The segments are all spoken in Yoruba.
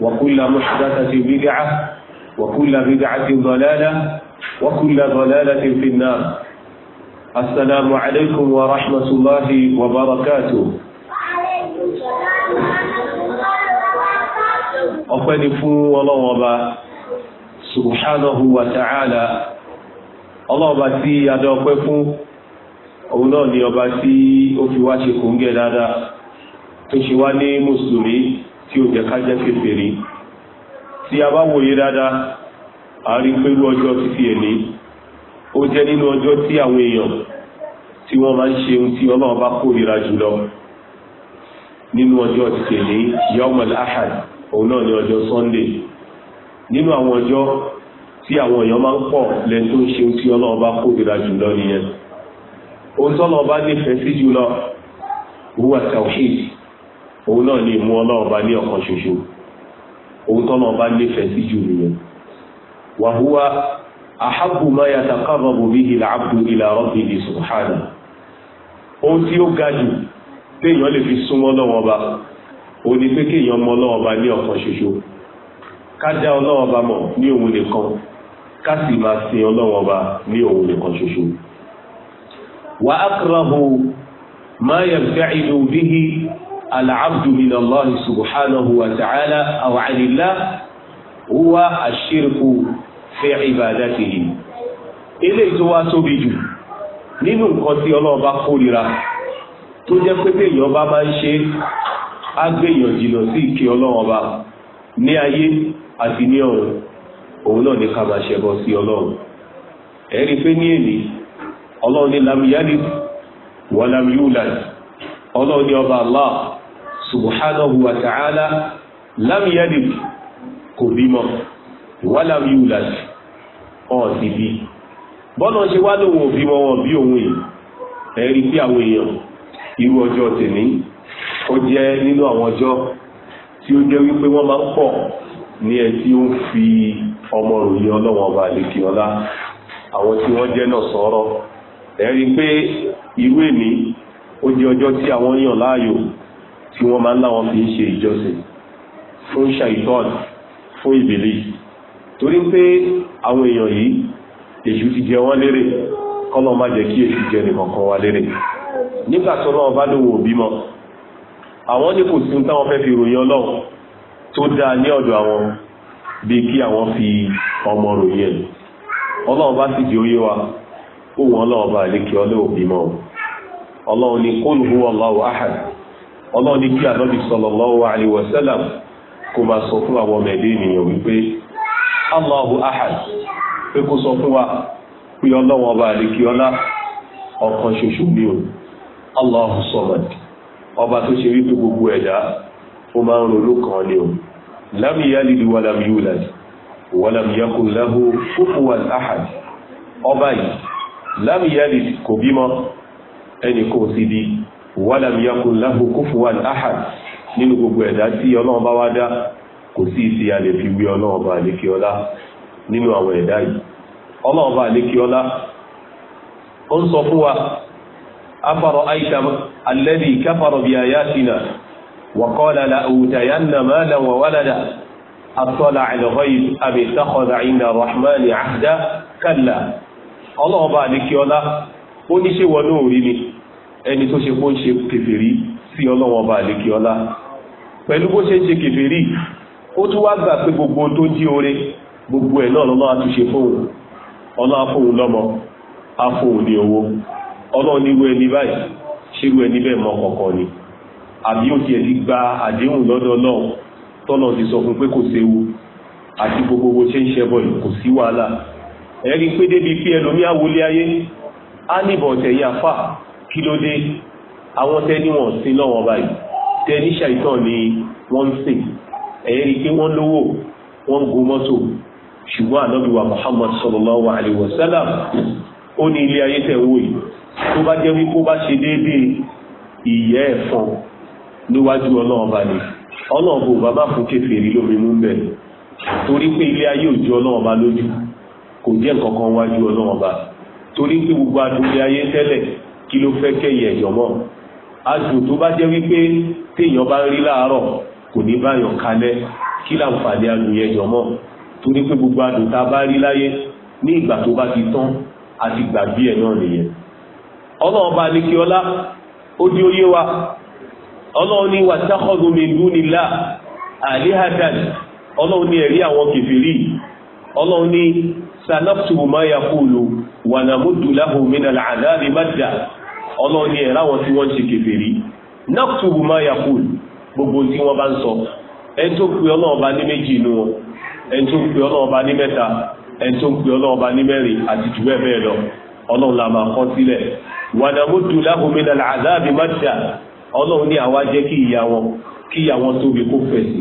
وكل محدثة بدعة وكل بدعة ضلالة وكل ضلالة في النار السلام عليكم ورحمة الله وبركاته ọpẹ́ ni fún ọlọ́run ọba subhanahu wa ta'ala ọlọ́run ọba tí adá ọpẹ́ fún òun náà ni ọba tí ó fi wá ṣe kòńgẹ́ dáadáa tó ṣe wá ní mùsùlùmí tí ó jẹ́ ká jẹ́ kéferì tí a bá wòye dáadáa a rí pé irú ọjọ́ títí èlé ó jẹ́ nínú ọjọ́ tí àwọn èèyàn tí wọ́n máa ń ṣe ohun tí ọlọ́run bá kórìíra jùlọ nínú ọjọ́ títí èlé yawmal ahad òun náà ní ọjọ́ sunday nínú àwọn ọjọ́ tí àwọn èèyàn máa ń pọ̀ lẹ́nu tó ń ṣe ohun tí ọlọ́run bá kórìíra jùlọ nìyẹn ohun tọ́lọ́run bá nífẹ̀ẹ́ sí jùlọ huwa tawhid òun náà lè mú ọlọ́ọ̀bá ní ọ̀kan ṣoṣo òun tọ́nà ọba nífẹ̀ẹ́ sí jù nìyẹn wàhúwa ahabbu ma yataqarrabu bihi al-abdu ila rabbihi subhanahu ohun tí ó ga jù téèyàn lè fi súnmọ́ lọ́wọ́ ọba ó ní pé kéèyàn mọ ọlọ́wọ́ ọba ní ọ̀kan al'abdu min allahi subhanahu wa ta'ala aw anilá huwa aṣírkù fi ibadatihi eléyìí tó wá tóbi jù nínú nǹkan tí ọlọ́ọ̀bá kórira tó jẹ́ pé béèyàn bá máa ń ṣe á gbéyàn jìnnà sí ìkẹ́ ọlọ́ọ̀ba ní ayé àti ní ọ̀run òun náà ní ká máa ṣẹbọ sí ọlọ́run ẹ̀rí pé ní èlé ọlọ́run ní lam yalid wa lam yulad ọlọ́run ní ọba Allah subhanahu wa ta'ala lam yalid kò bímọ wàlám yulad ọ̀sì bí bọ́lá ṣe wá lóun òbí wọn wọn bí òun yìí ẹ̀rí pé àwọn èèyàn irú ọjọ́ tèmi ó jẹ́ nínú àwọn ọjọ́ tí ó jẹ́ wípé wọ́n máa ń pọ̀ ní ẹ tí ó ń fi ọmọ ròyìn ọlọ́wọ́n ọba àlèkè ọlá àwọn tí wọ́n jẹ́ náà sọ̀rọ̀ ẹ̀rí pé irú èmi ó jẹ́ ọjọ́ tí àwọn yàn láàyò tí wọ́n máa ń láwọn fi ń ṣe ìjọsìn fún ṣàìtọ́n fún ìbìlì torí pé àwọn èèyàn yìí èṣù ti jẹ wọ́n lérè kọ́lọ̀ má jẹ kí èṣù jẹ wa lérè nígbà náà bá lówó àwọn ní kò sí táwọn fẹ́ fi ròyìn ọlọ́run tó ní fi ọmọ ròyìn ẹ̀ ọlọ́run bá sì wa ọlọ́run bá lè kí ọlọ́run bímọ ọlọ́run ni ọlọ́run ní kí ànábì sallallahu alaihi wasallam máa sọ fún àwọn ọmọ ẹ̀dẹ́ ènìyàn wípé Allahu ahad pé kó sọ fún wa pé ọba ṣoṣo ni o Allahu samad ọba tó ṣe rí gbogbo ẹ̀dá ó máa ń ronú kan o yakun lahu ahad ọba yìí kò bímọ ẹnì kò walam yakun lahu kufuwan ahad nínú gbogbo ẹ̀dá tí ọlọ́run bá wá dá kò sí ìsì alẹ́ fi wí ọlọ́run bá àlékí ọlá nínú àwọn ẹ̀dá yìí ọlọ́run bá àlékí ọlá ó ń sọ fún wa afárọ àìsà alẹ́dì káfárọ bí ayá sinà wàkọ́lá la òwútayá nà máa lẹ̀ wà wálàdà àtọ́là àlọ́gọ́yì àbí sákọ̀dà ìnà rahman àdá kàlà ọlọ́run bá àlékí ọlá ó ní wọnú òrí ni ẹni tó ṣe kó ń ṣe kèfèrí sí ọlọ́wọ́n ọba àlekí ọlá pẹ̀lú bó ṣe ń ṣe kèfèrí ó tún wá gbà pé gbogbo tó jí oore gbogbo ẹ̀ náà lọ́nà àtúnṣe fóun ọlọ́ afóun lọ́mọ afóun ní owó ọlọ́run ní irú ẹni báyìí ṣé irú ẹni bẹ́ẹ̀ mọ kọ̀ọ̀kan ni àbí ó tiẹ̀ ti gba àdéhùn lọ́dọ̀ náà tọ́nà ti sọ fún pé kò séwu àti gbogbo bó ṣe ń ṣẹbọ yìí kò sí wàhálà ẹ̀rí pé débi pé ẹlòmíà wọlé ayé á níbọ̀ tẹ̀yìn afá kí ló dé àwọn tẹ́ni wọ́n sí lọ́wọ́ báyìí tẹ́ni ṣàìtàn ni wọ́n ń sìn ẹ̀yẹ́ ni pé wọ́n lówó wọ́n gun mọ́tò ṣùgbọ́n ànábì Muhammad sallallahu alayhi wa sallam ó ní ilé ayé tẹ̀ wò yìí tó bá jẹ́ wípé ó bá ṣe déédéé ìyẹ́ ẹ̀fọn níwájú ọlọ́run bá ní ọlọ́run bò bá bá fún kèfèrí lómi mú bẹ́ẹ̀ torí pé ilé ayé ò ju ọlọ́run bá lójú kò jẹ́ nǹkan kan wájú ọlọ́run torí pé gbogbo adúlé ayé tẹ́lẹ̀ kí ló fẹ́ kẹ́yìn ẹ̀yọ̀ mọ́ àjò tó bá jẹ́ wípé téèyàn bá ń rí láàárọ̀ kò ní báyàn kalẹ̀ kí láǹfààní àjò yẹn yọ̀ mọ́ torí pé gbogbo àdùn tá a bá rí láyé ní ìgbà tó bá ti tán àti gbàgbé ẹ̀ náà nìyẹn ọlọ́run bá ní kí ọlá ó di óyé wa ọlọ́run ní wàtákọ́dù dúnilá àléhàdàn ọlọ́run ní ẹ̀rí àwọn kèfèrí ọlọ́run ní sanaptu wànàmúdùláhùn mínàlá àdáàrí má dáa ọlọ́run ní ẹ̀ láwọn tí wọ́n ń ṣe kèfèrí naktubu ma yaqul gbogbo tí wọ́n bá ń sọ ẹni tó pe ọlọ́run bá ní méjì inú wọn ẹni tó pe ọlọ́run bá ní mẹ́ta ẹni tó pe ọlọ́run bá ní mẹ́rin àti jù bẹ́ẹ̀ bẹ́ẹ̀ lọ ọlọ́run la máa kọ́ sílẹ̀ wàdàmúdù láhùnmínà àdáàbí mádà ọlọ́run ní àwa jẹ́ kí ìyà wọn kí ìyà wọn tóbi kó fẹ̀sì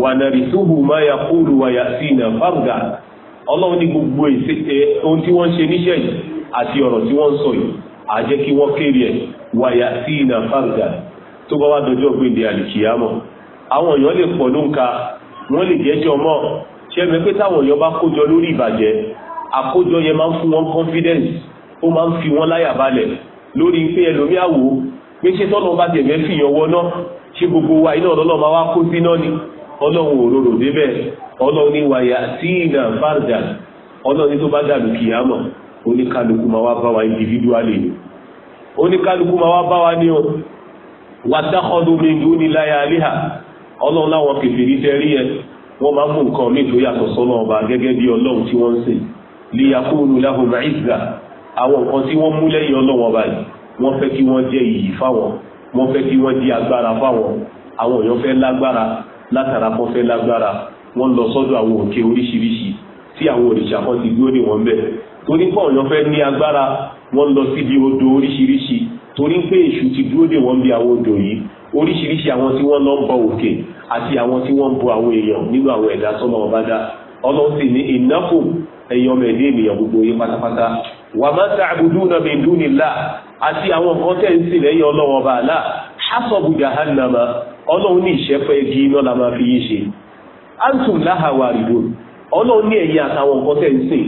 wànàrìsúhù máa yà kúrò wàyà sí ìnà fáàgà ọlọ́run ní gbogbo eh, ohun tí wọ́n ń ṣe níṣẹ́ yìí àti ọ̀rọ̀ tí wọ́n ń sọ yìí àjẹ́ kí wọ́n kéré ẹ̀ wàyà sí ìnà fáǹgà tó bá wá dọjọ́ gbèdé àlìkìyàmọ̀ àwọn èèyàn lè pọ̀ ló ń ka wọ́n lè jẹ́jọ́ mọ́ ṣẹ́mi pé táwọn èèyàn bá kójọ lórí ìbàjẹ́ àkójọ yẹn máa ń fún wọn confidence ó máa ń fi wọn láyà balẹ̀ lórí pé ẹlòmíàwó pé ṣé tọ́lọ́ bá tẹ̀mẹ́ fìyàn wọ náà ṣé gbogbo wa iná ọlọ́lọ́ máa wá kó sí ni ọlọ́run òróró débẹ̀ ọlọ́run ní wàyà sí ìnà fáǹgà ọlọ́run tó bá dàlù kìyàmọ̀ oníkálukú máa wá bá wa individuali, ni oníkálukú máa wá bá wa ní o wàtàkọ́dún mi ní oníláyà àlíhà ọlọ́run láwọn kèfèrí tẹ rí yẹn wọ́n máa mú nǹkan mi tó yàtọ̀ sọ́nà ọba gẹ́gẹ́ bí ọlọ́run tí wọ́n ń sìn liyakunu lahu ma'izza àwọn nǹkan tí wọ́n mú lẹ́yìn ọlọ́run ọba yìí wọ́n fẹ́ kí wọ́n jẹ́ iyì fáwọn wọ́n fẹ́ kí wọ́n di agbára fáwọn àwọn èèyàn fẹ́ lágbára látara kan fẹ́ lágbára wọ́n lọ sọ́dọ̀ àwọn òkè oríṣiríṣi tí àwọn òrìṣà kan ti gbóni wọn bẹ́ẹ̀ torí pọ̀ ọ̀yàn fẹ́ ní agbára wọ́n lọ síbi odò oríṣiríṣi torí pé èṣù ti dúró dè wọ́n bí àwọn odò yìí oríṣiríṣi àwọn tí wọ́n lọ ń bọ òkè àti àwọn tí wọ́n ń bọ àwọn èèyàn nínú àwọn ẹ̀dá sọ́mọ ọba dá ọlọ́run sì ní ìnáfò ẹ̀yàn ọmọ ẹ̀dá ènìyàn gbogbo yín pátápátá wà má ta'buduna min dunillah àti àwọn nǹkan tẹ̀ ń sì lẹ́yìn ọlọ́run ọba àlá hasabu jahannama ọlọ́run ní ìṣẹ́fẹ́ igi iná la máa fi yín ṣe antum laha waridun ọlọ́run ní ẹ̀yìn àtàwọn nǹkan tẹ̀ ń sìn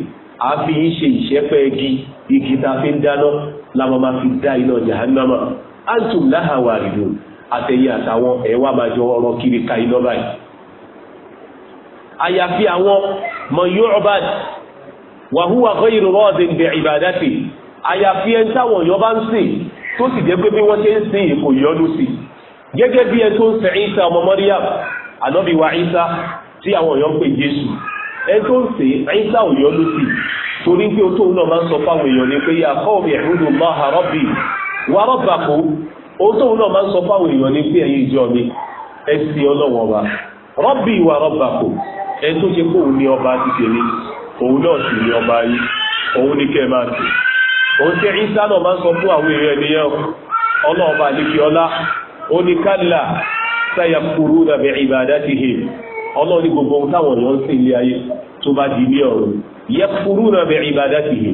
a fi ń ṣe ìṣẹ́pẹ́ igi igi tá a fi ń dáná láwọn máa fi dá iná jahannama antum laha waridun àtẹ̀yẹ àtàwọn ẹ̀wà máa jọ ọ̀rọ̀ kiri ka iná báyìí. àyàfi àwọn man yu'bad wa huwa ghayru radin bi ibadati àyàfi ẹni táwọn èèyàn ń sìn tó sì jẹ́ pé bí wọ́n ṣe ń sìn èkó yọ́nú sí gẹ́gẹ́ bí ẹni tó ń sìn Ìsá ọmọ Mọ́ríyàm ànábì wa tí àwọn èèyàn ń pè Jésù ẹ tó ń sè ló sì torí pé tó náà máa ń sọ fáwọn èèyàn ni pé yà kọ́ mi ẹ̀rúdù rọ́bì wà rọ́bà kó ohun náà máa ń sọ fáwọn èèyàn ni pé ìjọ mi wa rọ́bì wà rọ́bà kó ṣe ọba ti tèmi òun náà sì ní ọba yìí òun ní máa òun náà máa ń sọ fún àwọn èèyàn ènìyàn ọlọ́ọ̀ni gbogbo ohun táwọn èèyàn ń ṣe ilé ayé tó bá di ilé ọ̀run yakfuruna bi ibadatihi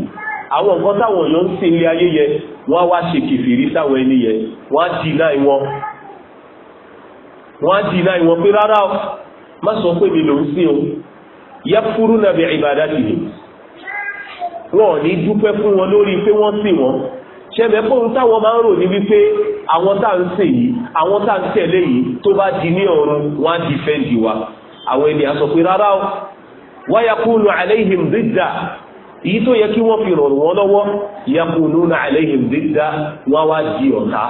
àwọn nǹkan táwọn èèyàn ń ṣe ilé ayé yẹ wọ́n á wá ṣe kìfìrí sáwọn ẹni yẹ wọ́n á dì náà wọn wọ́n á dì náà wọn pé rárá o má sọ pé mi ló ń sìn o yakfuruna bi ibadatihi wọn ò ní dúpẹ́ fún wọn lórí pé wọ́n sìn wọn ṣẹbẹ fóun táwọn máa ń rò ní wípé àwọn tá à ń sìn yìí àwọn tá à ń tẹ̀lé yìí tó bá di ní ọ̀run wọ́n á dìfẹ́ǹdì wa àwọn ènìyàn sọ pé rárá o wa yakunu alayhim dídà èyí tó yẹ kí wọ́n fi rọrùn wọn lọ́wọ́ yakununa alayhim dídà wọ́n wá di ọ̀tá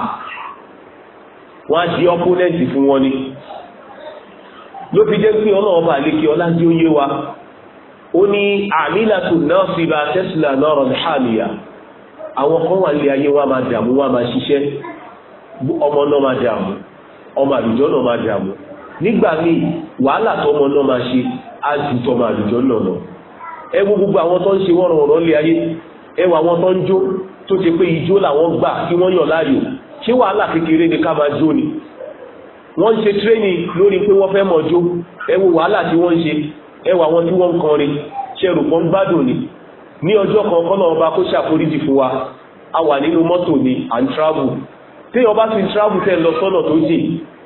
wọ́n á di ọ́pọ́nẹ́ǹtì fún wọn ni ló fi jẹ́ pé ọlọ́run bá lè ọlá tí ó yé wa ó ní àmìlàtò náà fi bá tesla náà rọ̀ hàmìyà àwọn kan wà lé ayé wa máa dààmú wa máa ṣiṣẹ́ ọmọ náà máa dààmú ọmọ àlùjọ náà máa dààmú nígbà míì wàhálà tọmọ náà máa ṣe á ju tọmọ àlùjọ náà lọ ẹ wo gbogbo àwọn tó ń ṣe wọ́n rọrùn lé ayé ẹ wo àwọn tó ń jó tó ṣe pé ijó làwọn gbà kí wọ́n yàn láàyò ṣé wàhálà kékeré ni ká máa jó ni wọ́n ń ṣe tírénì lórí pé wọ́n fẹ́ mọ̀ jó ẹ wàhálà tí wọ́n ń ṣe ẹ àwọn tí wọ́n ń kọrin ṣẹrù kan gbádùn ni ní ọjọ́ kan kọ́nà ọba kó ṣàforíjì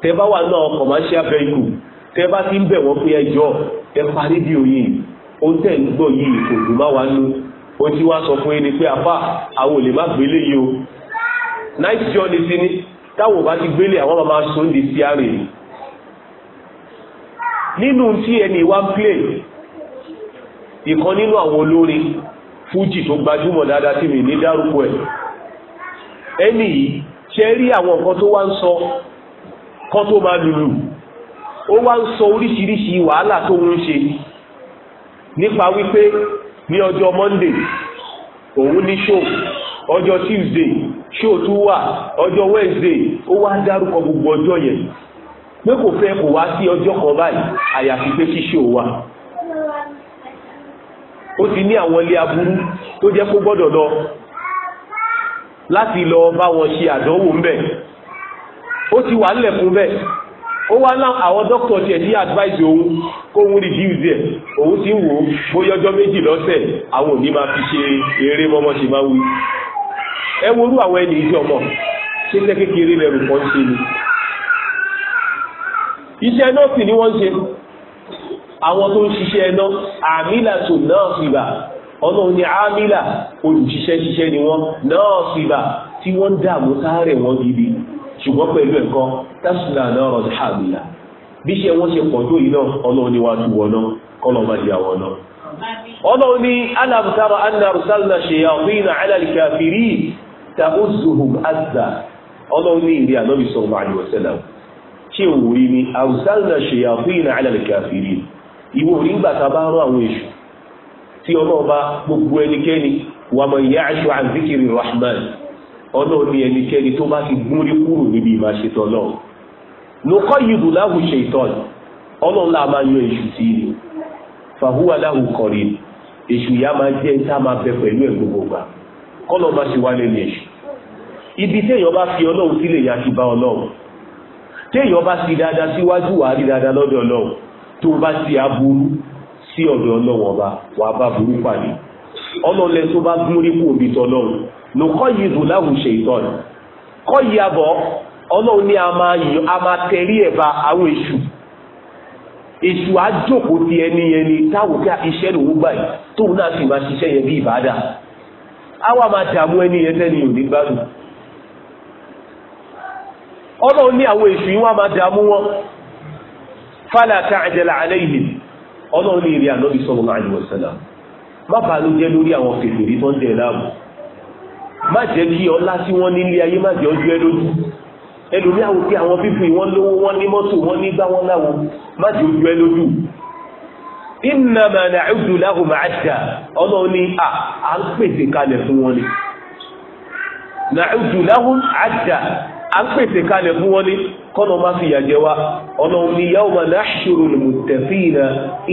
tẹ bá wà náà commercial vehicle tẹ bá ti ń bẹ̀ wọ́n pé ẹjọ́ ẹ parí bí òye ó tẹ̀ ń gbọ́ yìí kò dùn má wa nú ó ti wá sọ fún yín ni pé apá àwọn ò má gbélé yìí o night journey sí ni táwọn ò bá ti gbélé àwọn máa máa sóńdè sí nínú tí ẹni wá ń play ìkan nínú àwọn olórin fújì tó gbajúmọ̀ dáadáa tí mi ní dárúkọ ẹ̀ ẹni yìí ṣe rí àwọn nǹkan tó wá ń sọ kọ́ tó máa lùlù ó wá ń sọ oríṣiríṣi wàhálà tó ń ṣe nípa wípé ní ọjọ́ monday òun ní show ọjọ́ tuesday show tún wà ọjọ́ wednesday ó wá dárúkọ gbogbo ọjọ́ yẹn pé kò fẹ́ kò wá sí ọjọ́ kan báyìí àyàfi pé kí show wà ó ti ní àwọn ilé aburú tó jẹ́ kó gbọ́dọ̀ lọ láti lọ bá wọn ṣe àdánwò ńbẹ̀ ó ti wà nílẹ̀ fún bẹ́ẹ̀ ó wá ná àwọn dókítà tiẹ̀ ní advice òun kó òun reduce ẹ̀ òun ti wò ó bóyá ọjọ́ méjì lọ́sẹ̀ àwọn òní máa fi ṣe eré mọ́mọ́ ṣe máa wí ẹ worú àwọn ẹni ìjọ mọ̀ ṣé iṣẹ́ kékeré lẹ́rù kan ṣe ni iṣẹ́ nọ́ọ̀sì ni wọ́n ń ṣe àwọn tó ń ṣiṣẹ́ ẹná àmìlà tó náà fìbà ọlọ́run ni àmìlà olùṣiṣẹ́ ṣiṣẹ́ ni wọ́n náà fìbà tí wọ́n ń dààmú sáárẹ̀ wọn gidi ṣùgbọ́n pẹ̀lú ẹ̀kọ́ tásùlà náà rọ̀ ṣàbìlà bí ṣe wọ́n ṣe pọ̀ tó yìí náà ọlọ́run ni wàá tu wọ̀ náà kọ́lọ́ máa di àwọn náà. ọlọ́run ní alam tara anna arsalna shayatina ala al-kafirin ta'uzuhum azza ọlọ́run ní ìrìn ànábì sallallahu alaihi wasallam ṣé òwúrí ni arsalna shayatina ala al-kafirin ìwọ òrí ńgbà tá bá rán àwọn èṣù tí ọlọ́ọ̀ba gbogbo ẹnikẹ́ni wàmọ̀ ìyá àṣọ àzikiri rahman ọlọ́run ní ẹnikẹ́ni tó bá ti si kúrò níbi ìmáṣetọ ọlọ́run lókọ́ yìí láwù ṣe ìtọ́jú ọlọ́run láà máa yọ èṣù sí ni fàhúwà láwù kọ̀rí èṣù yá máa jẹ́ tá máa bẹ pẹ̀lú ẹ̀ gbogbo gbà kọ́lọ́ máa ṣe wálé ibi téèyàn bá fi ọlọ́run sílẹ̀ yá ti bá ọlọ́run téèyàn bá ti dáadáa síwájú wàá rí dáadáa lọ́dọ̀ ọlọ́run tó bá ti ọba wàá bá burú pàdé tó bá ló kọ́ yìí dùn láwùú ṣe ìtọ́nù kọ́ yìí abọ́ ọlọ́run ní a máa tẹ̀rí ẹ̀bà àwọn èṣù èṣù àjòkó ti ẹni yẹn ni táwọn kí iṣẹ́ lòún gbà yìí tóun náà sì máa ṣiṣẹ́ yẹn bí ìbádà àwa máa dààmú ẹni yẹn tẹ́ni ò gbádùn ọlọ́run ní àwọn èṣù yìí wọ́n máa dààmú wọn fala ta'jala alayhim ọlọ́run ní ìrìn ànábì sallallahu alaihi wasallam má bàa ló jẹ́ lórí àwọn kèfèrí tó ń dẹ̀ láàbù má jẹ́ kí ọlá tí wọ́n nílé ayé má jẹ́ ọjọ́ ẹlójú ẹlòmí àwọn pé àwọn fífi wọ́n lówó wọ́n ní mọ́tò wọ́n ní gbá wọn láwo má jẹ́ ọjọ́ ẹlójú ìnàmà nàìjíríà láhùn máa ṣà ọlọ́run ní à à ń pèsè kalẹ̀ fún wọn ni nàìjíríà láhùn àjà à ń pèsè kalẹ̀ fún wọn ni kọ́nà má fi yàjẹ́ wa ọlọ́run ní yàwó máa nàṣòro lùmùtẹ̀fínà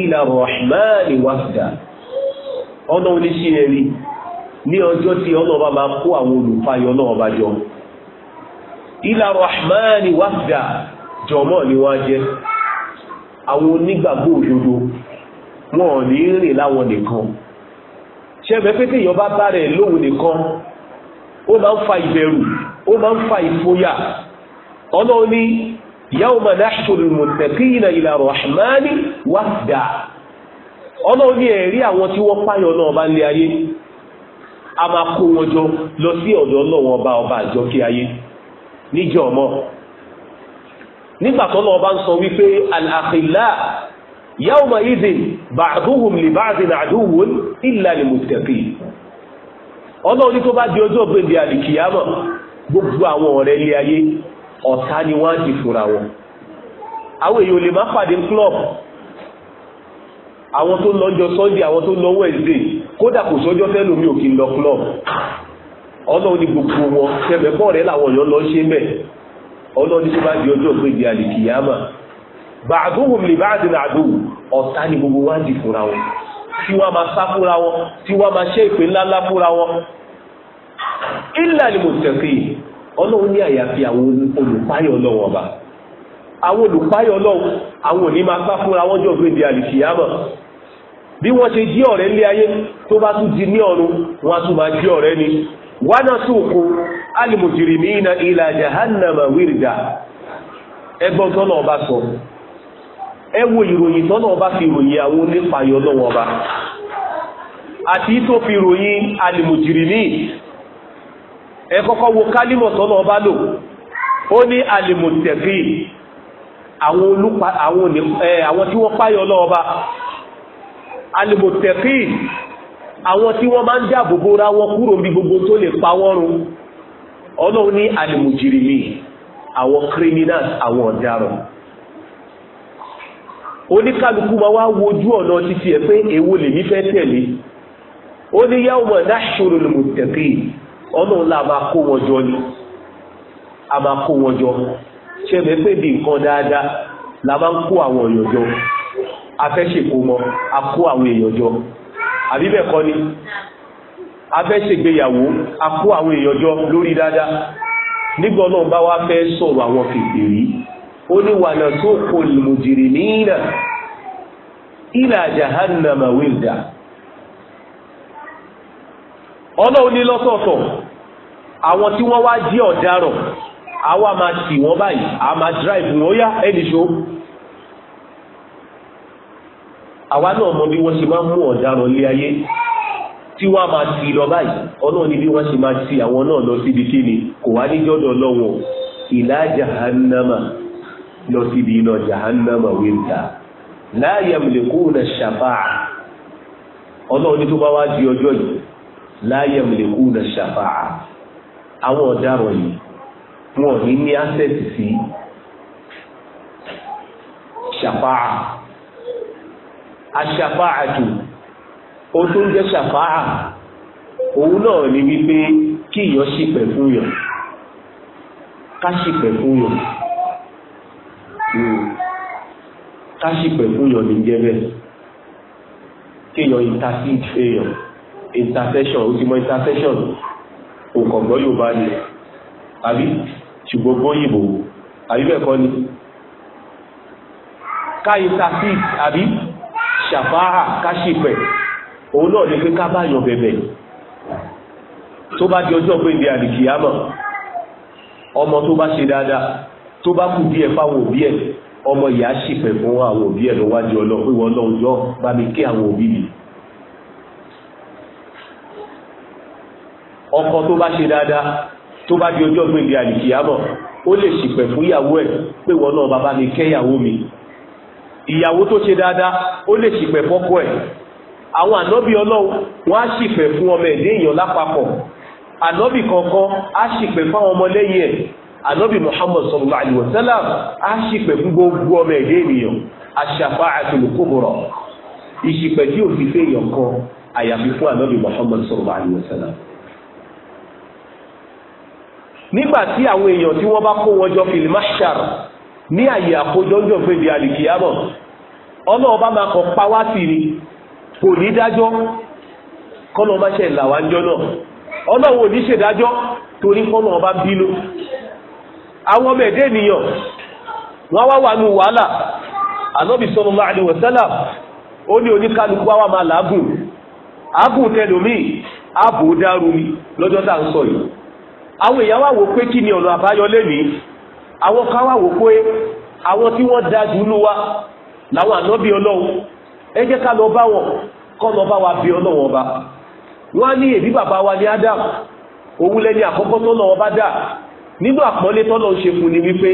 ìlà rọ̀ṣmáà wàṣà ọlọ́run ní ṣe ẹ̀rí ní ọjọ́ tí ọlọ́ọ̀bá máa kó àwọn olùfàyọ ọlọ́ọ̀bá jọ ilà rahmani wafda jọmọ́ ni wọ́n jẹ́ àwọn onígbàgbọ́ òdodo wọn ò ní rìn láwọn nìkan ṣẹ́fẹ́ pé téèyàn bá bá rẹ̀ lóhun nìkan ó máa ń fa ìbẹ̀rù ó máa ń fa ìfòyà ọlọ́run ní yawma nahshuru al-muttaqina ila rahmani wafda ọlọ́run ni ẹ̀rí àwọn tí wọ́n páyọ̀ náà bá lé ayé a máa kó wọn jọ lọ sí ọ̀dọ̀ ọlọ́wọ́n ọba ọba àjọkí ayé níjọ mọ́ nígbà tó lọ́ọ́ bá ń sọ wípé al-akhilla yawma idhin ba'duhum li ba'din aduwwun illa lil-muttaqin ọlọ́run ní tó bá di ọjọ́ gbèndé àlìkìyámọ̀ gbogbo àwọn ọ̀rẹ́ ilé ayé ọ̀tá ni wọ́n á ti fura wọn àwọn èèyàn ò lè má pàdé club àwọn tó lọ́jọ́ sunday àwọn tó lọ wednesday kódà kò sọ́jọ́ fẹ́ẹ́ lómi òkè lọ club ọlọ́run ní gbogbo wọn tẹ̀mẹ́kọ́ rẹ̀ làwọn èèyàn lọ ṣe mẹ́ ọlọ́run ní tó bá di ọjọ́ péjì àlìkìyàmà bàdúhùn lè bá dín àdúhùn ọ̀tá ni gbogbo wa di fúnra wọn tí wọ́n máa sá fúnra wọn tí wọ́n máa ṣe ìpè ńláńlá fúnra wọn. ìlànà ìmọ̀tẹ̀kì ọlọ́run ní àyàfi àwọn olùpáyọ̀ ọlọ́run ọba àwọn olùpáyọ̀ ọlọ́run àwọn òní máa gbá fúnra wọn jọ gbèdè àlìṣìyàmọ̀ bí wọ́n ṣe jí ọ̀rẹ́ nílé ayé tó bá tún di ní ọ̀run wọn tún máa jí ọ̀rẹ́ ni wánà alimujirimi na ilà jahannama wíìrìdà ẹgbọ́n tọ́nà ọba sọ ẹ wo fi kọ́kọ́ wo kálímọ̀ tọ́nà ọba lò àwọn olùpa àwọn àwọn tí wọ́n páyọ lọ́ọba alìmọ̀tẹ̀kì àwọn tí wọ́n máa ń dáàbò bóra wọn kúrò bí gbogbo tó lè pa wọ́n run ọlọ́run ní alìmọ̀jìrìmì àwọn criminals àwọn ọ̀daràn oníkàlùkù máa wá wojú ọ̀nà títí ẹ̀ pé èwo lèmi fẹ́ tẹ̀lé ó ní yawma nahshuru alìmọ̀tẹ̀kì ọlọ́run la kó wọn jọ ni a máa kó wọn jọ ṣẹlẹ̀ pé bí nǹkan dáadáa la máa ń kó àwọn èèyàn jọ afẹ́ṣèkó mọ́ a kó àwọn èèyàn jọ àbí bẹ́ẹ̀ kọ́ ni afẹ́ṣègbéyàwó a kó àwọn èèyàn jọ lórí dáadáa nígbà náà bá wá fẹ́ sọ̀rọ̀ àwọn fèfè rí ó ní wà náà tó kò lòdìrì níyìnà ilà jahannama wilda ọlọ́run ní lọ́sọ̀ọ̀tọ̀ àwọn tí wọ́n wá jí ọ̀daràn àwa máa tì wọ́n báyìí a máa drive wọ́n yá ẹni ṣó àwa náà mọ bí wọ́n ṣe máa mú ọ̀daràn lé ayé tí wọ́n máa tì lọ báyìí ọlọ́run ni bí wọ́n ṣe máa tì àwọn náà lọ síbi kí ni kò wá níjọ́dọ̀ lọ́wọ́ ìlà jahannama lọ síbi iná jahannama wíńdà láàyè mìlẹ̀kùnà ṣàfáà ọlọ́run ní tó bá wá di ọjọ́ yìí láàyè mìlẹ̀kùnà ṣàfáà àwọn ọ̀daràn yìí wọn ò ní ní access sí ṣàfáà aṣàfáà tù ó tó ń jẹ́ ṣàfáà òun náà ni wípé kí ìyàn ṣìpẹ̀ fún yàn ká ṣìpẹ̀ fún yàn ká ṣìpẹ̀ fún yàn ní jẹ́ bẹ́ẹ̀ kí èèyàn intercede èèyàn intercession ó ti mọ intercession òkàngbọ́ yóò bá ní àbí ṣùgbọ́n gbóyìnbó àbí bẹ́ẹ̀ kọ́ ni káyíntàfíìs àbí ṣàfáà káṣípẹ̀ òun náà ní pé ká bá yàn bẹ̀bẹ̀ tó bá di ọjọ́ pé ní àdìkìyámọ̀ ọmọ tó bá ṣe dáadáa tó bá kù díẹ̀ fáwọn òbí ẹ̀ ọmọ ìyá ṣìpẹ̀ fún àwọn òbí ẹ̀ lọ́wájú ọlọ́pẹ́ wọn bá mi kí àwọn òbí mi. ọkọ tó bá ṣe dáadáa tó bá di ọjọ́ gbèdé àlìkìyàmọ̀ ó lè ṣìpẹ̀ fún ìyàwó ẹ̀ pé wọn náà bàbá mi kẹ́ ìyàwó mi ìyàwó tó ṣe dáadáa ó lè ṣìpẹ̀ fọ́kọ ẹ̀ àwọn ànábì ọlọ́run wọn á ṣìpẹ̀ fún ọmọ ẹ̀dẹ́ èèyàn lápapọ̀ ànábì kọ̀ọ̀kan á ṣìpẹ̀ fáwọn ọmọlẹ́yìn ẹ̀ ànábì Muhammad sallallahu alayhi wa sallam á ṣìpẹ̀ fún gbogbo ọmọ ẹ̀dẹ́ ènìyàn ash-shafa'atul kubra ìṣìpẹ̀ tí ò fi fẹ́ èèyàn kan àyàfi fún ànábì Muhammad sallallahu alayhi wa sallam nígbà tí àwọn èèyàn tí wọ́n bá kó wọn jọ fil mahshar ní àyè àkójọ ń àlìkìyàmọ̀ ọlọ́ọ̀bá máa kọ̀ pa ni kò ní dájọ́ kọ́nà ọba ṣe ìlà náà ọlọ́wọ́ ní ṣèdájọ́ torí kọ́nà ọba bínú àwọn ọmọ ẹ̀dẹ́ ènìyàn wọ́n wá wà ní wàhálà ànábì sallallahu alaihi wasallam ó ní oníkálukú wá máa làágùn àágùn tẹlòmíì àwọn èèyàn wá wò pé kí ni ọ̀nà àbáyọ lénìí àwọn kan wá wò pé àwọn tí wọ́n da jù wa làwọn ànábì ọlọ́run ẹ jẹ́ ká lọ bá wọn kọ́ lọ bá wa bí ọlọ́run ọba wọ́n á ní èbí bàbá wa ní Adam òun lẹ́ni àkọ́kọ́ tó lọ́wọ́ bá dà nínú àpọ́nlé ṣe fún ni wípé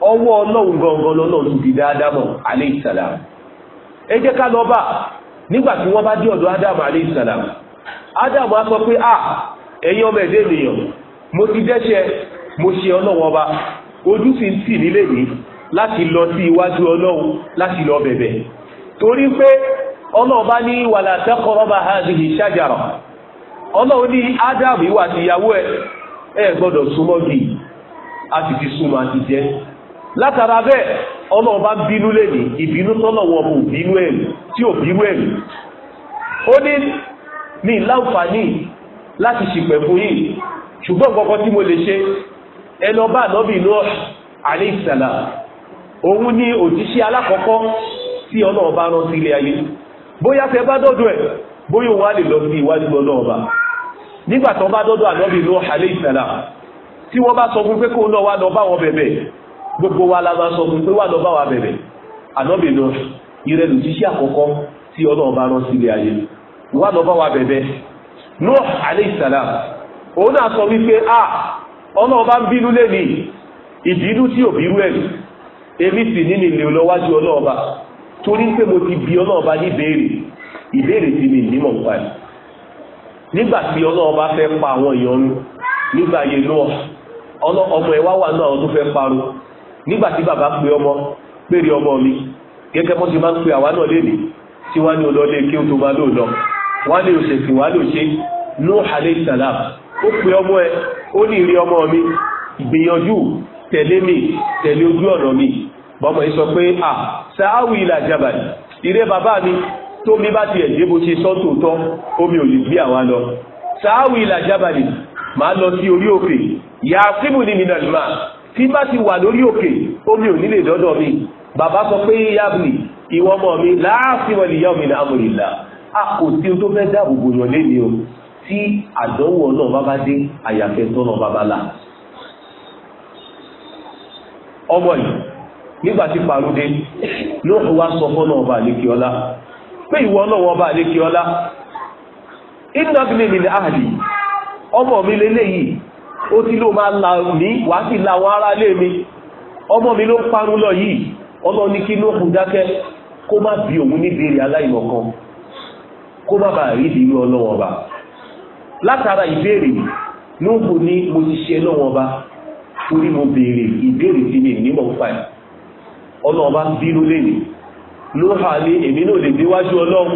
ọwọ́ ọlọ́run gangan Adam alayhi salam ẹ jẹ́ ká lọ bá nígbà tí wọ́n bá dé ọ̀dọ̀ Adam alayhi Adam á sọ pé ah, ẹ̀yin ọmọ ẹ̀dẹ́ mo ti dẹ́ṣẹ̀ mo ṣe ọlọ́wọ́ ọba ojú sì ń tì nílé mi láti lọ sí iwájú ọlọ́run láti lọ bẹ̀bẹ̀ torí pé ọlọ́ọ̀bá ní wala taqraba hadhihi shajara ọlọ́run ní ádámù ìwà àtìyàwó ẹ̀ ẹ gbọ́dọ̀ súnmọ́ gì a sì ti súnmọ́ àti jẹ́ látara bẹ́ẹ̀ ọlọ́ọ̀bá bínú lẹ́nu ìbínú tọ́lọ̀wọ̀ mú bínú ẹ̀rù tí ò bínú ẹ̀rù ó ní ní láǹfààní láti ṣìpẹ̀ fún yìí ṣùgbọ́n kọ̀kọ́ tí mo lè ṣe ẹ lọ bá ànábì Nuh alayhi salam òun ni òjíṣẹ́ alákọ̀ọ́kọ́ tí ọlọ́ọ̀bá rán sí ilé ayé bóyá tẹ bá dọ́dọ̀ ẹ̀ bóyá òun á lè lọ sí iwájú ọlọ́ọ̀bá nígbà tó bá dọ́dọ̀ ànábì Nuh alayhi salam tí wọ́n bá sọ fún pé kóun náà wá lọ bá wọn bẹ̀bẹ̀ gbogbo wa la máa sọ fún pé òun náà sọ wípé a ọmọ ọba bínú lé mi ìbínú tí ò bírú ẹ̀ èmi sì nínú ilé ọlọ́wájú ọlọ́ọba torí pé mo ti bi ọlọ́ọba ní ìbéèrè mi nímọ̀ ń parí nígbà tí ọlọ́ọba fẹ́ pa àwọn èèyàn nu nígbà yẹn ọmọ ẹ̀ wá wà náà ọdún fẹ́ parun nígbà tí bàbá pe ọmọ péré ọmọ mi gẹ́gẹ́ bó ti máa ń pe àwa náà ó pe ọmọ ẹ ó ní ìrí ọmọ mi gbìyànjú tẹ̀lé mi tẹ̀lé ojú ọ̀nà mi bọ́mọ yìí sọ pé à sááwì ìlà jabal ìrẹ́ bàbá mi tó mi bá ti ẹ̀jẹ̀ bó ṣe sọ́tò tọ́ omi ò lè gbé àwa lọ sááwì ìlà jabal máa lọ sí orí òkè yàtìmù ní mìnàlùmá tí bá ti wà lórí òkè omi ò nílè dọ́dọ̀ mi bàbá sọ pé yabni ìwọ ọmọ mi láàfin wọlé yá omi náà amòrìlá a kò sí o tó fẹ́ dáàbò bò tí àdánwò náà bá bá dé àyàfẹ́ tó náà bá bá là ọmọ yìí nígbà tí parúdé ló wá sọ ọba àlékí pé ìwọ ọba àlékí iná bílẹ̀ mi ní àhàlì ọmọ mi lélẹ́yìí ó ti ló máa la mí lé mi ọmọ mi ló parun lọ yìí ní kí ló kù dákẹ́ kó má bí òun aláìmọ̀kan ọba látara ìbéèrè Nuhu ni, mo ti ṣe lọ́wọ́ ọba torí mo béèrè ìbéèrè tí mi nímọ̀ ń fà ẹ̀ ọlọ́run bá bínú lénìí ló hà ní èmi náà lè déwájú ọlọ́run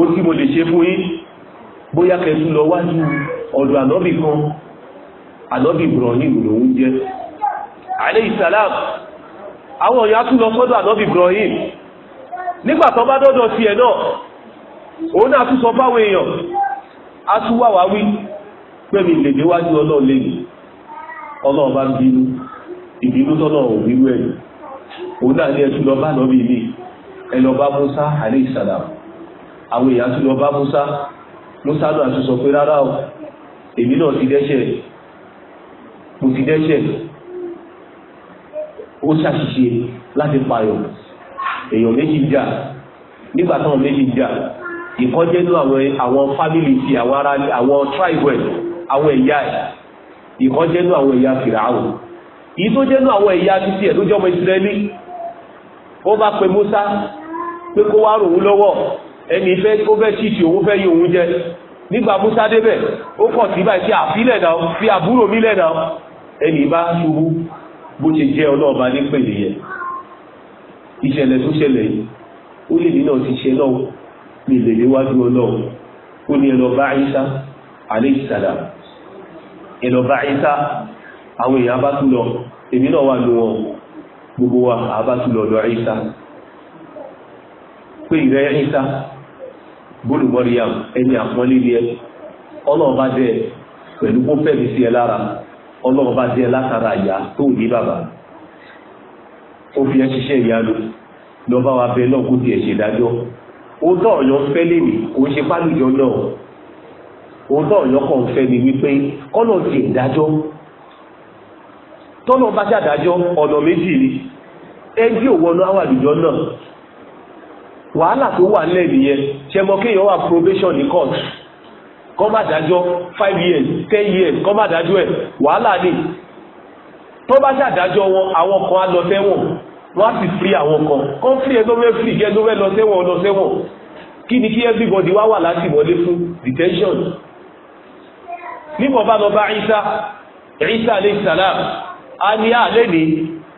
ó tí mo lè ṣe fún yín bóyá kẹtù lọ wájú ọ̀dọ̀ ànọ́bì kan ànọ́bì Ibrahim lòún jẹ́ alayhi salam àwọn èèyàn tún lọ sọ́dọ̀ ànọ́bì Ibrahim nígbà tó bá dọ́dọ̀ tiẹ̀ náà òun náà tún sọ báwọn èèyàn a tún wà wá wí pé mi lè déwájú ọlọ́run lè ní ọlọ́run bá ń bínú ìbínú tọ́lọ̀ òwúrú ẹ̀ òun náà ní ẹtù lọ bá lọ́bí ilé ẹ lọ bá Musa alayhi salam àwọn èèyàn tún lọ bá Musa Musa náà tún sọ pé rárá o èmi náà ti dẹ́ṣẹ̀ mo ti dẹ́ṣẹ̀ ó ṣàṣìṣe láti payọ̀ èèyàn méjì jà nígbà méjì jà ìkọ́jẹ́nú àwọn fámìlì ti àwọn tribe ẹ̀ àwọn ẹ̀yà ẹ̀ ìkọ́jẹ́nú àwọn ẹ̀yà fìràwọ̀ yìí tó jẹ́nú àwọn ẹ̀yà títí ẹ̀ tó jọmọ ìsirẹ́lì ó bá pe Musa pé kó wá rò ó lọ́wọ́ ẹni fẹ́ ó fẹ́ ṣíṣe òun fẹ́ yí òun jẹ nígbà Musa débẹ̀ ó kọ̀ sí báyìí sí àfilẹ̀ náà fi àbúrò mi lẹ̀ náà ẹni bá ṣubú bó ṣe jẹ́ ọlọ́ọ̀bá nípele yẹn ìṣẹ̀lẹ̀ tó ṣẹlẹ̀ yìí ó lè nínú ti ṣe náà nílẹ̀ níwájú ọlọ́run ó ní ẹlọ́bá àyíṣá àléìsàdà ẹlọ́bá àyíṣá àwọn èèyàn bá tún lọ èmi náà wà ní wọn gbogbo wa àbá tún lọ lọ àyíṣá pé ìrẹ́ àyíṣá bólú mọ́ríyàm ẹni àpọ́nlé ni ẹ ọlọ́run bá dẹ pẹ̀lú kó fẹ́mi sí ẹ lára ọlọ́run òótọ́ ọ̀yọ́ fẹ́ lè ní kò ń ṣe pálùjọ náà òótọ́ ọ̀yọ́ kàn fẹ́ mi wípé kọ́nà ti ìdájọ́ tọ́nà bá ṣàdájọ́ ọ̀nà méjì ni ẹjí òwọ́nú àwàlùjọ náà wàhálà tó wà nílẹ̀ nìyẹn ṣẹmọ kéèyàn wà probation ní court kọ́ bá dájọ́ five years ten years kọ́ bá dájọ́ ẹ̀ wàhálà ni tọ́ bá ṣàdájọ́ wọn àwọn kan á lọ tẹ́wọ̀n wọ́n á sì firi àwọn kan kọ́ firi ẹ tó fẹ́ firi kẹ́ tó fẹ́ lọ sẹ́wọ̀n lọ sẹ́wọ̀n kí ni kí everybody wá wà láti wọlé fún detention níbo bá lọ bá Isa Isa alayhi salam a ní àlẹ́ ni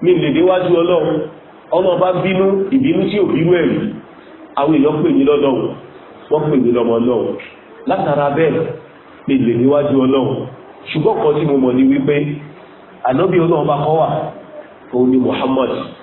mi lè déwájú ọlọ́run ọlọ́run bá bínú ìbínú tí ò bínú ẹ̀rí àwọn èèyàn pè mí lọ́lọ́run wọ́n pè mí lọ́mọ ọlọ́run látara bẹ́ẹ̀ mi lè níwájú ọlọ́run ṣùgbọ́n kan tí mo mọ̀ ni wípé ànábì ọlọ́run bá kọ́ wà òun ni Muhammad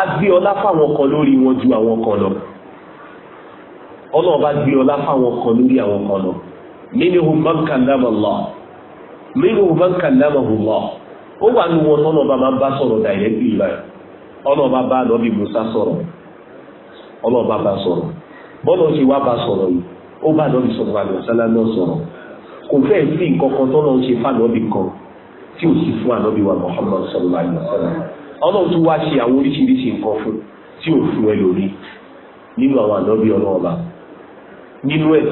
a gbé ọlá fáwọn kan lórí wọn ju àwọn kan lọ ọlọ́run bá gbé ọlá fáwọn kan lórí àwọn kan lọ minhum man kallama Allah minhum man kallamahu Allah ó wà ní wọn tọ́nà bá máa ń bá sọ̀rọ̀ dàìrẹ́tì báyìí ọlọ́run bá bá lọ́bí Musa sọ̀rọ̀ ọlọ́run bá bá sọ̀rọ̀ bọ́lọ̀ ṣe wá bá sọ̀rọ̀ yìí ó bá lọ́bí sọ̀rọ̀ àlùsálà náà sọ̀rọ̀ kò fẹ́ sí nǹkan kan tọ́nà ń ṣe fáànọ́bì kan tí ò sì fún ànọ́bì wa Muhammad sallallahu alaihi wasallam ọlọ́run tún wá ṣe àwọn oríṣiríṣi nǹkan fún tí ò fún ẹ lórí nínú àwọn ànábì ọlọ́run ọba nínú ẹ̀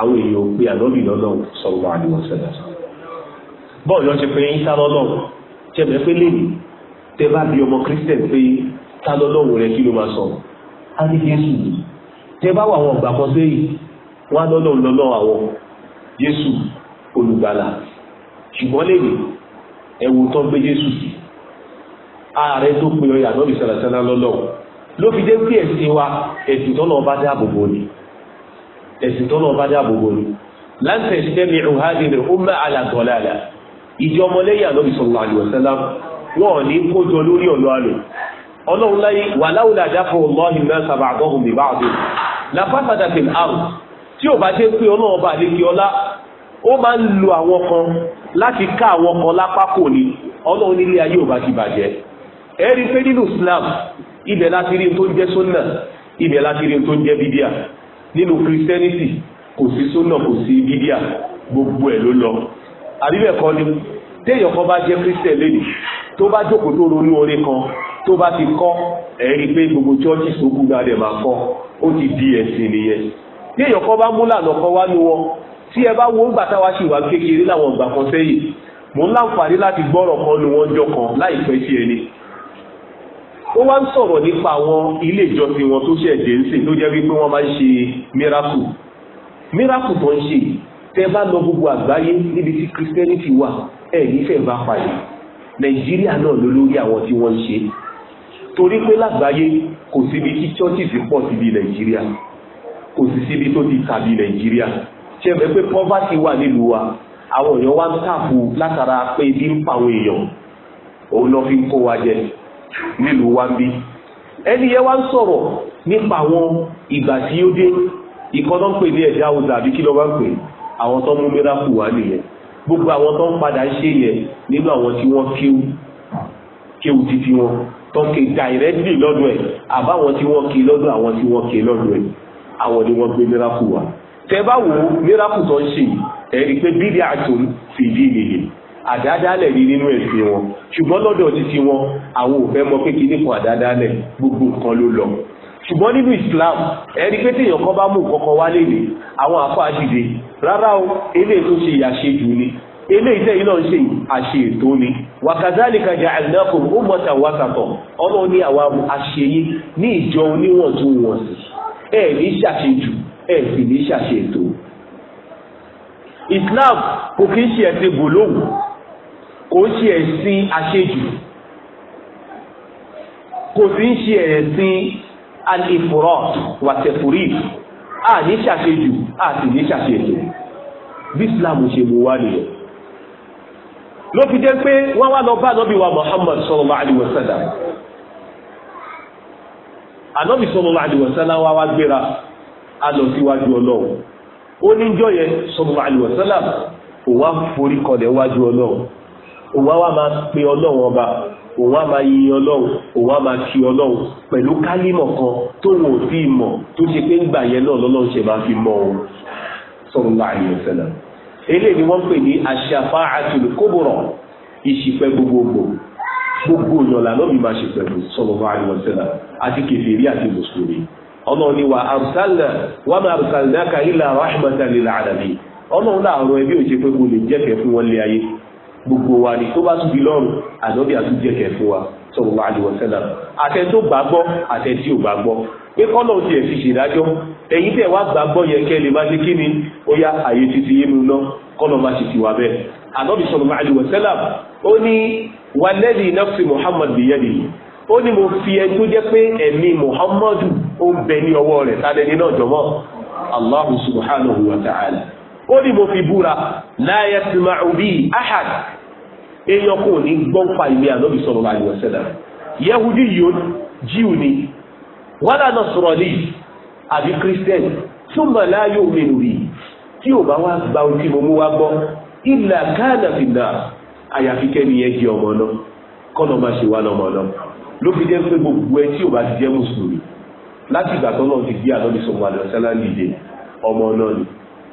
àwọn èèyàn ò pe ànábì lọ́lọ́run sọ̀rọ̀ wà ní wọn sẹ́dá bọ́ọ̀lù ọ̀sẹ̀ pé ń sá lọ́lọ́run tẹ̀mẹ́ pé lèmi tẹ bá bí ọmọ christian pé sá lọ́lọ́run rẹ kí ló máa sọ á ní jésù yìí tẹ bá wà àwọn ọgbà kan sẹ́yìn wọn á lọ́lọ́run lọ́lọ́run àwọn jésù olùgbàlà ṣùgbọ́n lèmi ẹ̀wù tán gbé jésù yìí ààrẹ tó pe ọyà lọ́bì sàlàsàlà lọ́lọ́wọ́ ló fi dé pé ẹ̀sìn wa ẹ̀sìn tọ́lọ́ ọba dé àbòbò ni ẹ̀sìn tọ́lọ́ ọba dé àbòbò ni láǹtẹ̀ sẹ́mi ọ̀hádìrì ó mẹ́ àlàtọ̀lá ìjọ ọmọlẹ́yìn àlọ́bì sallallahu alaihi wọn ò ní kójọ lórí ọ̀lọ́ àlọ́ ọlọ́run láyé wà láwùlà dáfọ̀ ọlọ́hìn náà àgọ́hùn mi bá ọdún lápásáda tèmi àrùn tí ò bá ṣe pé ọlọ́run ọba àlékè ọlá ó máa ń lo àwọn kan láti ká àwọn kan lápá kò ní ọlọ́run nílé ayé ò bá ti bàjẹ́ ẹ̀rí pé nínú Islam ibẹ̀ láti rí tó ń jẹ́ sọ́nà ibẹ̀ láti rí tó jẹ́ bídíà nínú Christianity kò sí sọ́nà kò sí bídíà gbogbo ẹ̀ ló lọ àbíbẹ̀ ni téèyàn kan bá jẹ́ Christian lónìí tó bá jókòó tó ronú orin kan tó bá ti kọ́ ẹ̀rí pé gbogbo chọ́ọ̀chì sókú gbadẹ̀ máa kọ́ ó ti di ẹ̀sìn nìyẹn téèyàn kan bá mú lànà kan wá nu wọn tí ẹ bá wo gbàtà wá sí ìwà kékeré láwọn ìgbà kan sẹ́yìn mò ń láǹfààní láti gbọ́rọ̀ kan nu wọn jọ kan láìpẹ́ sí ẹni ó wá ń sọ̀rọ̀ nípa àwọn ilé ìjọsìn wọn tó ṣẹ̀dẹ̀ ń sè tó jẹ́ wípé wọ́n máa ń ṣe miracle miracle tó ń ṣe tẹ́ bá lọ gbogbo àgbáyé níbi tí christianity wà ẹ̀ nífẹ̀ẹ́ bá pàdé nàìjíríà náà ló lórí àwọn tí wọ́n ń ṣe torí pé lágbàáyé kò síbi tí churches pọ̀ síbi nàìjíríà kò sì síbi tó ti tàbí nàìjíríà ṣe é pé poverty wà nílùú wa àwọn èèyàn wá ń tààbù látara pé bí ń pa àwọn èèyàn òun lọ fi ń kó wa jẹ nílùú wa bí ẹni yẹn wá ń sọ̀rọ̀ nípa àwọn ìgbà tí ó dé ìkan tó ń pè ní ẹ̀dá ọ̀dà àbí kí ló bá ń pè àwọn tó ń mú mẹ́rákù wá nìyẹn gbogbo àwọn tó ń padà ṣe yẹn nínú àwọn tí wọ́n kéwú kéwú títí wọn tó ń ké dàìrẹ́tìlì lọ́dọ̀ ẹ̀ àbáwọn tí wọ́n ké lọ́dọ̀ àwọn tí wọ́n ké lọ́dọ̀ ẹ̀ àwọn ni wọ́n gbé mẹ́rákù wá tẹ bá wo mẹ́rákù tó ń ṣe yìí ẹ̀rí pé bídíà tó ń dí nìyẹn àdádálẹ̀ ní nínú ẹ̀sìn wọn ṣùgbọ́n lọ́dọ̀ títí wọn àwọn ò fẹ́ mọ pé kinní kan àdádálẹ̀ gbogbo nǹkan ló lọ ṣùgbọ́n nínú Islam ẹni pé tí èèyàn kan bá mú kọ́kọ́ wá lè ní àwọn àfáà dìde rárá o eléyìí tó ṣe ìyàṣejù ni eléyìí tẹ́yìn náà ṣe àṣe ètò ni wàkàzálìkà ja'alnakum ummatan wasatan ọlọ́run ní àwa àṣeyí ní ìjọ oníwọ̀ntúnwọ̀nsì ẹ̀ ní ṣàṣejù ẹ̀ ní ṣàṣe Islam kò kí ń ṣe ẹ̀sìn gbòlóhùn kò ń ṣe ẹ̀sìn àṣejù kò sí ń ṣe ẹ̀sìn alifurọ̀ wàtẹ̀fùrí a ní ṣàṣejù a sì ní ṣàṣejù bí Islam ṣe mú wá nìyẹn ló fi jẹ́ pé wọ́n wá lọ bá wa Muhammad sallallahu alaihi wasallam ànábì sallallahu wa wá wá gbéra a lọ síwájú ọlọ́run ó níjọ́ yẹn sallallahu alaihi wasallam wá forí kọlẹ̀ wájú ọlọ́run òwá wa máa pe ọlọ́run ọba òwá máa yí ọlọ́run òwá máa kí ọlọ́run pẹ̀lú kálímọ̀ kan tó wò sí ìmọ̀ tó ṣe pé ń gbà yẹn náà lọ́lọ́run ṣe máa fi mọ̀ ọ́n sallallahu alaihi eléyìí ni wọ́n pè ní aṣ-ṣafā'atul kubrā ìṣìpẹ̀ gbogbogbò gbogbo ìyọ̀lá lọ́bì máa ṣe pẹ̀lú sallallahu alaihi wasallam àti kèfèrí àti mùsùlùmí ọlọ́run ni wà arsalna wa mā arsalnāka gbogbo wa ni tó bá tún di lọ́rùn ànábì àtúnjẹkẹ̀ fún wa sallallahu alaihi wasallam àtẹ tó gbàgbọ́ àtẹ tí ò gbàgbọ́ pé kọ́lọ̀ tiẹ̀ fi ṣèdájọ́ ẹ̀yin tẹ̀ wá gbàgbọ́ yẹn kẹ́ lè má ṣe kí ni ó yá àyè títí yé mi lọ kọ́lọ̀ má ṣe tiwa bẹ́ẹ̀ ànábì sallallahu alaihi wasallam ó ní walladhi nafsi Muhammad biyadihi ó ní mo fi ẹ tó jẹ́ pé ẹ̀mí Muhammadu ó ń bẹ ní ọwọ́ rẹ̀ tálẹ́ni náà jọmọ́ Allahu subhanahu wa ta'ala ó ní mo fi búra la yasma'u bi ahad èèyàn kò ní gbọ́n ìwé ànábì sallallahu alaihi wasallam yahudi yìí ó jíù ni wala nasrani àbí kírísítẹ́nì thumma la yu'minu bi tí ò bá wá gba ohun mo mú wá gbọ́ illa kana finna àyàfi kẹ́ni yẹn di ọmọ náà kọ́nà máa ṣe wá lọ́mọ náà ló fi jẹ́ pé gbogbo ẹ tí ò bá ti jẹ́ mùsùlùmí láti ìgbà tó náà ti gbé ànábì sallallahu alaihi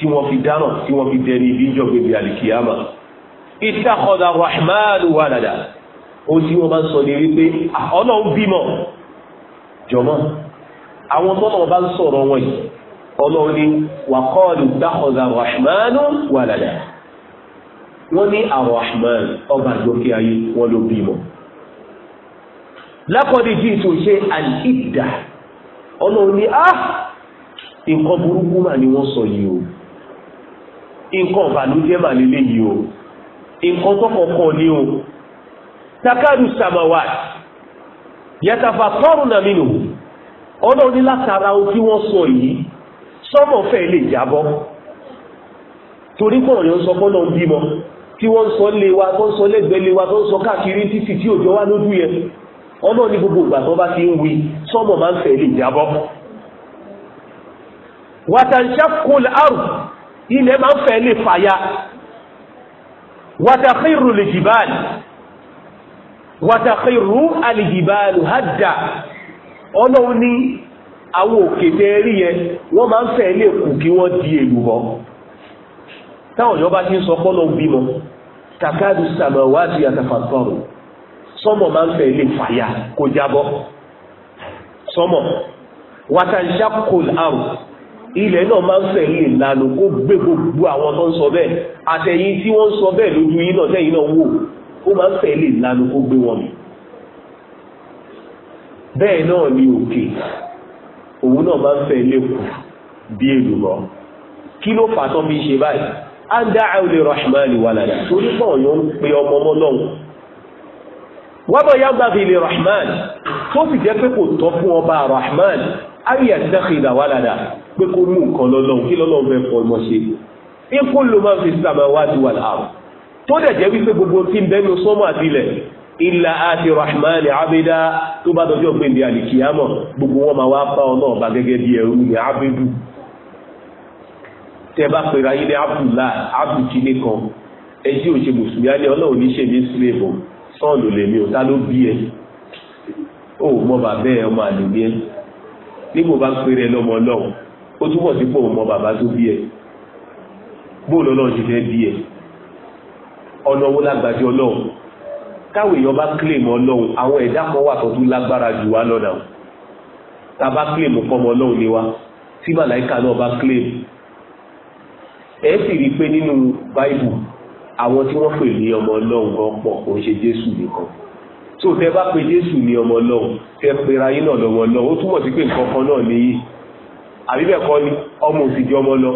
tí wọ́n fi dáná tí wọ́n fi dẹni ibi ń jọ̀gbìn bí alikiyama ìtàkọ̀dà rahman wàdàdà ó tí wọ́n bá ń sọ ní wípé ah, ọlọ́run bímọ jọmọ́ àwọn tọ́lọ̀ bá ń sọ̀rọ̀ wọn yìí ọlọ́run ni wàkọ́ọ̀lù ìtàkọ̀dà rahman wàdàdà wọ́n ní arahman ọba àjọkí ayé wọ́n ló bímọ lákọ̀ọ́dì jí ìtò ṣe àlìdà ọlọ́run ni ah nǹkan burúkú mà ni wọ́n sọ yìí o nǹkan ìbànújẹ́ mà lélẹ́ yìí o nǹkan tó kọ̀ọ̀kan ni o takadu samawa yàtàfà tọ́rù nà mí nù ọlọ́run ní látara ohun tí wọ́n sọ yìí sọ́mọ̀ fẹ́ lè jábọ́ torí pọ̀ ní ó sọ pọ́nà bímọ tí wọ́n sọ lé wa tó ń sọ lẹ́gbẹ̀ẹ́ lé wa tó ń sọ káàkiri títì tí òjò wá lójú yẹn ọlọ́run ní gbogbo ìgbà tó bá ti ń wí sọ́mọ̀ máa ń fẹ́ lè jábọ́ wàtàǹṣà kò láàrù ilẹ̀ máa ń fẹ́ lè fàya wàtàkìrù lìjìbáàlì wàtàkìrù àlìjìbáàlì hàdà ọlọ́run ní àwọn òkè tẹ́ẹ̀rí yẹn wọ́n máa ń fẹ́ lè kù kí wọ́n di èlùbọ́ táwọn èèyàn bá ti ń sọ pọ́nà bímọ takadu samawati yatafatọrù sọmọ máa ń fẹ́ lè fàya kó jábọ́ sọmọ wàtàkìrù àrùn ilẹ̀ náà máa ń fẹ̀yìn ìlànà kó gbé gbogbo àwọn tó ń sọ bẹ́ẹ̀ àtẹ̀yìn tí wọ́n ń sọ bẹ́ẹ̀ lójú yín náà tẹ̀yìn náà wò ó máa ń fẹ̀yìn ìlànà kó gbé wọn bẹ́ẹ̀ náà ni òkè òun náà máa ń fẹ́ lékù bí èlùmọ́ kí ló fà tán bí ṣe báyìí á ń dá àwọn olèrọ̀ṣùmáàlì wà lára torí pọ̀ yóò ń pe ọmọ ọmọ náà wọ́n bọ̀ yá gbàgbé ilẹ̀ rahman tó sì jẹ́ pé kò tọ́ fún ọba rahman ayé àtìdákìdá wà ládàá pé kó mú nǹkan lọ́lọ́run kí lọ́lọ́run fẹ́ fọ ọmọ ṣe ikú ló máa fi sàmà wá ju wà láàrú tó dẹ̀ jẹ́ wípé gbogbo tí ń bẹ́nu sọ́mọ́ àtìlẹ̀ ilà àti rahman abidá tó bá dọjọ́ pé ní àlìkìyàmọ̀ gbogbo wọn máa wá bá ọ náà bá gẹ́gẹ́ bí ẹrú ní abidu tẹ bá pera yín ní abdullah abdulkini kan ẹ ò ṣe mùsùlùmí ọlọ́run ní ní sílẹ̀bù sọ́ọ̀nù lèmi ò ta ló bí ẹ ó mọ bàbá ẹ ọmọ àlè ẹ nígbò bá ń pèrè lọ́mọ ọlọ́run ó túbọ̀ sí pò mọ bàbá tó bí ẹ bóun lọ́lọ́run ti fẹ́ bí ẹ ọ̀nà owó lágbàjọ ọlọ́run káwọn èèyàn bá kílèmù ọlọ́run àwọn ẹ̀dá kan wà tó lágbára jù wá lọ́nà tá a bá kílèmù fọmọ ọlọ́run ni wa tí màláìka náà bá kílèmù ẹ sì rí i pé nínú báìbù àwọn tí wọ́n pè ní ọmọ ọlọ́run gan pọ̀ kò ń ṣe Jésù nìkan tó tẹ bá pe jésù ní ọmọ náà tẹ pera yín náà lọ́wọ́ náà ó túmọ̀ sí pé nǹkan kan náà níyì àbí ni ọmọ òsìdí ọmọ náà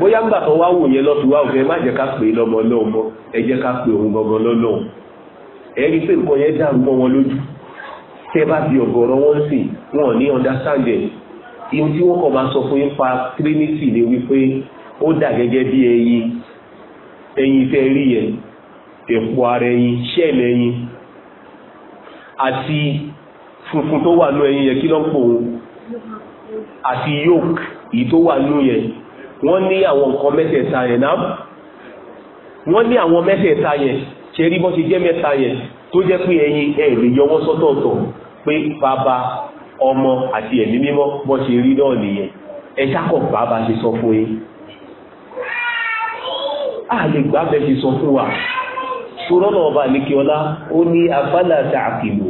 bóyá ń gbà tó wá wò yẹn lọ́tún wá òfin má jẹ́ ká pè é lọ́mọ náà mọ́ ẹ jẹ́ ká pè òun gangan lọ́nà ẹ rí pé nǹkan yẹn dàrú mọ́ wọn lójú tẹ bá fi ọ̀gọ̀rọ̀ wọn sì wọn ní understand ẹ̀ ihun tí wọ́n kàn máa sọ fún yín pa trinity ni wípé ó dà gẹ́gẹ́ bí ẹyin ẹyin fẹ́ rí yẹn ẹ̀pọ̀ ara ẹyin ṣẹ́ẹ̀lì ẹyin àti funfun tó wà ní ẹyin yẹn kí ló ń pò òun àti yolk èyí tó wà ní yẹn wọ́n ní àwọn nǹkan mẹ́tẹ̀ẹ̀ta yẹn náà wọ́n ní àwọn mẹ́tẹ̀ẹ̀ta yẹn ṣe rí bọ́n ṣe jẹ́ mẹ́ta yẹn tó jẹ́ pé ẹyin ẹ̀ lè yọ wọ́n sọ́tọ̀ọ̀tọ̀ pé bàbá ọmọ àti ẹ̀mí mímọ́ bọ́n ṣe rí náà nìyẹn ẹ ṣàkọ̀ bàbá ṣe sọ fún yín a lè gbà ṣe sọ fún wa ṣòro náà ọba àlékè ọlá ó ní afálà tààkìlù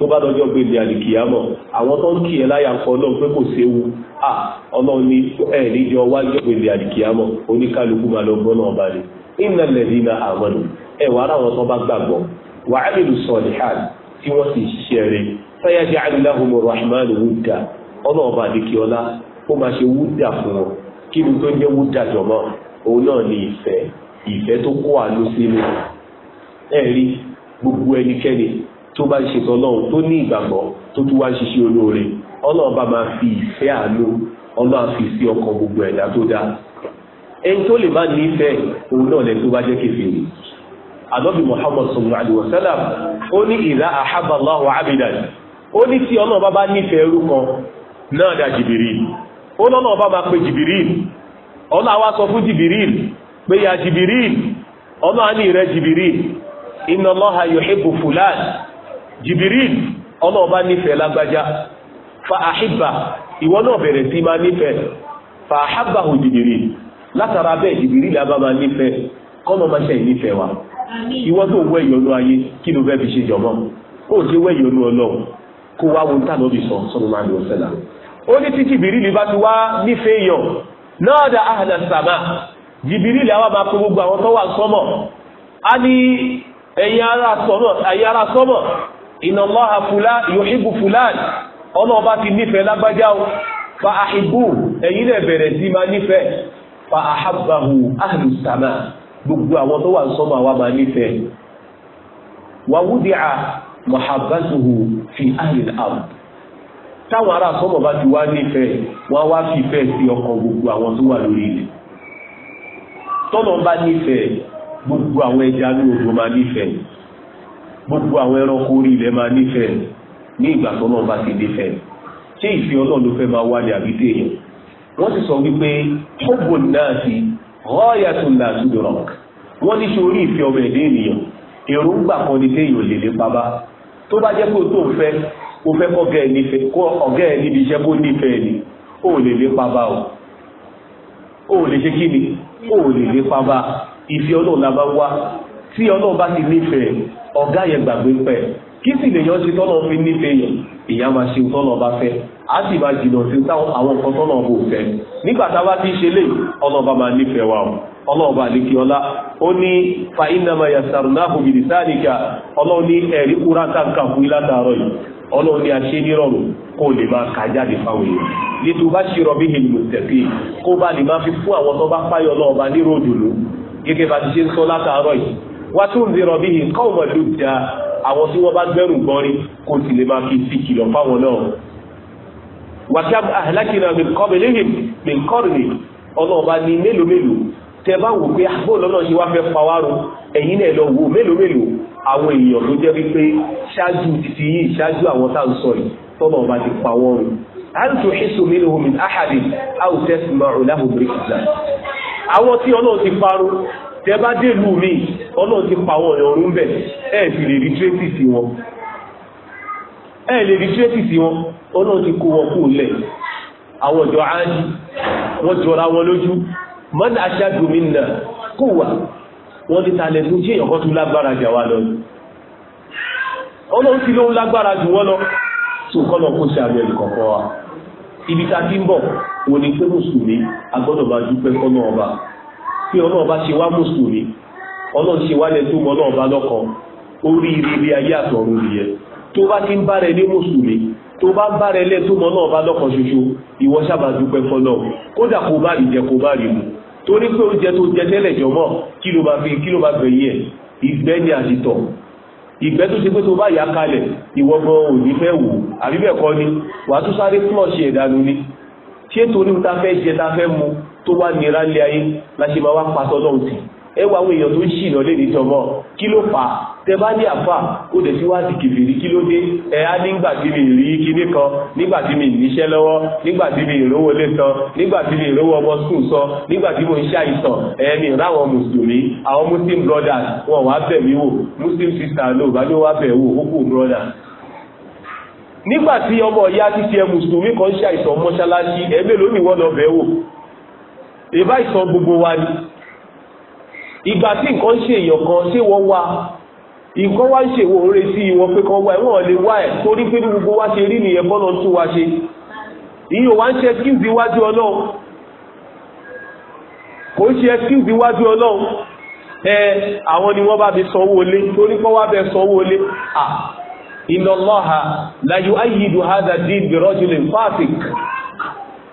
tó bá lọ́jọ́ gbé ilé àdìkìyàmọ̀ àwọn tó ń kì ẹ́ láyà kọ́ náà pé kò séwu à ọlọ́run ní ẹ̀ níjọ wájú gbé ilé àdìkìyàmọ̀ oníkálukú máa lọ gbọ́ náà balẹ̀ iná lẹ́dí iná àmọ́nù ẹ̀ wà á àwọn tó bá gbàgbọ́ wà á lè lu sọ̀lìhàn tí wọ́n sì ṣiṣẹ́ rẹ̀ sáyà jẹ́ àdìláhùn rahman wúdà ọlọ́ọ̀bà àdìkìọ́lá ó máa ṣe wúdà fún wọn kí ni tó ń jẹ́ wúdà jọ̀mọ́ òun náà ni gbogbo ẹnikẹ́ni tó bá ń ṣe tọ́lọ́run tó ní ìgbàgbọ́ tó tún wá ń ṣiṣẹ́ olóore ọlọ́run bá máa fi ìfẹ́ àánú ọlọ́run fi sí ọkàn gbogbo ẹ̀dá tó dáa ẹni tó lè má nífẹ̀ẹ́ òun náà tó bá jẹ́ Muhammad wasallam ó ní ìlà àhábàláhù abidan ó ní tí ọlọ́run bá bá nífẹ̀ẹ́ kan náà dá jìbìrì ó bá máa jibirin ọlọ́ọ̀bá nífẹ̀ẹ́ lágbájá fa àhíbà ìwọ náà bẹ̀rẹ̀ sí máa nífẹ̀ẹ́ fa àhábà jibirin latara látara bẹ́ẹ̀ jìbìrìl lábá máa nífẹ̀ẹ́ kọ́nà máa wa ìwọ tó wẹ́ ìyọnu ayé kí ló fẹ́ fi ṣe jọmọ́ ó ti wẹ́ ìyọnu ọlọ́run kó wá sọ máa lọ sẹ́la ó ní tí bá ti wá nífẹ̀ẹ́ yàn náà dá àhàdà sàmà máa kó gbogbo inna Allaha fulan yuhibbu fulan ọlọ́ọ̀bá ti nífẹ̀ẹ́ lágbájá o fa àhìbù ẹ̀yin náà bẹ̀rẹ̀ sí máa nífẹ̀ẹ́ fa àhàbàhù ahlu sama gbogbo àwọn tó wà ń sọ́mọ́ àwa máa nífẹ̀ẹ́ wàwúdìá mahabbatuhu fi ahli al-ard táwọn ará sọ́mọ̀ bá wà lórí ilẹ̀ tọ́nà bá nífẹ̀ẹ́ gbogbo àwọn ẹranko orí ilẹ̀ máa nífẹ̀ẹ́ ní ìgbà tó náà bá ti nífẹ̀ẹ́ ṣé ìfẹ́ ọlọ́run ló fẹ́ máa wá ní àbí téèyàn wọ́n ti sọ wípé ṣọ́bù náà ti ọ́yàtún náà tún rock wọ́n ní ṣe orí ìfẹ́ ọmọ ẹ̀dẹ́ ènìyàn èròǹgbà kan ní téèyàn lè lè pabá tó bá jẹ́ pé o tó ń fẹ́ o fẹ́ kọ́ ọ̀gá ẹ̀ níbi iṣẹ́ kó nífẹ̀ẹ́ ni o lè lè pabá o o lè ṣe kí ni o lè lè pabá ìfẹ́ ọlọ́run la tí ọlọ́run bá ti nífẹ̀ẹ́ ọ̀gá yẹn gbàgbé pẹ̀ kí sì lè yọjú tọ́lọ̀ fi nífẹ̀ẹ́ yẹn ìyá máa ṣe tọ́lọ̀ bá fẹ́ á sì máa jìnnà sí àwọn nǹkan tọ́lọ̀ bò fẹ́ nígbà tá a bá ti ṣe lè ọlọ́run bá máa nífẹ̀ẹ́ wa o ọlọ́run bá lè kí ọlá ó ní fa innama yasarnahu bilisanika ọlọ́run ní ẹ̀rí kúrá fún yìí ọlọ́run ní aṣẹ́ nírọ̀rùn kó lè máa kà jáde fáwọn èèyàn nítorí bá ṣe kó bá lè máa fi fún wà tó ń zèrò bíi nǹkan ọmọ ló da àwọn tí wọ́n bá gbẹ́rù gbọ́nrin kó sì lè máa fi sí kìlọ̀ fáwọn náà. wà kí ahlakina mi kọ́ mi léhìn mi kọ́ mi ọlọ́ọ̀bá ní mélòó mélòó tẹ bá wò pé ah, bóòlù náà ṣe wá fẹ́ pawárò ẹ̀yin náà lọ wò mélòó mélòó àwọn èèyàn ló jẹ́ wípé ṣáájú títí yìí ṣáájú àwọn tá ń sọ yìí tọ́nà ọba ti pa wọ́n rùn hal tuhisu minhum min ahadin aw tasma'u lahum rikza àwọn tí ọlọ́run ti parun tẹ bá dé ìlú mi ọlọ́run ti pa àwọn ọ̀rùn ń bẹ̀ ẹ̀ sì lè rí tírẹ́tì sí wọn ẹ̀ lè rí tírẹ́tì sí wọn ọlọ́run ti kó wọn kú lẹ̀ àwọn ọ̀dọ́ áájì wọ́n jọra wọn lójú mọ́n aṣáájú mi nà kó wà wọ́n ti talẹ̀ tó jẹ́ ọ̀kan tó lágbára jà wá lọ ọlọ́run ti lóun lágbára jù wọ́n lọ tó kọ́ lọ kó ṣe àmì ẹ̀rì kọ̀ọ̀kan wa ibi ta ti ń bọ̀ wọ́n ni pé mùsùlùmí agbọ́dọ̀ máa dúpẹ́ fọ́nà ọba pé ọlọ́run bá ṣe wá mùsùlùmí ọlọ́run ṣe wá lẹ tó mọ ọlọ́run bá lọ́kàn orí ilé ayé àtọ̀run nìyẹn tó bá ti ń bá rẹ ní mùsùlùmí tó bá ń bá rẹ lẹ tó mọ ọlọ́run bá lọ́kàn ṣoṣo ìwọ sábà dúpẹ́ fọlọ́ kódà kó bá rí jẹ kó bá rí mu torí ìgbẹ́ ni àtìtọ̀ ìgbẹ́ tó ṣe pé tó bá yà kalẹ̀ ìwọ gan fẹ́ wò àbí ni wàá tún sáré fúlọ̀ṣì ẹ̀dánù ni ṣé torí ta fẹ́ jẹ ta fẹ́ mu tó wá nira lé ayé láṣẹ máa wá pàṣọ lọ́hùn sí ẹ wá àwọn èèyàn tó ń ṣì náà lè ní jọmọ kí ló fà á tẹ bá ní àfà kó dẹ̀ sí wáàsì kìfìrí kí ló dé ẹ á nígbà tí mi rí kíní kan nígbà tí mi níṣẹ́ lọ́wọ́ nígbà tí mi ìrówó lé san nígbà tí mi ìrówó ọmọ sùn san nígbà tí mo ń ṣàìsàn ẹ mi ráwọn mùsùlùmí àwọn muslim brothers wọn wá bẹ̀ mí wò muslim sisters ló bá ní wá bẹ̀ wò ó kù brothers nígbà tí ọmọ ìyá ti ti ẹ mùsùlùmí kan ṣàìsàn ni wọ́n lọ ìbá ìsàn gbogbo wa ni ìgbà tí nǹkan ṣe èèyàn kan ṣé wọ́n wá nǹkan wá ń ṣe ìwọ oore sí wọn pé kan wá ìwọ̀n lè wá ẹ̀ torí pé gbogbo wa ṣe rí nìyẹn bọ́lá ń tún wa ṣe ìyẹn wá ń ṣe excuse iwájú ọlọ́run kò ń ṣe excuse ọlọ́run ẹ àwọn ni wọ́n bá fi sanwó tori torí pé wọ́n bẹ sanwó lé à inna Allaha la yu'ayyidu hadha ad-din bi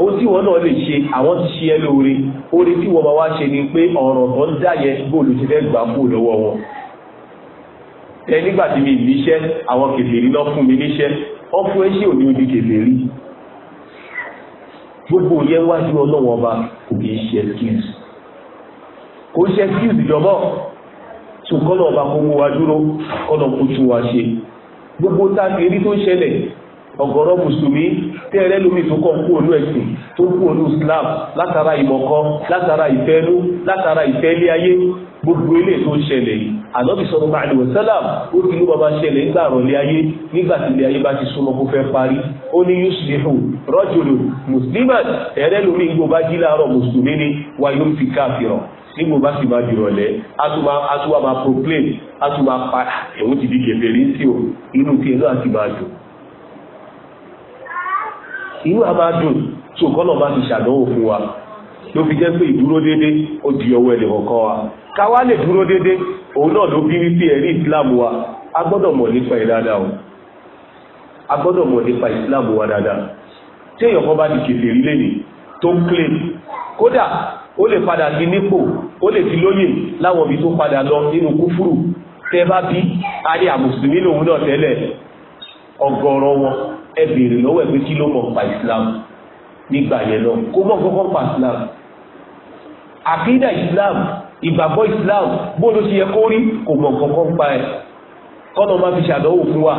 ohun tí wọn náà lè ṣe àwọn ti ṣe ẹ lóore oore tí wọn máa wá ṣe ni pé ọ̀ràn tó ń dá yẹn bóòlù ti fẹ́ gbà kú lọ́wọ́ wọn ẹ nígbà tí mi níṣẹ́ àwọn kèfèrí náà fún mi níṣẹ́ wọ́n fún ẹṣẹ́ òní odi kèfèrí gbogbo yẹn wájú ọlọ́wọ́n ọba kò kì í ṣe excuse kò ṣe excuse ìjọba tún kọ́nà ọba kó mú wa dúró kọ́nà kó tún wa ṣe gbogbo tá a fi tó ṣẹlẹ̀ ọ̀gọ̀rọ̀ mùsùlùmí tí ẹrẹ lómi tó kọ kú ònú ẹsìn tó kú ònú Islam látara ìmọ̀kọ látara ìfẹ́nú látara ìfẹ́lé ayé gbogbo ilé tó ń ṣẹlẹ̀ yìí ànábì sọ̀rọ̀ bá àdìwọ̀ sálàm ó ti ní bàbá ṣẹlẹ̀ nígbà rọ̀lẹ́ ayé nígbà tí ilé ayé bá ti súnmọ́ kó fẹ́ parí ó ní yusufu rọ́jòlò musliman ẹ̀rẹ́ lómi gbogbo bá jí láàárọ̀ mùsùlùmí ni wáyé ó fi káàfìràn nígbò bá sì máa dìrọ̀lẹ́ atúwà máa proclaim atúwà pa ẹ̀wọ̀n ti di kẹfẹ́ rí sí o inú tí ẹ náà ti máa dùn inú a máa dùn tó kọ́nà bá ti ṣàdánwò fún wa ló fi jẹ́ pé ìdúró dédé ó di ọwọ́ ẹnì kọ̀ọ̀kan wa ká wá lè dúró dédé òun náà ló bí wípé ẹ̀rí Islam wa a gbọ́dọ̀ mọ̀ nípa ẹ̀ dáadáa o a gbọ́dọ̀ mọ̀ nípa Islam wa dáadáa tí èèyàn kan bá ti kèfèrí lẹ́yìn tó ń kílè kódà ó lè padà sí nípò ó lè ti lóyè láwọn ibi tó padà lọ nínú kúfúrù tẹ́ bá bí a ní àmùsùlùmí lòun náà tẹ́lẹ̀ ọgọ́rọ̀ wọn ẹ béèrè lọ́wọ́ ẹ̀ pé kí ló mọ̀ pa islam nígbà yẹn náà kó mọ̀ kọ́kọ́ pa islam àkídà islam ìgbàgbọ́ islam bóòlù ti yẹ kó rí kò mọ̀ kọ́kọ́ pa ẹ̀ kọ́nà máa fi ṣàdánwò fún wa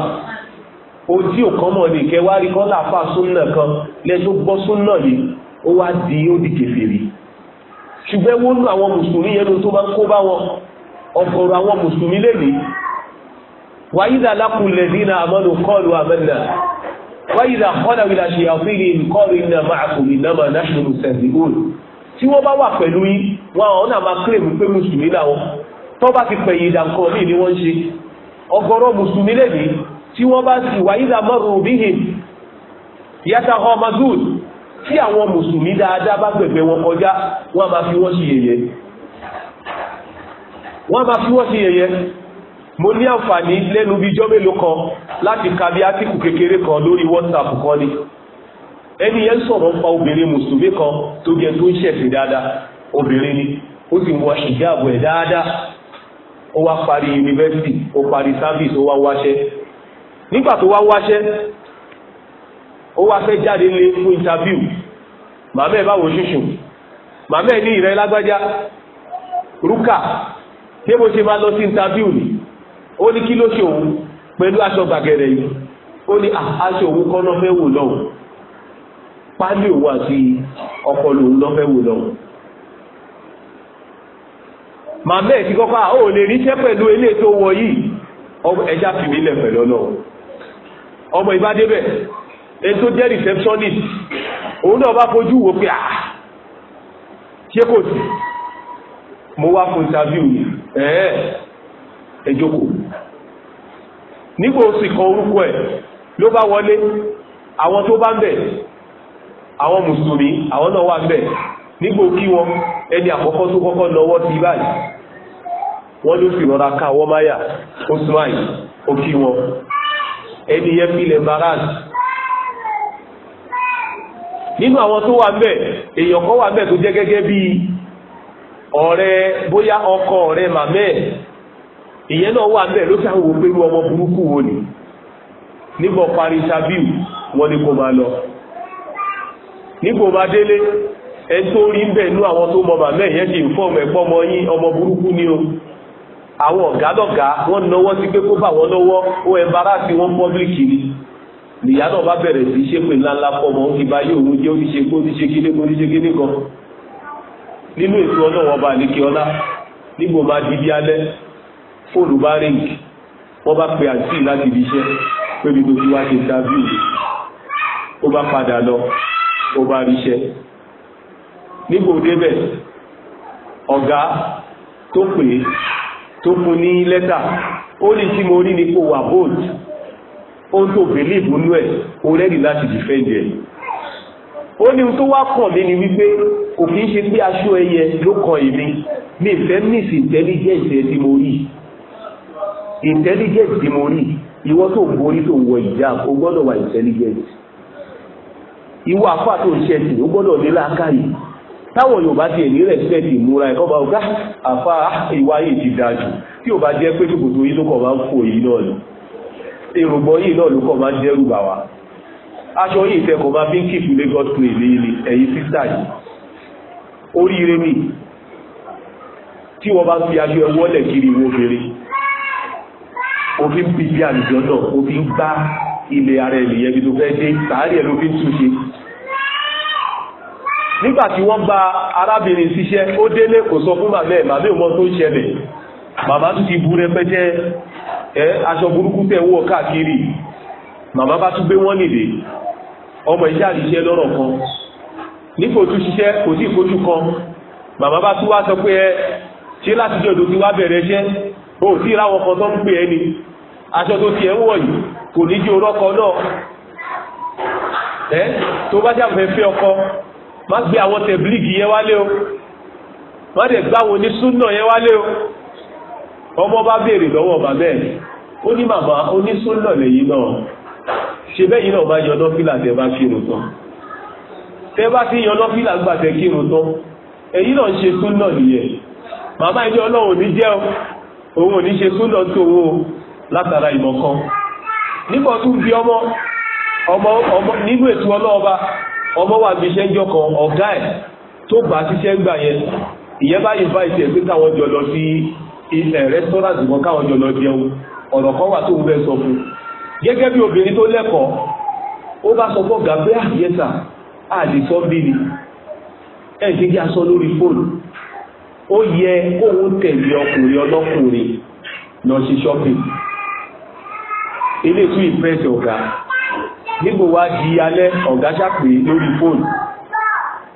ohun tí òkan mọ̀ ní kẹwàá rí kọ́lá àfa súnà kan lẹ́tọ́ gbọ́ súnà yìí ó wá di ó di kèfèrí ṣùgbọ́n wọ́n nú àwọn mùsùlùmí yẹn ló tó bá kó bá wọn ọ̀gọ̀rọ̀ àwọn mùsùlùmí lè ní wàyídà lákùnlẹ̀ nínú àmọ́nù kọ́ọ̀lù àmọ́nà wáyìlá kọ́lá wílá ṣe àfihàn ìkọ́rin iná máa kò ní náà national sẹ́ńtìgún tí wọ́n bá wà pẹ̀lú yín wọn àwọn náà máa kílèmù pé mùsùlùmí làwọn tó bá ti pẹ̀yìn ìdàkọ̀ míì ni wọ́n ń ṣe ọ̀gọ̀rọ̀ mùsùlùmí lẹ́yìn tí wọ́n bá sì wáyìlá mọ́rùn bíhìn yàtà ọmọdún tí àwọn mùsùlùmí dáadáa bá gbẹ̀gbẹ̀ wọn kọjá wọ́n máa fi wọ́n ṣe yẹ̀yẹ́ mo ní àǹfààní lẹ́nu bí ijọ́ mélòó kan láti ka bí átíkù kékeré kan lórí whatsapp kan ni ẹni yẹn sọ̀rọ̀ pa obìnrin mùsùlùmí kan tó jẹ tó ń ṣẹ̀sìn dáadáa obìnrin ni ó sì wọ ìjáàbò ẹ̀ dáadáa ó wá parí yunifásitì ó parí sáfíìsì ó wá wáṣẹ́ nígbà tó wá wáṣẹ́ ó wá fẹ́ jáde lé fún interview màmá ẹ̀ báwo ṣùṣù màmá ẹ̀ ní ìrẹ́ lágbájá rúkà ṣé mo ṣe máa lọ sí interview ni ó ní kí ló ṣe òun pẹ̀lú aṣọ gbàgẹ̀rẹ̀ yìí ó ní ah, aṣọ òun kọ́ náà fẹ́ wò lọ́hùn pálí òun àti ọkọ lòun náà fẹ́ wò lọ́hùn. màmá ẹ̀ ti kọ́kọ́ àwọn ah, ò lè ríṣẹ́ pẹ̀lú eléyìí tó wọ yìí ẹja fìmí lẹ̀ pẹ̀lú ọlọ́run ọmọ ìbádébẹ̀ ẹni tó jẹ́ receptionist òun náà bá fojú wo pé àá ah, ṣé kò sí mo wá fún interview yìí ẹjókòó nígbà òsì kan orúkọ ẹ̀ ló bá wọlé àwọn tó bá ń bẹ̀ àwọn mùsùlùmí àwọn náà wà ń bẹ̀ nígbà kí wọn ẹni àkọ́kọ́ tó kọ́kọ́ lọ́wọ́ ti báyìí wọ́n ló sì rọra ká wọ́n máyà ó smile nínú àwọn tó wà ń bẹ̀ èèyàn kan wà ń bẹ̀ tó jẹ́ gẹ́gẹ́ bí ọ̀rẹ́ bóyá ọkọ ọ̀rẹ́ màmẹ́ẹ̀ ìyẹn náà wà bẹ́ẹ̀ ló sáwọ́ pé irú ọmọ burúkú wo ni nígbà parí sábíù wọ́n ní kó máa lọ nígbà bá délé ẹ tó rí bẹ́ẹ̀ nú àwọn tó mọ màmẹ́ ìyẹn ti fọ́ọ̀mù ẹ̀pọ́ ọmọ yín ọmọ burúkú ni o àwọn ọ̀gá lọ́gá wọ́n náwọ́ sí pé kó bá wọn lọ́wọ́ ó ẹ bára sí wọn pọ́blíkì ni nìyá náà bá bẹ̀rẹ̀ sí ṣépè ńláńlá fọmọ ó ti bá yóò mú jẹ́ ó ti ṣe kó ti ṣe kíní kó ti ṣe kíní kan nínú ètò ọlọ́wọ́ ọba àlékè ọlá nígbà bá di bí alẹ́ fóònù bá rẹ́ǹkì wọ́n bá pe àǹtí láti ibi iṣẹ́ pébi tó ti wá ṣe interview ó bá padà lọ ó bá ríṣẹ́ nígbò débẹ̀ ọ̀gá tó pè é tó fún ní lẹ́tà ó ní tí mo rí ni kó wà bold ó ń tó bèlíìfù nú ẹ̀ ó rẹ́dì láti dìfẹ́ǹdì ẹ̀ ó ní tó wá kàn mí ni wípé kò kí ń ṣe pé aṣọ ẹyẹ ló kàn èmi mi ìfẹ́ miss intelligence ẹ tí mo rí i intelligent tí mo rí ìwọ tó ń borí tó ń wọ ìjáàb o gbọ́dọ̀ wà intelligent ìwọ àfà tó ń ṣẹ̀sìn o gbọ́dọ̀ ní làákàyè táwọn yorùbá ti ní respect ìmúra ẹ̀kọ́ bá ọgá àfà ìwà yìí ti dáa jù tí ò bá jẹ́ pé kòkòtò yìí tó kọ̀ máa ń fò yìí náà lọ èròbọ yìí náà ló kọ̀ máa ń dẹ́rù bà wá aṣọ yìí tẹ́kọ̀ máa fi ń kìfù Lagos play ní ilé ẹ̀yìn sísá yìí oríire mi tí wọ́n bá fi aṣọ ẹwọ́lẹ̀ kiri wo obìnrin òfin pípí àlùjọ́dọ̀ òfin gbá ilé ara ènìyàn ibi tó fẹ́ dé sàárì ẹ̀ ló fi ń túnṣe nígbà tí wọ́n gba arábìnrin síṣẹ́ ó délé kò sọ fún màmá ẹ̀ màmá ìwọ́n tó ń ṣẹlẹ̀ màmá tún ti bu rẹpẹtẹ ẹ aṣọ burúkú tẹ̀ wọ̀ káàkiri màmá bá tún gbé wọ́n nìdè ọmọ iṣẹ́ àṣìṣe lọ́rọ̀ kan nífòtú ṣiṣẹ́ kò sí ìfojú kan màmá bá tún wá sọ pé ẹ ṣe láti jọ ìdòkí wá bẹ̀rẹ̀ iṣẹ́ o sì ráwọ̀ kan tó ń pè ẹni aṣọ tó ti ẹ̀ ń wọ̀ yìí kò ní jẹ́ orọ́kọ náà ẹ́ tó bá jáfẹ́ fẹ́ ọkọ má gbé àwọn tẹ̀blígì yẹn wálé o má dẹ̀ gbá wọn ní súnà yẹn wálé o ọmọ bá béèrè lọ́wọ́ bàbá ẹ̀ ó ní màmá ó ní súnà lẹ́yìn náà ṣe bẹ́ẹ̀ yìí náà máa yan nọ́fìlà tẹ́ bá kí irun tán bá ti yan nọ́fìlà gbà tẹ́ kí irun tán náà ń ṣe súnà nìyẹn màmá ilé ọlọ́run ní jẹ́ o òun ò ní ṣe súnà tí owó látara ìmọ̀ kan nígbà tó ń bí ọmọ ọmọ nínú ètò ọlọ́ọba ọmọ wà bí iṣẹ́ ń jọ kan ọ̀gá ẹ̀ tó bá ṣiṣẹ́ gbà yẹn ìyẹn bá yìí bá ìṣẹ̀ pé káwọn jọ lọ sí rẹ́sítọ́ràǹtì kan káwọn jọ lọ jẹun ọ̀rọ̀ kan wà tó ń fẹ́ sọ fún gẹ́gẹ́ bí obìnrin tó lẹ́kọ̀ọ́ ó bá sọ fún ọ̀gá pé àyẹ́sà àdìsọ́ bíi ẹ̀ aṣọ lórí fóònù ó yẹ kóun tẹ̀lé ọkùnrin ọlọ́kùnrin lọ ṣe shopping ilé tún ìpẹ́sì ọ̀gá nígbò wá di alẹ́ ọ̀gá ṣàpè lórí fóònù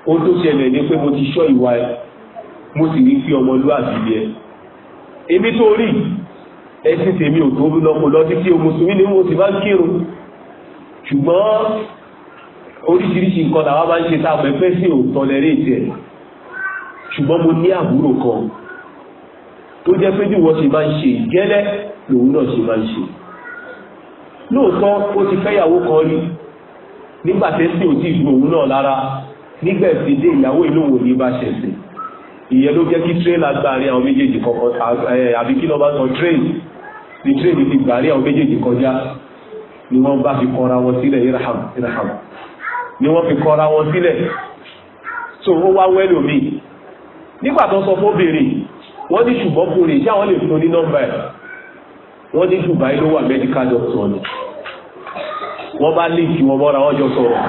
ó tó ṣẹlẹ̀ ní pé mo ti ṣọ́ ìwà ẹ̀ mo sì rí pé ọmọlúwàbí yẹ èmi tó rí ẹ̀sìn tèmi ò tó lọ́pọ̀ lọ́dí tí o mùsùlùmí ni mo sì bá ń kírun ṣùgbọ́n oríṣiríṣi nǹkan làwa máa ń ṣe tá a mọ̀ pé sí òótọ́ lẹ́rẹ́ ìtẹ̀ ṣùgbọ́n mo ní àbúrò kan tó jẹ́ pé bí wọ́n ṣe máa ń ṣe ìgẹ́lẹ́ lòun náà ṣe máa ń ṣe lóòótọ́ ó ti fẹ́yàwó kan rí nígbà tẹ́sí ò tí ìgbò òun náà lára nígbà tí dé ìyàwó inú wò ní bá ṣẹ̀ṣẹ̀ ìyẹn ló jẹ́ kí tírélà gbàrí àwọn méjèèjì kọ̀ọ̀kan àbí kí lọ́ bá sọ tírélì ní tírélì ti gbàrí àwọn méjèèjì kọjá ni wọ́n bá fi kọra wọn sílẹ̀ iraham ni wọ́n fi kọra wọn sílẹ̀ so ó wá wẹ́lòmíì nígbà tó sọ fún béèrè wọ́n ní ṣùgbọ́n kò rè jáwọn lè fún ní nọ́mbà ẹ̀ wọ́n ní Dubai ló wà medical doctor ni wọ́n bá link wọn mọ́ra wọ́n jọ sọ̀rọ̀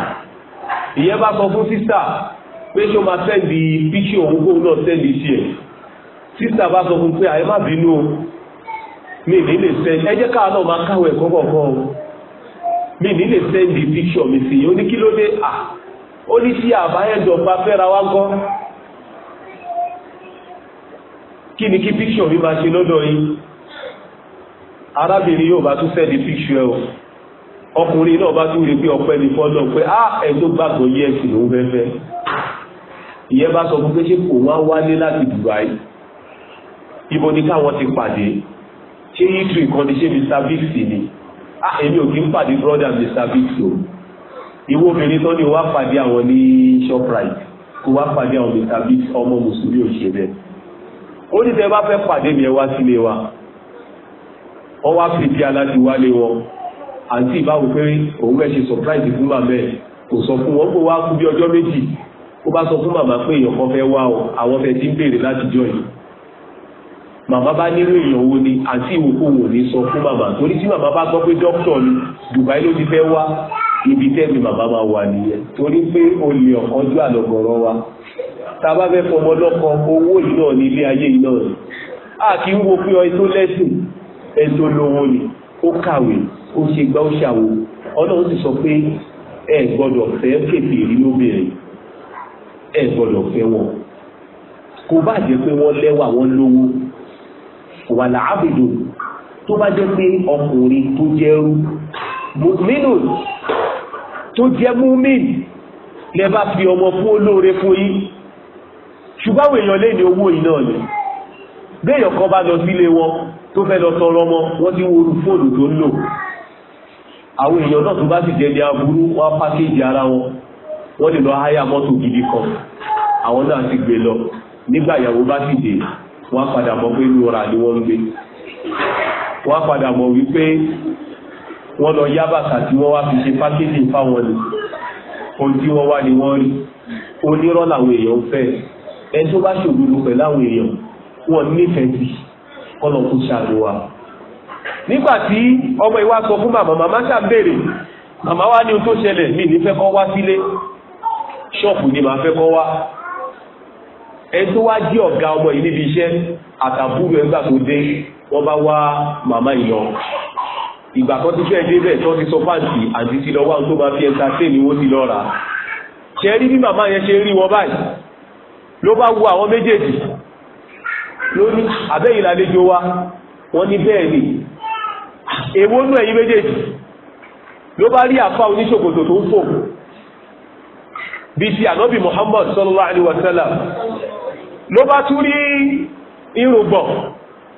ìyẹn bá sọ fún sísà pé ṣé o máa sẹ́ndì píṣì òun kóun náà sẹ́ndì sí ẹ̀ sísà bá sọ fún pé àyè má bínú o mi ní lè sẹ́ndì ẹ jẹ́ káà náà máa káwọ̀ ẹ̀kọ́ kọ̀ọ̀kan o mi ní lè sẹ́ndì píṣì mi sí i ó ní kí ló dé à ó ní tí àbáyẹ̀dọ̀ bá fẹ́ra wá gan-an kí ni kí picture mi máa ṣe lọ́dọ̀ yín arábìnrin yóò bá tún sẹ́ẹ̀dì picture ẹ̀ o ọkùnrin náà bá tún rí pé ọpẹ́ ní fọ́lọ́ pé á ẹ̀dọ́ gbàgbọ́ yẹ ẹ̀sìn ló fẹ́fẹ́ ìyẹn bá sọ fún pé kò wá wálé láti Dubai ibo ni káwọn ti pàdé ṣé yíṣu ìkànnì ṣé Mr Biggs ni á èmi ò kí ń pàdé brother Mr Biggs o ìwọ obìnrin tó ní wá pàdé àwọn ní Shoprite kò wá pàdé àwọn Mr Biggs ọmọ mùsùlùmí ò ṣe bẹ́ẹ̀ ó ní tẹ́ bá fẹ́ pàdé mi ẹ sílé wa ọ wá fi di aláti wálé wọn àǹtí ìbáwò pé òun fẹ́ ṣe surprise fún màmá ẹ̀ kò sọ fún wọn pé wá kú bí ọjọ́ méjì ó bá sọ fún màmá pé èèyàn kan fẹ́ wá o àwọn fẹ́ ti ń béèrè láti jọ yìí màmá bá nínú èèyàn wo ni àǹtí ìwòkòwò ní sọ fún màmá torí tí màmá bá gbọ́ pé dókítà ni Dubai ló ti fẹ́ wá ibi tẹ́mi màmá máa wà nìyẹn torí pé olè ọ̀kan jù wa tàbá fẹ́ fọmọ lọ́kọ owó iná ní ilé ayé iná rẹ̀ a kì í wo pé ọyẹ tó lẹ́sìn ẹ̀tọ́ olówó ni ó kàwé ó ṣe gbá ó ṣàwò ọlọ́run sì sọ pé ẹ gbọ́dọ̀ fẹ́ kèfì rí lóbìnrin ẹ gbọ́dọ̀ fẹ́ wọn kò bá jẹ́ pé wọ́n lẹ́wà wọ́n lówó wà láàbùdù tó bá jẹ́ pé ọkùnrin tó jẹ́rú mùmínù tó jẹ́ múmínù lẹ́bá fi ọmọ fún olóore fún yí ṣùgbọ́n èèyàn lè ní owó iná ni béèyàn kan bá lọ sílé wọn tó fẹ́ lọ tọrọ ọmọ wọ́n ti wo fóònù tó ń lò àwọn èèyàn náà tó bá sì jẹ́ aburú wọ́n pákéjì ara wọn wọ́n lè lọ háyà mọ́tò gidi kan àwọn náà ti gbé lọ nígbà ìyàwó bá sì dé wọ́n padà mọ̀ pé inú ọ̀rà ni wọ́n ń gbé wọ́n padà mọ̀ wípé wọ́n lọ yá tí wọ́n wá fi ṣe pákéjì fáwọn ni ohun tí wọ́n wá ni wọ́n rí onírọ́ làwọn èèyàn fẹ́ ẹ tó bá ṣòdodo pẹ̀lú àwọn èèyàn wọn nífẹ̀ẹ́ sí kọ́nà kó ṣàánú wa. nígbà tí ọmọ ìwà sọ fún màmá màmá ṣà béèrè màmá wa ní ohun tó ṣẹlẹ̀ mí ní fẹ́ kọ́ wá sílé ṣọ́ọ̀pù ni màá fẹ́ kọ́ wá ẹ tó wá jí ọ̀gá ọmọ yìí níbi iṣẹ́ àtàbúrò ẹgbà tó dé wọ́n bá wá màmá ìyàn ìgbà kan ti fẹ́ débẹ̀ tó ti sọ fáàtì àti ti lọ wá tó bá fi ẹta tè ní wọ́n ti lọ rà ṣe rí bí màmá yẹn ṣe rí wọn báyìí ló bá wo àwọn méjèèjì ló ní àbẹ́yìn lálejò wa wọ́n ní bẹ́ẹ̀ ni èwo nú ẹ̀yin méjèèjì ló bá rí àfa oníṣòkòtò tó ń fò bí ti ànábì Muhammad sallallahu alaihi wasallam ló bá tún rí irùngbọ̀n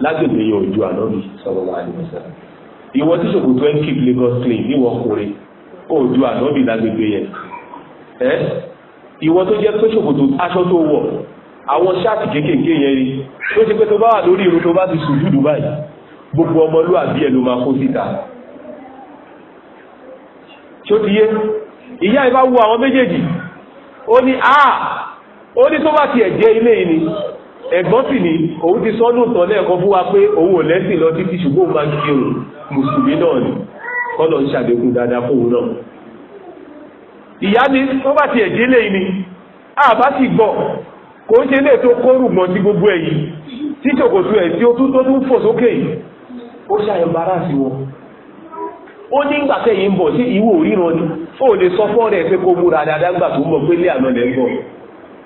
lágbègbè yẹn òjò ànábì sallallahu alaihi wasallam ìwọ tí ṣòkòtò ẹ̀ ń keep Lagos clean níwọ ọkùnrin òjò ànábì lágbègbè yẹn ẹ ìwọ tó jẹ́ pé ṣòkòtò aṣọ tó wọ̀ àwọn ṣáàtì kéékèèké yẹn rí ó ti pé tó bá wà lórí irun tó bá ti sùn jùlù báyìí gbogbo ọmọlúwàbí ẹ̀ ló máa kó síta tí ó ti yé ìyá ìbá wo àwọn méjèèjì ó ní a ah! ó ní tó bá tiẹ̀ jẹ́ ilé yìí ni ẹ̀gbọ́n sì ni òun ti sọ́dún tán lẹ́ẹ̀kan fún wa pé òun ò lẹ́sìn lọ títí ṣùgbọ́n máa ń kí òun mùsùlùmí náà ni kọ́lọ̀ ń ṣàdékùn dáadáa fóun náà ìyá ni wọ́n bá ti ẹ̀jẹ̀ lé ni àbá sì gbọ́ kò ń ṣe lè tó kórù mọ́ sí gbogbo ẹ̀ yìí tí ṣòkòtò ẹ̀ tí ó tún tó tún fò sókè yìí ó ṣàyẹ̀mbára sí wọn ó ní gbàtẹ́ yìí ń bọ̀ sí ìwò ríran ni ó lè sọ fọ́ọ̀rẹ́ pé kó múra dáadáa gbà tó mọ̀ pé lé àná lẹ́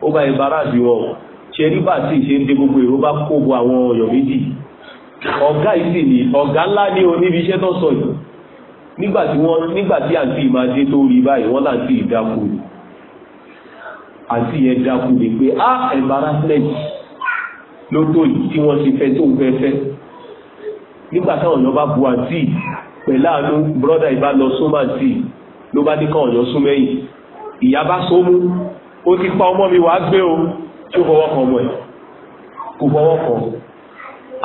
ó bá ẹ̀mbára sí wọn ṣẹ̀rí bá sì ṣe ń de gbogbo èrò bá kó bo àwọn ọ̀yọ́ méjì ọ̀gá yìí ni ọ̀gá ńlá ní oníbi iṣẹ́ tó sọ yìí nígbà tí wọ́n nígbà tí àǹtí máa dé tó rí báyìí wọ́n láǹtí ìdákù ni àǹtí yẹn dákù ni pé á embarrassment ló tó yìí tí wọ́n ti fẹ́ tó fẹ́ fẹ́ nígbà táwọn èèyàn bá bu àǹtí pẹ̀lú àánú brọ́dà ìbá lọ súnmọ́ àǹtí ló bá ní káwọn èèyàn sún mẹ́yìn ìyá bá sómú ó ti pa ọmọ mi wàá gbé o tí ó fọwọ́ kan ọmọ ẹ̀ kò fọwọ́ kan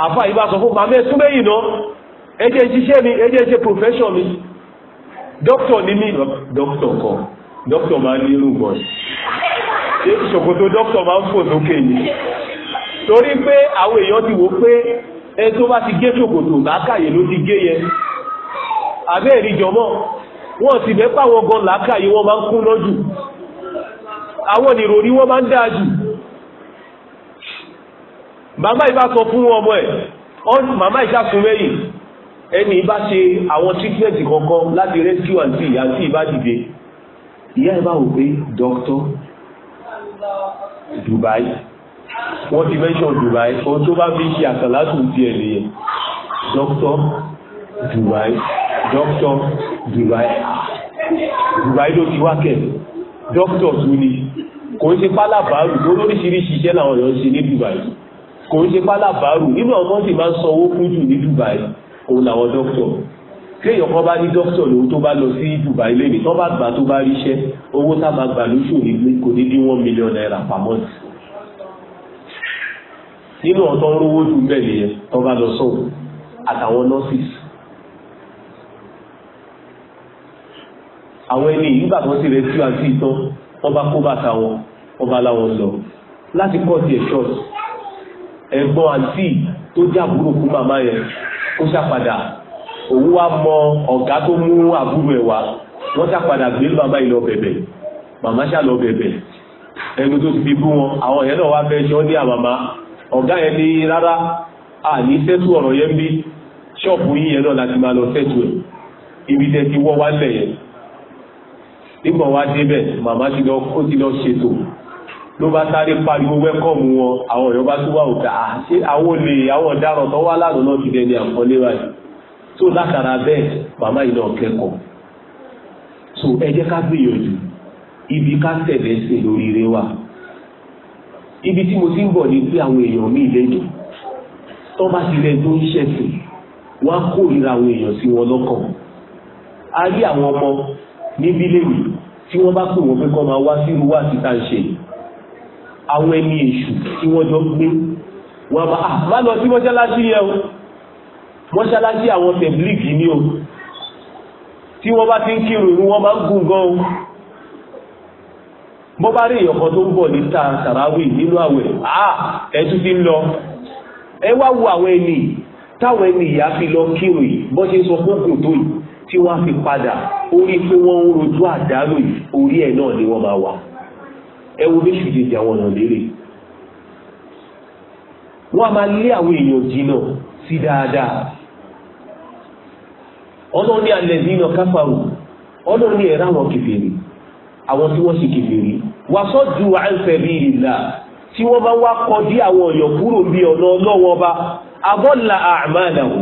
àfa ìbá sọ fún màmá ẹtún lẹ́yìn náà ẹ jẹ́ ṣiṣẹ́ mi ẹ jẹ́ ṣe profession mi dókítà ni mí dókítà kan dókítà máa ń ní irú gan ṣé ṣòkòtò dókítà máa ń fò sókè ni torí pé àwọn èèyàn ti wò pé ẹ tó bá ti gé ṣòkòtò làákàyè ló ti gé yẹn àbẹ́ ìrìjọmọ́ wọ́n ti bẹ́ pàwọn gan làákàyè wọ́n máa ń kúná jù àwọn ìròrí wọ́n máa ń dáa jù bàbá ìbá sọ fún ọmọ ẹ̀ màmá ìṣá sùn mẹ́yìn ẹni ìbá ṣe àwọn treatment kankan láti rescue àǹtí àǹtí ìbá dìde ìyá ìbá wò pé doctor Dubai wọ́n ti mention Dubai ohun tó bá fi ṣe àkàlà sùn ti ẹ̀ nìyẹn doctor Dubai doctor Dubai Dubai ló ti wá kẹ̀ doctor tún ni kò ń ṣe pálábàárù lóríṣiríṣi iṣẹ́ làwọn èèyàn ṣe ní Dubai kò ń ṣe pálábàárù nínú àwọn ọmọ sì máa ń sanwó fún jù ní Dubai òun làwọn dókítọ̀ kéèyàn kan bá ní dókítọ̀ lòun tó bá lọ sí Dubai lẹ́nu tó bá gbà tó bá ríṣẹ́ owó tá a máa gbà lóṣù kò ní dín one million naira per month nínú ọ̀tọ́ ń rówó ju bẹ́ẹ̀ nìyẹn tó bá lọ sọ̀rọ̀ àtàwọn nọ́ọ̀sìs àwọn ẹni nígbà tó ti rẹ̀ tí àti ìtàn wọ́n bá kó bàtà wọn wọ́n bá láwọn lọ láti kọ́ ti ẹ̀ ṣọ́ọ̀tì ẹ̀gbọ́n àǹtí tó jábúrò fún màmá yẹn kó ṣàpadà òun wá mọ ọ̀gá tó mú àbúrò ẹ̀ wá wọ́n ṣàpadà gbé màmá yìí lọ bẹ̀bẹ̀ màmá ṣà lọ bẹ̀bẹ̀ ẹnu tó ti fi bú wọn àwọn yẹn náà wá fẹ́ ṣọ́ ní àmàmá ọ̀gá yẹn ní rárá à ní sẹ́tù ọ̀rọ̀ yẹn bí ṣọ́ọ̀bù yìí yẹn náà láti máa lọ sẹ́tù ẹ̀ ibi tẹ́ ti wọ́ wá lẹ̀ yẹn nígbà wá débẹ̀ màmá ti lọ ṣètò ló bá sáré pariwo wẹ́kọ̀mù wọn àwọn èèyàn bá tún wà òkà àṣé àwọn olè àwọn ọ̀daràn tó wá lánàá náà ti dẹni àkọlé báyìí tó látara bẹ́ẹ̀ màmá yìí náà kẹ́kọ̀ọ́ so ẹ jẹ́ ká gbìyànjú ibi ká tẹ̀lé sí lóríire wa ibi tí mo ti ń bọ̀ ni pé àwọn èèyàn mi lẹ́nu tó bá ti rẹ tó ń ṣẹ̀sìn wá kórìíra àwọn èèyàn sí wọn lọ́kàn a rí àwọn ọmọ níbí léwu tí wọ́n bá pè wọ́n pé kọ́ máa wá sírú wá síta ń ṣe yìí àwọn ẹni èṣù tí wọ́n jọ gbé wọn bá a ah, má lọ sí mọ́ṣáláṣí yẹn o mọ́ṣáláṣí àwọn tẹ̀blíìkì ni o tí wọ́n bá ti ń kírun ni wọ́n máa ń gùn gan o bọ́ bá rí èèyàn kan tó ń bọ̀ ní ta sàráwì nínú àwẹ̀ àá ah, ẹ̀tún ti ń lọ ẹ wá wo àwọn ẹni táwọn ẹni ìyá fi lọ kírun yìí bọ́ ṣe sọ fóògùn tó yìí tí wọ́n á fi padà orí pé wọ́n ń rojú àdárò yìí orí ẹ̀ náà ni wọ́n máa wà ẹ wo bí ṣùgbọ́n ìdí àwọn ọ̀nà lérè wọ́n a máa lé àwọn èèyàn jìnnà sí dáadáa ọlọ́run ní alẹ́ nínú káfàrù ọlọ́run ní ẹ̀rọ àwọn kìfèrè àwọn tí wọ́n ṣe kìfèrè wà sọ́jú àǹfẹ̀bí ìlà tí wọ́n bá wá kọ́ dí àwọn èèyàn kúrò bí ọ̀nà ọlọ́wọ́ bá abọ́là àmàlà wò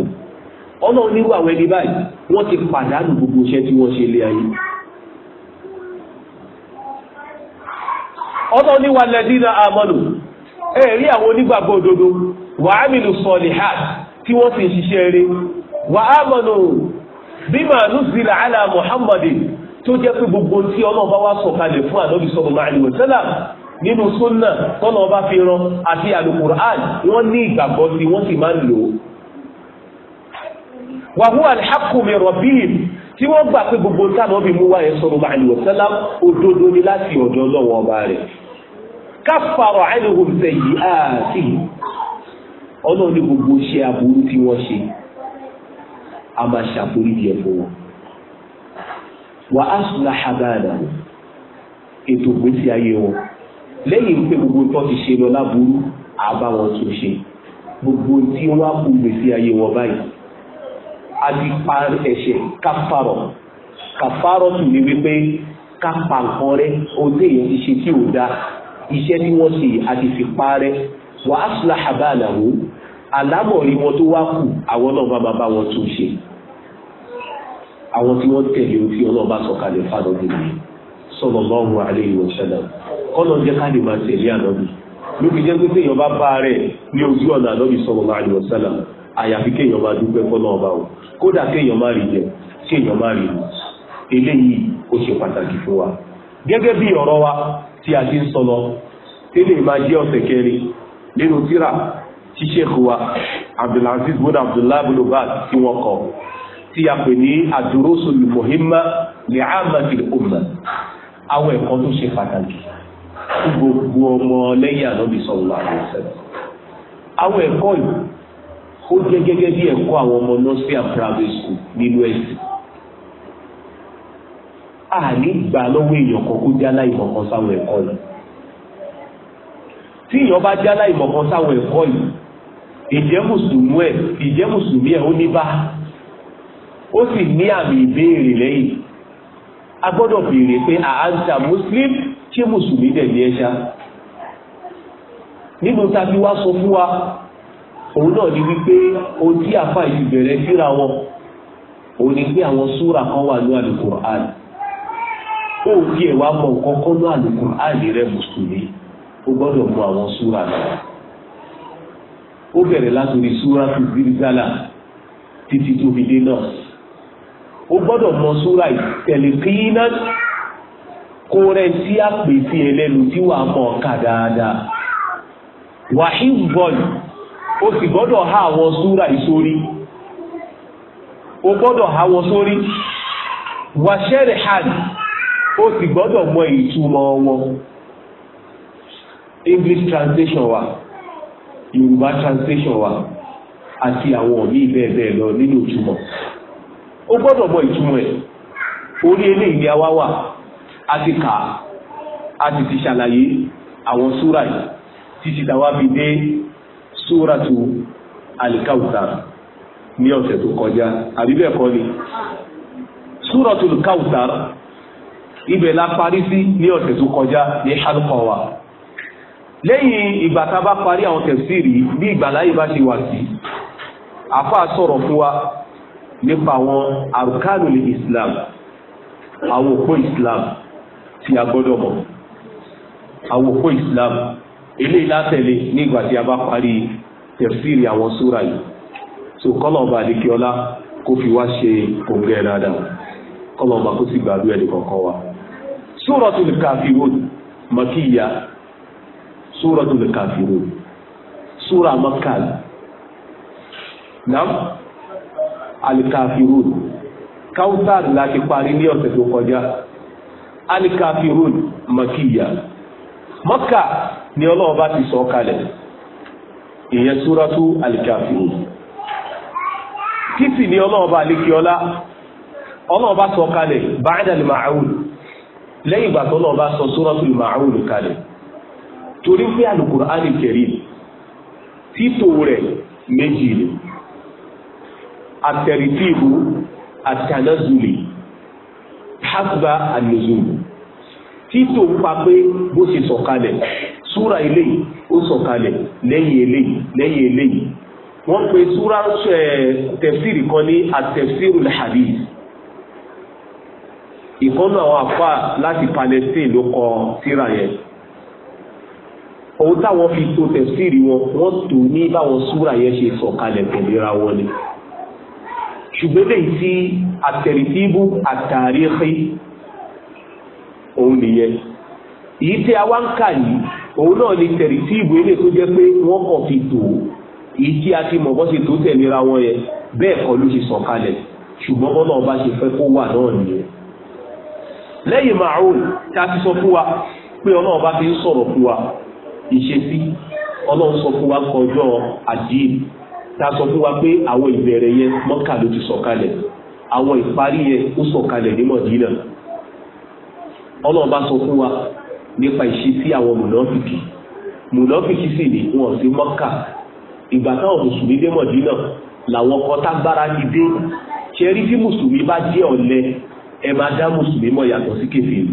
ọlọ́run nírú àwọn ẹni báyìí wọ́n ti pàdánù gbogbo iṣẹ́ tí wọ́n ṣe lé ayé ọlọ́run ní walladhina amanu ẹ̀rí àwọn onígbàgbọ́ òdodo wa aminu salihat tí wọ́n sì ṣiṣẹ́ ere wa amanu bima nuzila ala muhammadin tó jẹ́ pé gbogbo tí ọlọ́run bá wá sọ̀kalẹ̀ fún ànábì sallallahu alaihi wasallam nínú súnà tọ́nà ọba fi ran àti alukur'an wọ́n ní ìgbàgbọ́ wọ́n sì máa ń lò tí wọ́n gbà pé gbogbo táwọn bí mú wáyé sọ̀rọ̀ máa lò sẹ́lá òdodo ni láti ọ̀dọ̀ ọlọ́wọ́ ọba rẹ̀ káfàrọ̀ àìlèhùn sẹ́yìn àti ọlọ́run ní gbogbo ṣe aburú tí wọ́n ṣe a máa ṣàforíjì ẹ̀ fún wọn wà á sùn láhàbáàdà ètò ìgbésí ayé wọn lẹ́yìn pé gbogbo tó ti ṣe lọ láburú àbá wọn ṣe gbogbo tí wọ́n á kú ìgbésí ayé wọn báyìí àdìpa ẹ̀ṣẹ̀ káfàrọ̀ káfàrọ̀ tù ní wípé kápá nǹkan rẹ ohun tí èèyàn ti ṣe tí ò dáa iṣẹ́ tí wọ́n ṣe àti fi pa rẹ wà á sùn láhàbá àlàwò àlámọ̀rí wọn tó wá kù àwọn náà bá bàbá wọn tún ṣe àwọn tí wọ́n tẹ̀lé ohun tí ọlọ́ọ̀bá sọ̀kalẹ̀ fàdọ́dún yìí sallallahu alaihi wa sallam kọ́nà jẹ́ ká lè máa tẹ̀lé ànábì lóbi jẹ́ pé téèyàn bá bá rẹ̀ ní ojú ọ̀nà ànábì sallallahu alaihi wa sallam àyàfi kéèyàn máa dúpẹ́ fọ́nà ọba o kódà kéèyàn má rí jẹ kéèyàn má rí mu eléyìí ó ṣe pàtàkì fún wa gẹ́gẹ́ bí ọ̀rọ̀ wa tí a ti ń sọ lọ tẹ́lẹ̀ máa jẹ́ ọ̀sẹ̀ kẹrin nínú tírà tí sheikh wa abdulaziz bin abdullahi bin ubad tí wọ́n kọ tí a pè ní àdúrósò lùmọ̀hímà ní àmàtì ọmọ àwọn ẹ̀kọ́ tó ṣe pàtàkì fún gbogbo ọmọ lẹ́yìn ànábì sallallahu àwọn ẹ̀kọ́ yìí ó jẹ́ gẹ́gẹ́ bí ẹ̀kọ́ àwọn ọmọ nursery and primary school nínú ẹ̀sìn àní gbà lọ́wọ́ èèyàn kan kó jálá ìmọ̀kan sáwọn ẹ̀kọ́ yìí tí èèyàn bá jálá ìmọ̀kan sáwọn ẹ̀kọ́ yìí ìjẹ́ mùsùlùmí ẹ̀ ìjẹ́ mùsùlùmí ẹ̀ ó ní bá ó sì ní àmì ìbéèrè lẹ́yìn a gbọ́dọ̀ béèrè pé àáńtà muslim ṣé mùsùlùmí dẹ̀ ní ẹ̀ṣá nínú tàbí wá sọ fún wa òun náà ni wípé o tí àfa yìí bẹ̀rẹ̀ síra wọn òun ni pé àwọn súra kan wà ní alukur'an ó fi ẹ̀wà mọ nǹkan kan ní alukur'an rẹ mùsùlùmí o gbọ́dọ̀ mọ àwọn súra náà ó bẹ̀rẹ̀ látòrí súra tó zirizala títí tó fi dé náà o gbọ́dọ̀ mọ súra yìí kíínà kó rẹ̀ tí a ẹlẹ́nu tí wàá mọ̀ ká dáadáa wàhíù bọ́ọ̀lù o sì gbọ́dọ̀ há àwọ súra ìsórí o gbọ́dọ̀ ha àwọ sórí wàṣẹ́rẹ̀ hàn o sì gbọ́dọ̀ mọ ìtumọ̀ wọn English translation wa Yorùbá translation wa àti àwọn míì bẹ́ẹ̀ bẹ́ẹ̀ lọ nínú ìtumọ̀ o gbọ́dọ̀ mọ ìtumọ̀ ẹ̀ orí eléyìí ni wa. wá wà a ti kà á a sì ti ṣàlàyé àwọn súra yìí títí táwa fi dé súratu alikawusar ní ọ̀sẹ̀ tó kọjá àbí bẹ́ẹ̀ kọ́ ni súratu alikawusar ibẹ̀ la parí sí ní ọ̀sẹ̀ tó kọjá ní halqa wa lẹ́yìn ìgbà tá a bá parí àwọn tẹ̀síìrì bí ìgbà láyé bá ṣe wà sí àfa sọ̀rọ̀ fún wa nípa àwọn àrùkánù ní islam àwọn òpó islam tí a gbọ́dọ̀ mọ̀ àwọn òpó islam eléyìí látẹ̀lé nígbà tí a bá parí tẹ̀síìrì àwọn súra yìí so kọ́lọ̀ ọba àdékíọ́lá kó fi wá ṣe kòǹgẹ́ dáadáa kọ́lọ̀ ọba kó sì gbàdúrà ẹni kọ̀ọ̀kan wa súratul kafirun makiya súratul kafirun súra makal nam alikafirun kawtar láti parí ní ọ̀sẹ̀ tó kọjá alikafirun ni ọlọ́ọ̀ba ti sọ kalẹ̀ ìyẹn súrátù alikafirun kí sì ni ọlọ́ọ̀bá alikiola ọlọ́ọ̀bá sọ kalẹ̀ ba'dal ma'un lẹ́yìn kalẹ̀ torí alukur'ani àtẹ̀rìtìbù hasba an títò pa pé bó ṣe sọ̀kalẹ̀ súra eléyìí ó sọ̀kalẹ̀ lẹ́yìn eléyìí lẹ́yìn eléyìí wọ́n pe súra tẹ̀fsìrì kan ní àtẹ̀fsìrì hadith ìkọ́nù àwọn àfà láti Palestine ló kọ síra yẹn ohun táwọn fi to tẹ̀síìrì wọn wọ́n tò ní báwọn súra yẹn ṣe sọ̀kalẹ̀ tẹ̀léra wọn ni ṣùgbọ́n lẹ́yìn tí àtẹ̀rìtìbù àtàríkì òun nìyẹn èyí tí a wá ń kà yìí òun náà ni tẹ̀rí sí ìbò ilé tó jẹ́ pé wọ́n kàn fi tò ó èyí tí a ti mọ̀ bọ́ sí tó tẹ̀léra wọn yẹn bẹ́ẹ̀ kọ́ ló ṣe sọ̀ kalẹ̀ ṣùgbọ́n bọ́lá ọba ṣe fẹ́ kó wà náà nìyẹn. lẹ́yìn màáhùn tá a ti sọ fún wa pé ọlọ́run bá fi ń sọ̀rọ̀ fún wa ìṣesí ọlọ́run sọ fún wa kọjọ́ àdìyẹ tá a sọ fún wa pé àwọn ìbẹ̀rẹ̀ yẹn mọ́kà ló ti sọ̀ kalẹ̀ àwọn ìparí yẹn ó sọ̀ kalẹ̀ ní mọ̀dínà ọlọ́run bá sọ fún wa nípa ìṣesí àwọn mùnàfìkì mùnàfìkì sì ni wọn sí mọ́kà ìgbà táwọn mùsùlùmí dé mọ̀dínà làwọn kan tágbára ti dé ṣẹ́rí tí mùsùlùmí bá jẹ́ ọ̀lẹ ẹ máa dá mùsùlùmí mọ̀ yàtọ̀ sí kèfèrí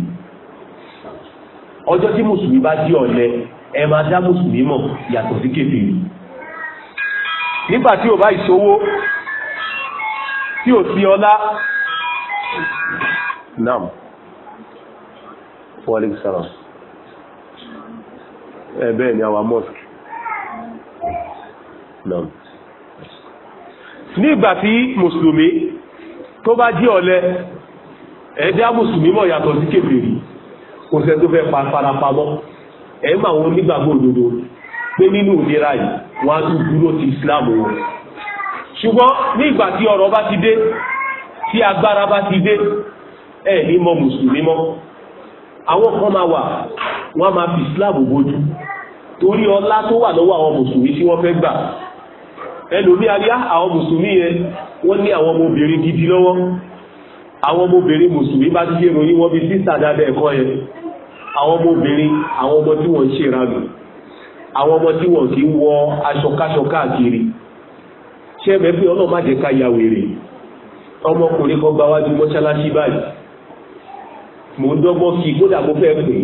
ọjọ́ tí mùsùlùmí bá jẹ́ ọ̀lẹ ẹ máa dá mùsùlùmí mọ̀ yàtọ̀ sí kèfèrí nígbà tí ò bá ìṣòwò tí ò sí ọlá naam wàlẹ́kùsára ẹ̀bẹ́ eh, ni our mosque ní ìgbà tí mùsùlùmí tó bá jí ọ̀lẹ ẹ̀dá mùsùlùmí mọ̀ yàtọ̀ sí kèfèrí kò sẹ́ tó fẹ́ farapamọ́ ẹ̀ mà wọn nígbàgbọ́ òdodo pé nínú ìlera yìí wọ́n á tún dúró ti Islam wọn ṣùgbọ́n ní ìgbà tí ọ̀rọ̀ bá ti dé tí agbára bá ti dé ẹ̀ ní mọ mùsùlùmí mọ́ àwọn kan máa wà wọ́n máa fi Islam bójú torí ọlá tó wà lọ́wọ́ àwọn mùsùlùmí tí wọ́n fẹ́ gbà ẹlòmí aríá ah, àwọn mùsùlùmí yẹn wọ́n ní àwọn ọmọbìnrin gidi lọ́wọ́ àwọn ọmọbìnrin mùsùlùmí bá ti ṣe ròyìn wọn bí sísà dáadáa ẹ̀kọ́ yẹn àwọn ọmọbìnrin àwọn ọmọ tí wọ́n ń ṣe ìranù àwọn ọmọ tí wọ́n kì í wọ aṣọkáṣọ káàkiri ṣé ẹ̀mẹ́ pé ọlọ́ọ̀ má wèrè ọmọkùnrin kan gbáwájú mọ́ṣáláṣí báyìí mò dọ́gbọ́n kí kódà mo fẹ́ pè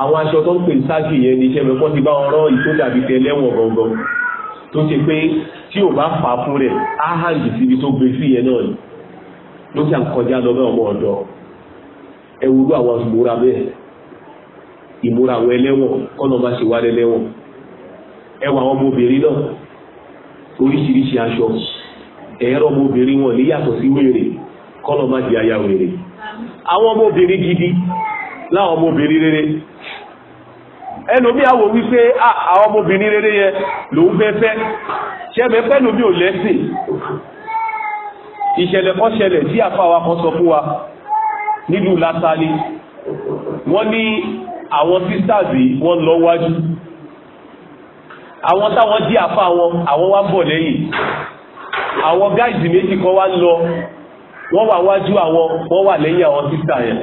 àwọn aṣọ tó ń pè sáàkì yẹn ní iṣẹ́ mẹ́kọ́ ti bá wọn rán ìtó dàbí tẹ lẹ́wọ̀n gangan tó ṣe pé tí ò bá fà fún rẹ̀ á hàǹdì síbi tó gbé sí yẹn náà ni ló ṣàn kọjá lọ bẹ́ẹ̀ ọmọ ọ̀dọ́ ẹ wúlò àwọn ìmúra bẹ́ẹ̀ ìmúra àwọn ẹlẹ́wọ̀n kọ́nà má ṣe wá lẹ́lẹ́wọ̀n ẹwà àwọn ọmọbìnrin náà oríṣiríṣi aṣọ ẹ̀rọ ọmọbìnrin wọn níyàtọ̀ sí wèrè kọ́nà má di aya wèrè àwọn ọmọbìnrin gidi láwọn ọmọbìnrin rere ẹlòmí àwò wípé ah, àwọn ọmọbìnrin rere yẹn lòún fẹ́ fẹ́ ṣẹ́bẹ̀ fẹ́ lòmí ò lẹ́sìn ìṣẹ̀lẹ̀ kan ṣẹlẹ̀ tí àfáwa kan sọ fún wa nílùú látàlí wọ́n ní àwọn sisters wọ́n lọ wájú àwọn táwọn jí àfá wọn àwọn wá bọ̀ lẹ́yìn àwọn gáìsì méjì kan wá lọ wọ́n wà wájú àwọn wọ́n wà lẹ́yìn àwọn sísà yẹn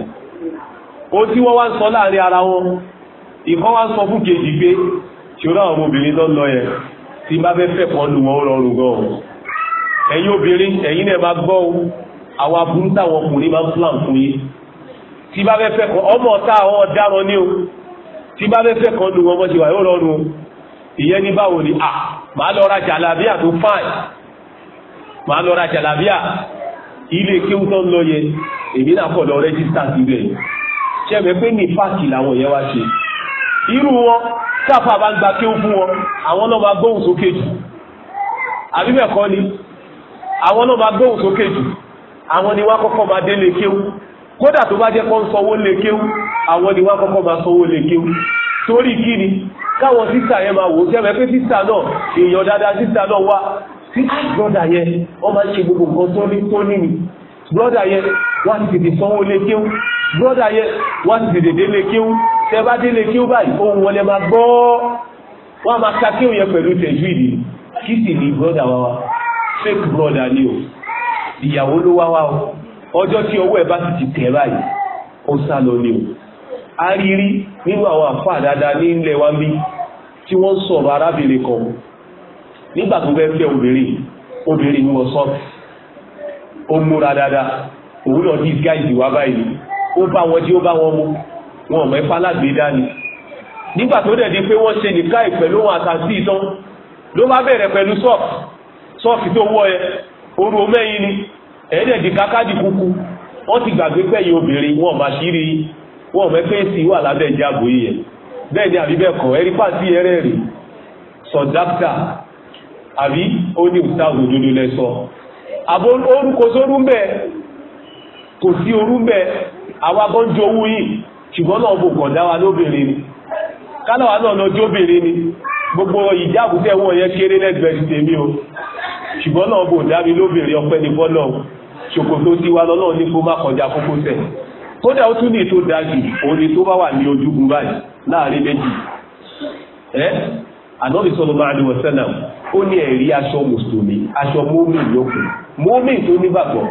ó tí wọ́n wá ń sọ láàrin ara wọn ìkan wá ń sọ fún kejì pé ṣòro àwọn ọmọbìnrin lọ lọ yẹn tí bá fẹ́ fẹ́ kan lù wọ́n rọrùn gan ẹ̀yin obìnrin ẹ̀yin náà máa gbọ́ àwọn aburú táwọn ọkùnrin máa ń plan fún yín tí bá fẹ́ fẹ́ kan ọmọ ọ̀tá àwọn ọ̀daràn ní o tí bá fẹ́ fẹ́ kan lù wọ́n ṣe wà yóò rọrùn ìyẹn ní báwo ni à máa lọ ra jàlábíà tó fáìn máa lọ ra jàlábíà ilé kéwú tó ń lọ yẹ èmi náà kọ̀ lọ rẹ́jísítà síbẹ̀ ṣẹ́mi pé ní páàkì làwọn yẹn wá ṣe irú wọn táfà bá ń gba kéwú fún wọn àwọn náà máa gbóhùn sókè jù àbí bẹ́ẹ̀ kọ́ ni àwọn náà máa gbóhùn sókè jù àwọn ni wọ́n kọ́kọ́ máa dé lé kéwú kódà tó bá jẹ́ kó ń sanwó lé kéwú àwọn ni wọ́n kọ́kọ́ máa sanwó lé kéwú torí kí ni káwọn sísà yẹn máa wò ó ṣẹ́mi pé sísà náà èèyàn dáadáa sísà náà wá tí brọ́dà yẹn wọ́n máa ń ṣe gbogbo nǹkan tó ní tó ní ni brọ́dà yẹn wọ́n ti tètè sanwó lé kéwú brọ́dà yẹn wọ́n ti tètè délé kéwú tẹ bá délé kéwú báyìí ohun wọlé máa gbọ́ wọ́n máa ka kéwú yẹn pẹ̀lú tẹ̀jú ìdí kí sì ní brọ́dà wa wa fake brọ́dà ni o ìyàwó ló wá wá o ọjọ́ tí owó ẹ̀ bá ti ti tẹ̀ báyìí ó sá lọ ni o a rí rí nínú àwọn àfáà dáadáa ní ilẹ̀ wa bí tí wọ́n sọ̀rọ̀ arábìnrin kan nígbà tó fẹ́ fẹ́ obìnrin obìnrin wọ sọ́ọ̀tì ó múra dáadáa òun náà disguise wá báyìí ó bá wọn tí ó bá wọn mú wọn ò mẹ́fà lágbè dání nígbà tó dẹ̀ di pé wọ́n ṣe nìkáì pẹ̀lú wọn àtàtì ìtàn ló bá bẹ̀rẹ̀ pẹ̀lú sọ́ọ̀tì sọ́ọ̀tì tó wọ ẹ orú mẹ́yìn ni ẹ̀ẹ́dẹ̀ di kákádì kúkú wọ́n ti gbàgbé pẹ́yìn obìnrin wọn máa ṣírí wọn mẹ́fẹ́sì wà lábẹ́ ìjáàbò yìí ẹ̀ bẹ́ẹ̀ ni àbíbẹ̀kọ̀ ẹ̀rí pàtí ẹrẹ́ rí sọ̀dáptà àbí ó ní ìsáàbò òdodo lẹ́sọ àbò orúkọ sórú mbẹ kò sí orú mbẹ àwa gan ju owó yìí ṣùgbọ́n náà bò kàn dá wa lóbìnrin ni kálọ̀wà náà lọ jóbìnrin ni gbogbo ìjáàbù tẹ́ wọ́n yẹn kéré lẹ́gbẹ̀ẹ́ ti tèmi o ṣùgbọ́n wa lọ́nà ní kó má kọjá kókó tẹ̀ kódà ó tún ní tó dájú òun ni tó bá ànábì sallallahu alaihi wasallam ó ní ẹ̀rí aṣọ mùsùlùmí aṣọ mọ́mì yòókù mọ́mì tó nígbàgbọ́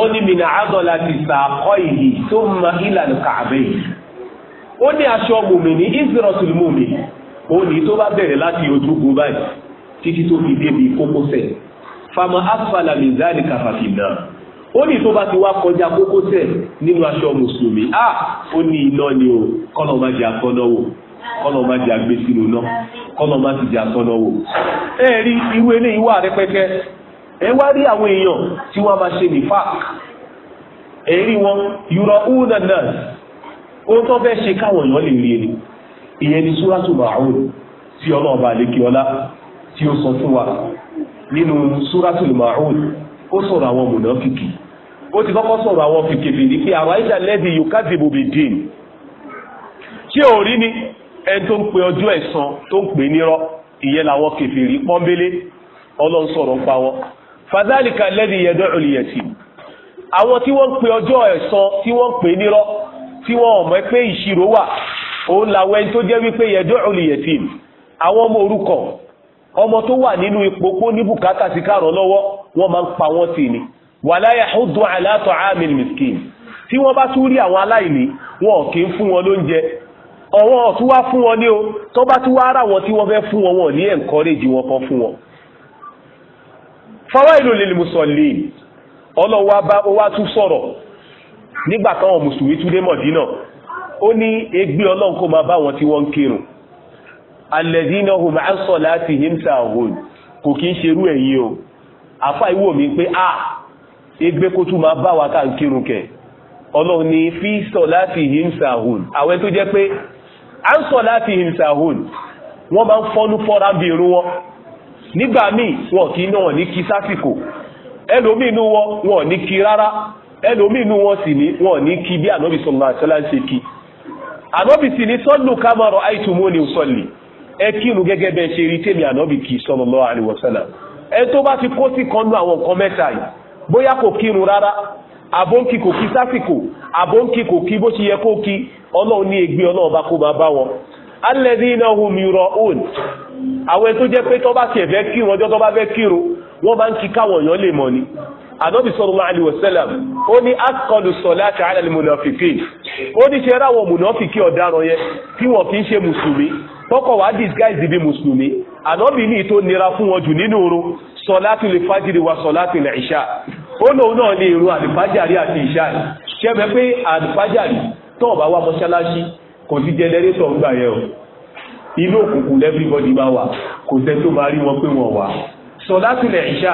ó ní mina adọ́la ti sàkọ́ ìlì tó ma ìlànà kàbẹ́ yìí ó ní aṣọ mùmìnì isratul mùmìnì ó ní tó bá bẹ̀rẹ̀ láti ojúgun báyìí títí tó fi débi kókósẹ̀ fama asfala min zalika fàfihàn ó ní tó bá ti wá kọjá kókósẹ̀ nínú aṣọ mùsùlùmí ah ó ní iná ni o kọ́nà má kọlọ má jẹ́ náà ma ti sì jẹ́ ẹ rí irú eléyìí wà ẹ wá rí àwọn èèyàn tí wọ́n máa ṣe nìfà ẹ rí wọn yúrọ húnà náà tó ṣe káwọn èèyàn lè rí ẹni ìyẹn ni súrátù màáhùn tí ọlọ́ọ̀bà àlékè tí ó sọ fún wa nínú súrátù ó sọ̀rọ̀ àwọn ti kọ́kọ́ sọ̀rọ̀ àwọn pé yóò ẹni tó ń pe ọjọ́ ẹ̀san tó ń pè nírọ́ ìyẹn làwọn kèfèrí pọ́nbélé ọlọ́run sọ̀rọ̀ ń pa wọn fadálìkà lẹ́dí yẹdọ́ olùyẹ̀sì àwọn tí wọ́n ń pe ọjọ́ ẹ̀san tí wọ́n ń pè nírọ́ tí wọ́n mọ̀ pé ìṣirò wà òun làwọn ẹni tó jẹ́ wípé yẹdọ́ olùyẹ̀sì àwọn ọmọ orúkọ ọmọ tó wà nínú ipò pó ní bùkátà sí kárọ̀ lọ́wọ́ wọ́n máa ń pa wọ́n tì ní wàláyà hudu ala ta'amil miskin tí wọ́n bá tún rí àwọn aláìní wọn kì í fún wọn lóúnjẹ ọ̀wọ́ ọ̀tún wá fún wọn ní o tó bá tún wá rà wọn tí wọ́n fẹ́ fún wọn wọn ní encourage wọn kan fún wọn. fawailul lil musallin ọlọ́wọ́ bá wá tún sọ̀rọ̀ nígbà táwọn mùsùlùmí tún mọ̀dínà ó ní ègbé ọlọ́run kó máa bá wọn tí wọ́n ń kírun alladhina hum an salatihim sahun kò kí ń ṣerú ẹ̀yìn o àfa ìwò mi pé a ègbé kó tún máa bá wa ká ń kírun kẹ̀ ọlọ́run ní fi salatihim sahun àwọn tó jẹ́ pé a ń sọ láti himsahun wọ́n bá ń fọ́nú fọ́ra bí wọn nígbà míì wọn kì náà ní kí sásìkò ẹlòmíì wọn wọn ní kí rárá ẹlòmíì wọn sì ní wọn ní kí bí ànábì sọlá ń ṣe ni sọ́lì ẹ kírun gẹ́gẹ́ bẹ́ẹ̀ ṣe rí tèmi ànábì kì í sọ́lọ́lọ́ àríwọ̀sọ́là ẹ tó bá ti kó sí kan nú àwọn nǹkan mẹ́ta yìí bóyá kò àbóǹkì kò kí sáfìkò àbóǹkì kò kí bó ṣe yẹ kó kí ọlọ́run ní ègbé ọlọ́run bá kó máa bá wọn alladhina hum yura'un àwọn ẹni tó jẹ́ pé tó bá tiẹ̀ fẹ́ kírun ọjọ́ tó bá fẹ́ kírun wọ́n bá ń kí káwọn èèyàn lè mọ̀ ni ànábì sallallahu alaihi wasallam ó ní asqalu salati ala al-munafiqin ó ní ṣe ráwọn mùnàfìkì ọ̀daràn yẹn tí wọ́n kì í ṣe mùsùlùmí tọkọ̀ wá disguise bí mùsùlùmí ànábì ní ìtò nira fún wọn jù nínú oorun salatu al-fajri wa salatu al-isha ó lóun náà lè ro àlùfájàrí àti ìṣáì ṣẹ́fẹ́ pé àlùfájàrí tó ọ̀bá wá mọ́ṣáláṣí kò sí jẹnẹrétọ̀ ń gbà yẹ o inú òkùnkùn lẹ́bíbọ́dì máa wà kò sẹ́ tó máa rí wọn pé wọ́n wà sọ̀látìlẹ̀ ìṣà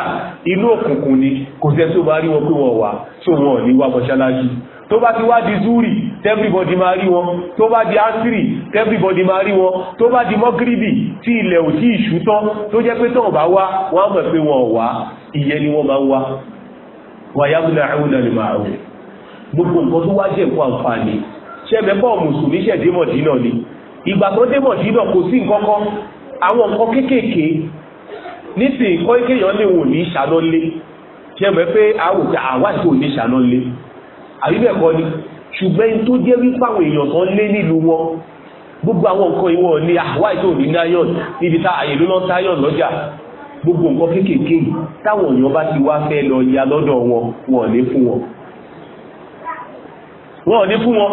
inú òkùnkùn ni kò sẹ́ tó máa rí wọn pé wọ́n wà tó wọn ò ní wá mọ́ṣáláṣí tó bá ti wá di zúrì tẹ́bíbọ́dì máa rí wọn tó bá di ásírì tẹ́bíbọ́dì máa rí wọn tó bá di mọ́gírìbì tí ilẹ̀ ò tí ìṣú tán tó jẹ́ pé tó wá wọ́n á mọ̀ pé wọ́n wà ìyẹn ni wọ́n máa ń wá wàyáwùlà àwùlà lè máa rò gbogbo nǹkan tó wájẹ̀ fún àǹfààní ṣẹ̀mẹ̀ bọ́ mùsùlùmí ṣẹ̀dé mọ̀dínà ni ìgbà tó dé mọ̀dínà kò sí nǹkan kan àwọn nǹkan kéékèèké nísìnyí kọ́ kéèyàn lè wò ní ìṣáná lé ṣẹ̀mẹ̀ pé àwòjà àwa ìkó ní ìṣáná lé àbíbẹ̀kọ́ ni ṣùgbọ́n tó jẹ́ wípé àwọn ìwọ̀n ni àwa ní náyọ̀n níbi tá àyè ló lọ́ lọ́jà gbogbo nǹkan kéékèèké yìí táwọn èèyàn bá ti wá fẹ́ lọ ya lọ́dọ̀ wọn wọn ò ní fún wọn wọn ò ní fún wọn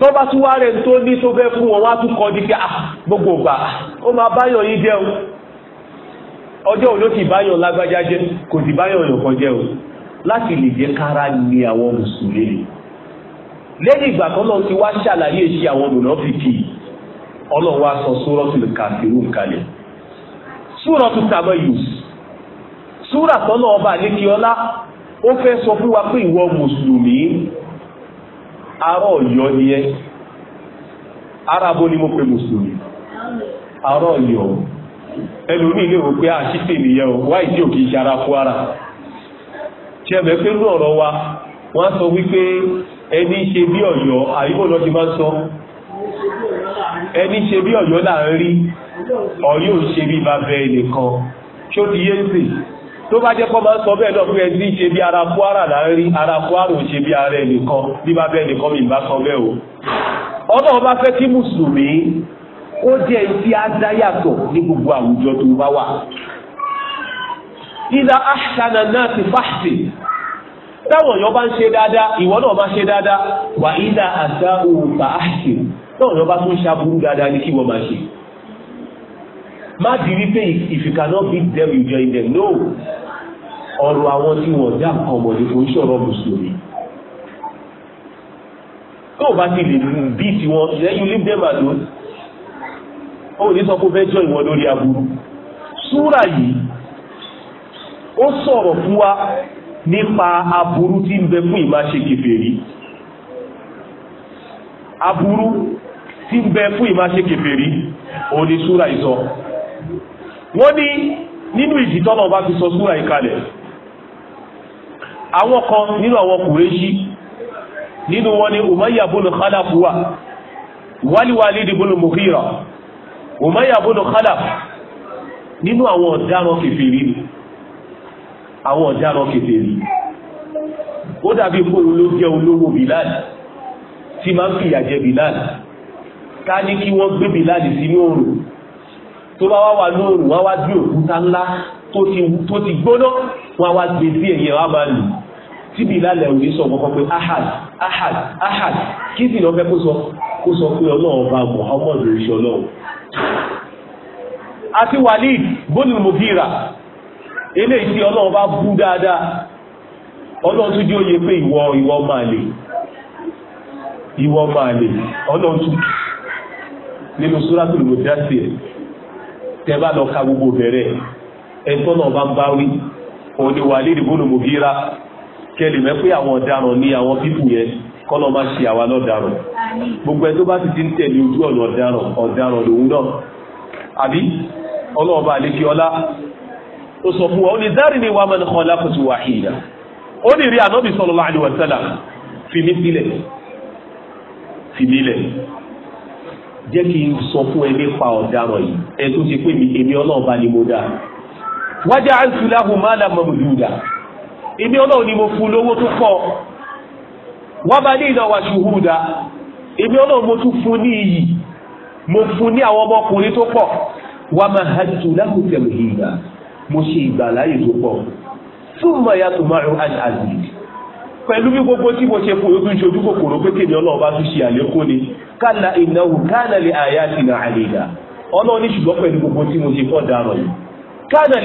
tó bá tún wá rẹ̀ tó ní tó fẹ́ fún wọn wá tún kọ́ di pé ah, gbogbo ìgbà ó máa báyọ̀ yín jẹ́ ọjọ́ òun ló ti báyọ̀ lágbájá jẹ́ kò sì báyọ̀ ọ̀yọ̀kan jẹ́ o láti lè jẹ́ kára ni àwọn mùsùlùmí lẹ́yìn ìgbà kan náà ti wá ṣàlàyé sí àwọn mùnàfíkì ọlọ́wọ́ aṣọ sórọ́tù kàfírù kalẹ̀ súrà tó tàbọ̀ yìí súrà tọ́nà ọba àlékiọlá ó fẹ́ sọ fún wa pé ìwọ mùsùlùmí ará ni ẹ́ arábó ni mo pe mùsùlùmí ará ẹlòmí ilé pé àṣìṣe nìyẹn o wáyé tí ò kì í ara fún ara wa wọ́n sọ wípé ẹni ṣe bí ọ̀yọ́ sọ ẹni ṣe bí ọ̀yọ́ là ọ̀ yóò ṣe bí bàbá ẹnìkan ṣó ti yé sí tó bá jẹ́ kọ́ máa ń sọ bẹ́ẹ̀ náà pé ẹni ṣe bí ara kwara láàrin ara kwara ò ṣe bí ara ẹnìkan bí bàbá ẹnìkan mi bá sọ bẹ́ẹ̀ o ọ̀nà ọba fẹ́ kí mùsùlùmí ó jẹ́ ìdí adáyàtọ̀ ní gbogbo àwùjọ tó bá wà ìlà àṣàna náà ti fàṣì táwọn èèyàn bá ń ṣe dáadáa ìwọ náà máa ṣe dáadáa wà ìlà àṣà òun fàṣì táwọn èèyàn bá tún ṣàbùrú dáadáa ní kí wọ́n máa ṣe má di wípé if you cannot beat them you join them no ọ̀rọ̀ àwọn tí wọ́n dá nǹkan mọ̀ ní kò ń ṣọ̀rọ̀ mùsùlùmí tó o bá ti lè bí then you leave them alone ó ní sọ pé ó fẹ́ jọ ìwọ lórí aburú súrà yìí ó sọ̀rọ̀ fún wa nípa aburú tí ń bẹ fún ìmáṣe kèfèrí aburú tí ń bẹ fún ìmáṣe kèfèrí ó ní yìí sọ wọ́n ní nínú ìdí tọ́lọ̀ bá fi sọ súra ìkalẹ̀ àwọn kan nínú àwọn kùrẹ́ṣí nínú wọn ni umayya bùnú khalaf wà waliwalidi bùnú muhira umayya bùnú khalaf nínú àwọn ọ̀daràn kèfèrí ni àwọn ọ̀daràn kèfèrí ó dàbí kóòrò ló jẹ́ olówó bilal tí máa ń fìyà jẹ bilal ká ní kí wọ́n gbé bilal sínú òrùn tó bá wá wà lóòrùn wọ́n wá gbé òkúta ńlá tó ti gbóná wọ́n wá gbé sí ẹ̀yẹ wọ́n máa lù tíbi ìlàlẹ̀ òní sọ kọ́kọ́ pé ahad ahad ahad kí sì lọ́fẹ́ kó sọ kó sọ pé ọlọ́run bá Muhammad oríṣi ọlọ́run. àti Walid bónú Mugira eléyìí tí ọlọ́run bá bú dáadáa ọlọ́run tún jẹ́ òye pé ìwọ ìwọ máa lè ìwọ máa lè ọlọ́run tún nínú Suratul Mudaththir tẹ́ bá lọ ka gbogbo bẹ̀rẹ̀ ẹ̀tọ́ náà bá ń bá wí òun ni Walid ibn Mughira kẹlì mẹ́ pé àwọn ọ̀daràn ní àwọn pípù yẹn kọ́nà máa ṣe àwa lọ́daràn gbogbo ẹ̀ tó bá ti ti ń tẹ̀lé ojú ọ̀nà ọ̀daràn ọ̀daràn lòun náà àbí ọlọ́ọ̀bá àlékí ọlá ó sọ fún wa ó ní dárì ní wa man khalaqtu wahida ó ní rí ànábì sallallahu alaihi wasallam fìmí sílẹ̀ fìmí lẹ̀ jẹ́ kí n sọ fún ẹ nípa ọ̀daràn yìí ẹ tó ti pè mí èmi ọlọ́run bá ní mo dá wájà á ń tu láhùn má là mọ̀ mọ̀jú dà èmi ọlọ́run ni mo fún lówó tó pọ̀ wọ́n bá ní ìlọ́wà ṣùhù dà èmi ọlọ́run mo tún fún ní iyì mo fún ní àwọn ọmọkùnrin tó pọ̀ wọ́n máa ha tẹ̀lé ìgbà mo ṣe ìgbà láyè tó pọ̀ fún mọ̀ yàtọ̀ márùn-ún àti pẹ̀lú bí gbogbo tí mo ṣe fún ojú ìṣojú kòkòrò pé kéde ọlọ́run bá tún ṣe àlékún ni kálá ìnáwó kálá lè àyà sí na àlèdà ọlọ́run ní ṣùgbọ́n pẹ̀lú gbogbo tí mo ṣe fọ́ darọ̀ yìí kálá lè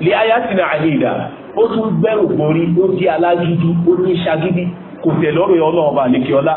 lè àyà sí àlèdà ó tún gbẹ́rù borí ó di alágídí ó ní ṣagídí kò tẹ̀ lọ́rọ̀ ọlọ́run bá lékè ọlá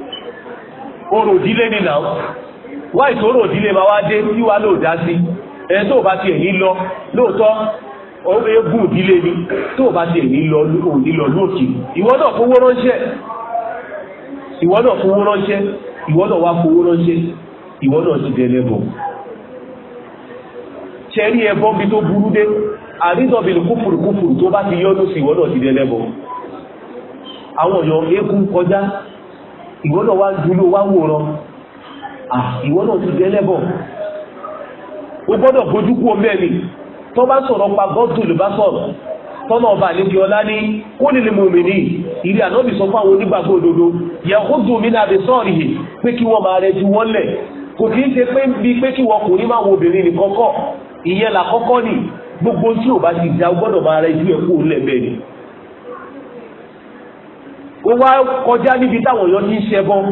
orò ìdílé nìyà wá ìṣòro ìdílé máa wá dé tí wàá lò dá sí ẹni tó bá ti tiẹ̀ ní lọ lóòótọ́ ni tó ní lọ lọ ìwọ náà fowó ránṣẹ́ ìwọ náà fowó ránṣẹ́ ìwọ náà wá fowó ránṣẹ́ ìwọ náà ti lẹ́bọ̀ ṣẹ́rí bí tó burú dé àrídọ̀bìnrin kúfùrù kúfùrù tó bá ti yọ́nú sí ìwọ náà ti ìwọ́nà wá ń dúró wá wòran ìwọ́nà ti dẹ́lẹ́bọ̀ ó gbọ́dọ̀ bójú kú ọmọ ẹ̀mí tó bá sọ̀rọ̀ pa gọ́ọ̀tù ló bá sọ̀rọ̀ tọ́nà ọba àlejò ọlá ní kó nílé mu mìíní ìrì ànábì sọ fáwọn onígbàgbọ́ òdodo yẹ̀kúndùn mi náà fi sọ́ọ̀rì yìí pé kí wọ́n máa rẹ ju wọ́n lẹ̀ kò kì í ṣe pé bíi pé kí wọ́n kò ní máa wo obìnrin nìkan kọ́ ìyẹn là kọ́kọ́ ni gbogbo tí ò bá ti da gbọ́dọ̀ máa rẹ ju ẹ̀kú lẹ̀ bẹ́ẹ̀ ni ó wá kọjá níbi táwọn èèyàn ní í ṣe bọ́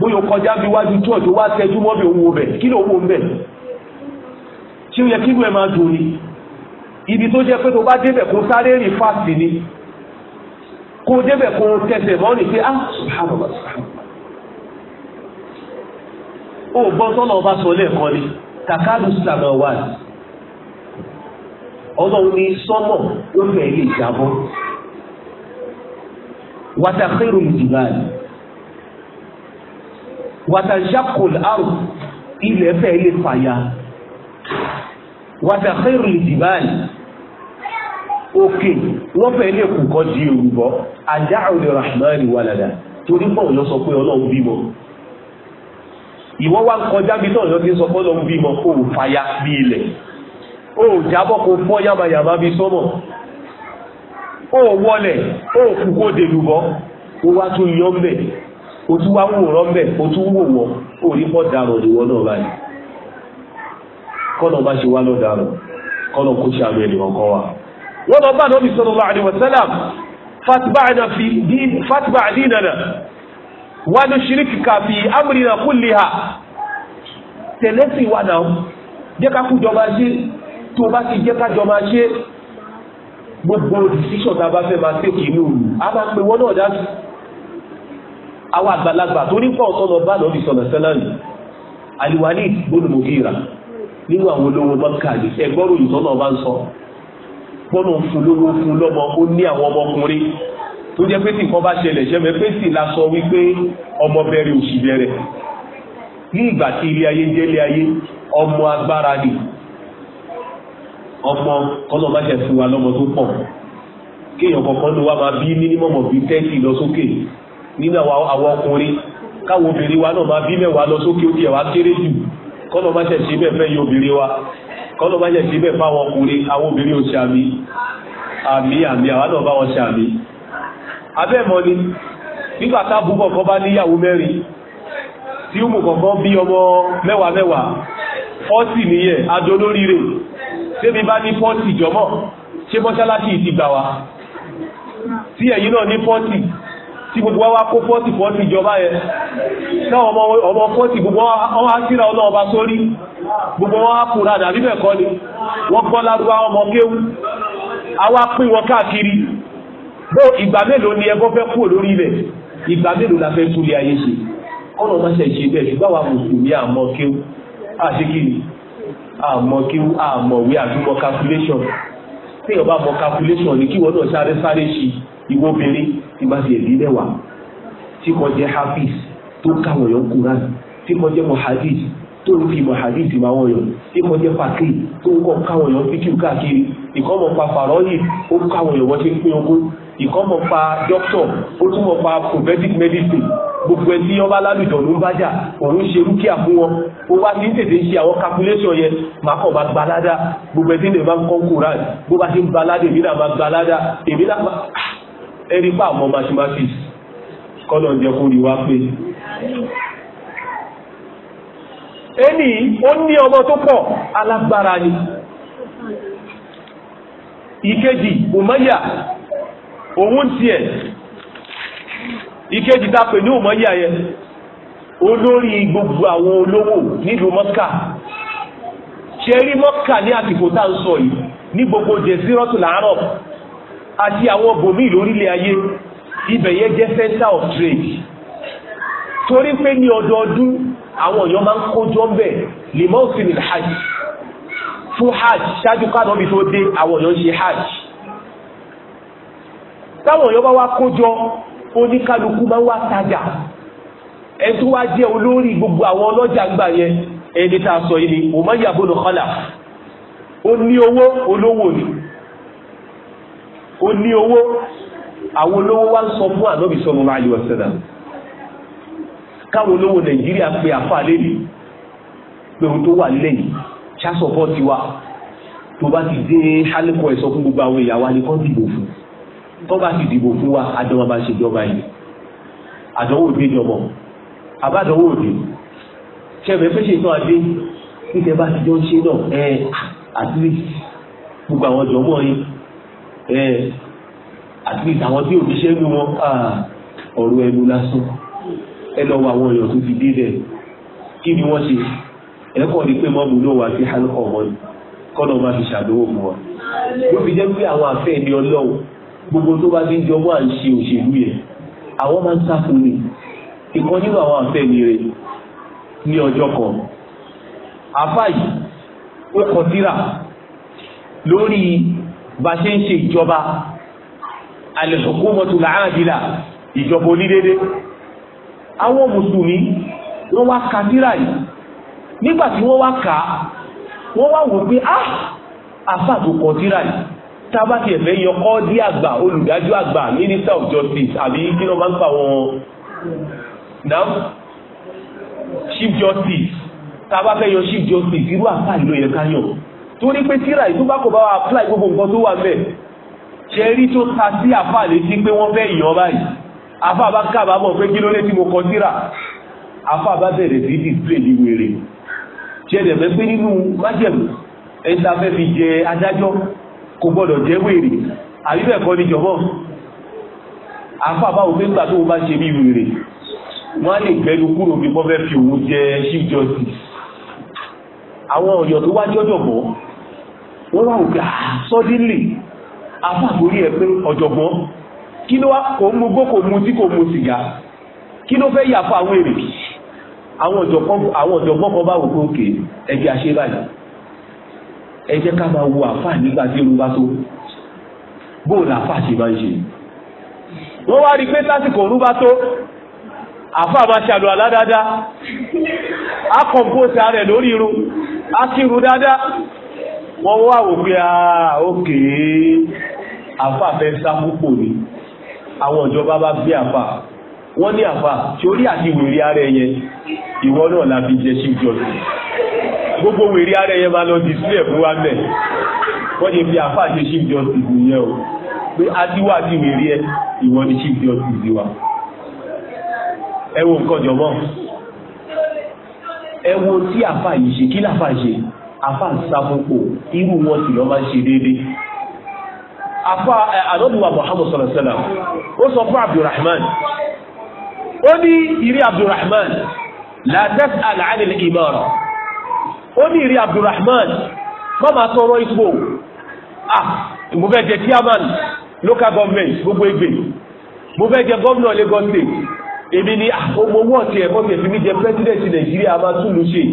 bóyá ó kọjá bí wájú church ó wá tẹjú mọ́ bí òun wo bẹ̀ kí ló wo bẹ̀ tí ó yẹ kí inú ẹ máa dùn ni ibi tó jẹ́ pé tó bá débẹ̀ kó sáré rìn fásitì ni kó débẹ̀ kó tẹsẹ̀ mọ́ ni pé ah subhanallah ó gbọ́ tọ́nà ọba sọ lẹ́ẹ̀kan ni takadu sàmà wà ọlọ́run ní sọ́mọ̀ ó fẹ́ lè jábọ́ wàtàkìrù ìjìbáàlì wàtàṣàkùl àrùn ilẹ̀ fẹ́ lè fàya wàtàkìrù ìjìbáàlì òkè wọ́n fẹ́ lè kù kọ́ di òrùbọ́ àdáhùn ní rahman wàlàdà torí pọ̀ lọ sọ pé ọlọ́run bímọ ìwọ wá ń kọjá bí tọ̀ lọ ti sọ pé ọlọ́run bímọ kó o bí ilẹ̀ o jábọ̀ kó fọ́ yàmàyàmà bí sọ́mọ̀ ó wọlẹ̀ ó kú kó dèlùbọ́ ó wá tún yọ ń ó tún wá wòrán ń bẹ̀ ó tún wò wọ́n ó rí pọ́ darọ̀ náà báyìí kọ́nà bá ṣe wá wa. wọ́n lọ bá nọ́bì sallallahu alaihi wasallam fatiba'na fi dín wà ní ṣíríkì tẹ̀lẹ́sì wà náà jẹ́ ká kú jọba ṣe tó bá ti jẹ́ ká jọba gbogbo decision tá a bá fẹ́ máa tẹ́kì inú òru a máa pe wọ́n náà dájú àwọn àgbàlagbà tó ní pọ̀ tọ́lọ bá lọ́bì sọ̀nà sẹ́lẹ̀nì aliwali gbọ́dọ̀ mọ̀ kíra nínú àwọn olówó mọ́kà ní ẹgbọ́rò ìtọ́nà bá ń sọ gbọ́dọ̀ fún lówó fún lọ́mọ ó ní àwọn ọmọkùnrin tó jẹ́ pé tí nǹkan bá ṣẹlẹ̀ ṣẹ́mẹ́ pé sì la sọ wípé ọmọ bẹ̀rẹ̀ òṣì bẹ̀rẹ̀ ní ìgbà tí ilé ayé jẹ́ ilé ayé ọmọ agbára ni ọmọ kọ́nà má jẹ́ fún wa lọ́mọ tó pọ̀ kéèyàn kọ̀ọ̀kan ló wá máa bí mínímọ̀mọ̀ bí tẹ́tì lọ sókè nínú àwọn ọkùnrin káwọn obìnrin wa náà máa bí mẹ́wàá lọ sókè ó tiẹ̀ wá kéré jù kọ́nà má jẹ́ sí bẹ́ẹ̀ fẹ́ yín obìnrin wa kọ́nà má jẹ́ sí bẹ́ẹ̀ fáwọn ọkùnrin àwọn obìnrin ò ṣe àmì àmì àmì àwa náà bá wọn ṣe àmì abẹ́ẹ̀mọ́ ni nígbà táàbù kọ̀ọ̀kan bá níyàwó mẹ́rin tí ó mú kọ̀ọ̀kan bí ọmọ mẹ́wàá mẹ́wàá fọ́ọ̀sì nìyẹn adolóríire tẹ́mi bá ní pọ́ǹtì jọmọ́ ṣé mọ́ṣáláṣí ti gbà wá tí ẹ̀yin náà ní pọ́ǹtì tí gbogbo wa wá kó pọ́ǹtì pọ́ǹtì jọba yẹn náà ọmọ ọmọ pọ́ǹtì gbogbo wọn á síra ọlọ́wọ́ bá sórí gbogbo wọn á kúra dàbí bẹ́ẹ̀ kọ́ ni wọ́n gbọ́ lárúbá ọmọ kéwú àwa pín wọn káàkiri bó ìgbà mélòó ni ẹgbọ́n fẹ́ kúrò lórí ilẹ̀ ìgbà mélòó la fẹ́ túlé ayé ṣe ọ̀nà ọmọ ṣẹ̀ṣẹ̀ bẹ́ẹ̀ ṣùgbọ́n àwa mùsùlùmí àmọ́ kéwú àṣekìrì àmọ́ kí àmọ́ wí àtúmọ̀ calculation tí ìyọ̀bá mọ calculation ní kí wọ́n náà sáré sáré ṣe ìwọ obìnrin tí bá ti ẹ̀dí lẹ́wà tí kò jẹ́ hafiz tó káwọn yọ kúrán tí kò jẹ́ mohadis tó ń fi mohadis máa wọ̀ yọ tí kò jẹ́ pàkì tó ń kọ́ káwọn yọ fíkì káàkiri ìkọ́mọ̀ pa fàrọ́yì ó káwọn yọ wọ́n ṣe pín ogún ìkọ́mọ̀ pa dókítọ̀ ó túmọ̀ pa prophetic medicine gbogbo ẹni ọba lálùjọ ló ń bá jà òun ṣe rúkìá fún wọn ó wá sí tètè ṣe àwọn calculation yẹn máa kàn máa gbalada gbogbo ẹni tètè máa ń kọ́ koran bó bá ti ń gbalada èmi náà máa gbalada èmi náà máa ẹni pa àmọ́ mathematics kọ́lọ̀ ń jẹ kó rí wá pé ẹni ó ní ọmọ tó pọ̀ alágbára ni ìkejì òmáyà òun tiẹ̀ ìkejì tá a pè ní òmọ́yà yẹn olórí gbogbo àwọn olówó nílùú mọ́kà ṣe rí mọ́kà ní àsìkò tá à ń sọ yìí ní gbogbo jẹ̀sírọ́tù làárọ̀ àti àwọn bòmíì lórílẹ̀ ayé ibẹ̀ yẹn jẹ́ center of trade torí pé ní ọdọọdún àwọn èèyàn máa ń kójọ ń bẹ̀ lè mọ́ òsìn hajj fún hajj ṣáájú ká lọ́bi tó dé àwọn èèyàn ṣe hajj táwọn èèyàn bá wá kójọ oníkálukú máa ń wá tajà ẹ tó wá jẹ́ olórí gbogbo àwọn ọlọ́jà gbà yẹn ẹni tá a sọ yìí ni Umayya ibn Khalaf ó ní owó olówó ni ó ní owó àwọn olówó wá ń sọ fún ànábì sallallahu alaihi wasallam káwọn olówó nàìjíríà pé àfa lẹ́nu pé ohun tó wà lẹ́yìn ṣáṣọ̀fọ́ ti wà tó bá ti dé hálẹ́kọ̀ọ́ ẹ̀ sọ fún gbogbo àwọn ìyàwó alẹ́kọ́ dìbò fún un tó bá sì dìbò fún wa àjọba bá ṣe jọba yìí àdánwò òde jọmọ àbádánwò òde ṣẹbẹ fẹsẹ ìtàn adé níta bá ti jọ ń ṣe náà ẹ at least gbogbo àwọn jọmọ yìí ẹ at least àwọn tí òbí ṣẹ́ nu wọn ọ̀rọ̀ ẹnu lásán ẹ lọ wọ àwọn èèyàn tó fi dé dẹ kí ni wọ́n ṣe ẹ̀kọ́ ni pé mọ́mú ló wà sí hálùkọ̀ wọn kọ́nà máa fi ṣàdánwò fún wa ló fi jẹ́ pé àwọn àfẹ́ ẹni ọlọ́run gbogbo tó bá bí ń jọ wà ń ṣe òṣèlú yẹn àwọn máa ń sáfún ni ìkan nínú àwọn àfẹ́mi rẹ̀ ní ọjọ́ kan àfáì ó kọ síra lórí bá ṣe ń ṣe ìjọba al-hukumatu al-adila ìjọba onídéédé àwọn mùsùlùmí wọ́n wá ka síra yìí nígbà tí wọ́n wá kà á wọ́n wá wò pé ah àfáà tó kọ síra yìí tábà tiẹ̀ fẹ́ yọ kọ́ọ́dí àgbà olùdájọ́ àgbà minister of justice àbí kí ló máa ń pa wọn náà chief justice tábà fẹ́ yọ chief justice irú àpá ìlú yẹn ká yàn torí pé tíra ìtúbàkọ̀ bá wa apply gbogbo nǹkan tó wà bẹ́ẹ̀ ṣẹ́rí tó ta sí àfà létí pé wọ́n fẹ́ yàn báyìí àfà bá kábàámọ̀ pé kí ló lé tí mo kọ tíra àfà bá bẹ̀rẹ̀ sí display ní wèrè ṣẹlẹ̀ mẹ́pẹ́ nínú májẹ̀mú ẹ̀ta fẹ́ fi jẹ adájọ́ kò gbọ́dọ̀ jẹ́ wèrè àbí bẹ́ẹ̀ kọ́ ni jọ̀bọ́ àfa báwo pé nígbà tó bá ṣe bí wèrè wọ́n á lè gbẹ́nu kúrò bí wọ́n fẹ́ fi òun jẹ chief justice àwọn ọ̀yọ́ tó wá jọ́jọ̀bọ́ wọ́n wá òkè ah, sọ́dínlì àfa àgbórí ẹ̀ pé ọ̀jọ̀gbọ́n kí ló wá kò ń mu gbó kò mu tí kò mu sìgá kí ló fẹ́ yà fún àwọn èrè àwọn ọ̀jọ̀gbọ́n kan bá wò pé òkè ẹ̀jẹ̀ àṣẹ báyìí ẹ jẹ́ ká máa wo àfà nígbà tí irun bá tó bóòlù àfà ṣe máa ń ṣe wọ́n wá rí i pé lásìkò òru bá tó àfà máa ṣàlù àlá dáadáa á kọ̀m̀póòsì ara lórí irun á kírun dáadáa wọ́n wá wò pé ókè ah, àfà fẹ́ sá púpọ̀ ni àwọn ìjọba bá gbé àfà wọ́n ní àfà tí àti wèrè ara ẹ̀ yẹn náà la fi jẹ́ sí ìjọ gbogbo wèrè ara ẹ̀yẹ máa lọ display fún wa mẹ́ wọ́n ti fi àfáà ṣe chief justice nìyẹn o pé adiwa ti wèrè ẹ ìwọ ni chief justice wa ẹ wo nǹkan jọmọ ẹ wo tí àfáà yìí ṣe kí láfáà ṣe àfáà sáfúnpò irú wọn sì lọ máa ń ṣe déédéé afa àdọ́dùwà Muhammad sallallahu alaihi wasallam ó sọ fún Abdulrahman ó ní ìrí Abdulrahman la tas'al 'anil imara ó ní ìrí Abdulrahman má máa tọrọ ipò ah mo fẹ́ jẹ chairman local government gbogbo egbe mo fẹ́ jẹ gómìnà Lagos state èmi ni ọmọ ah, owó ọ̀tí ẹ̀kọ́ mi jẹ president Nàìjíríà máa tún lù ṣe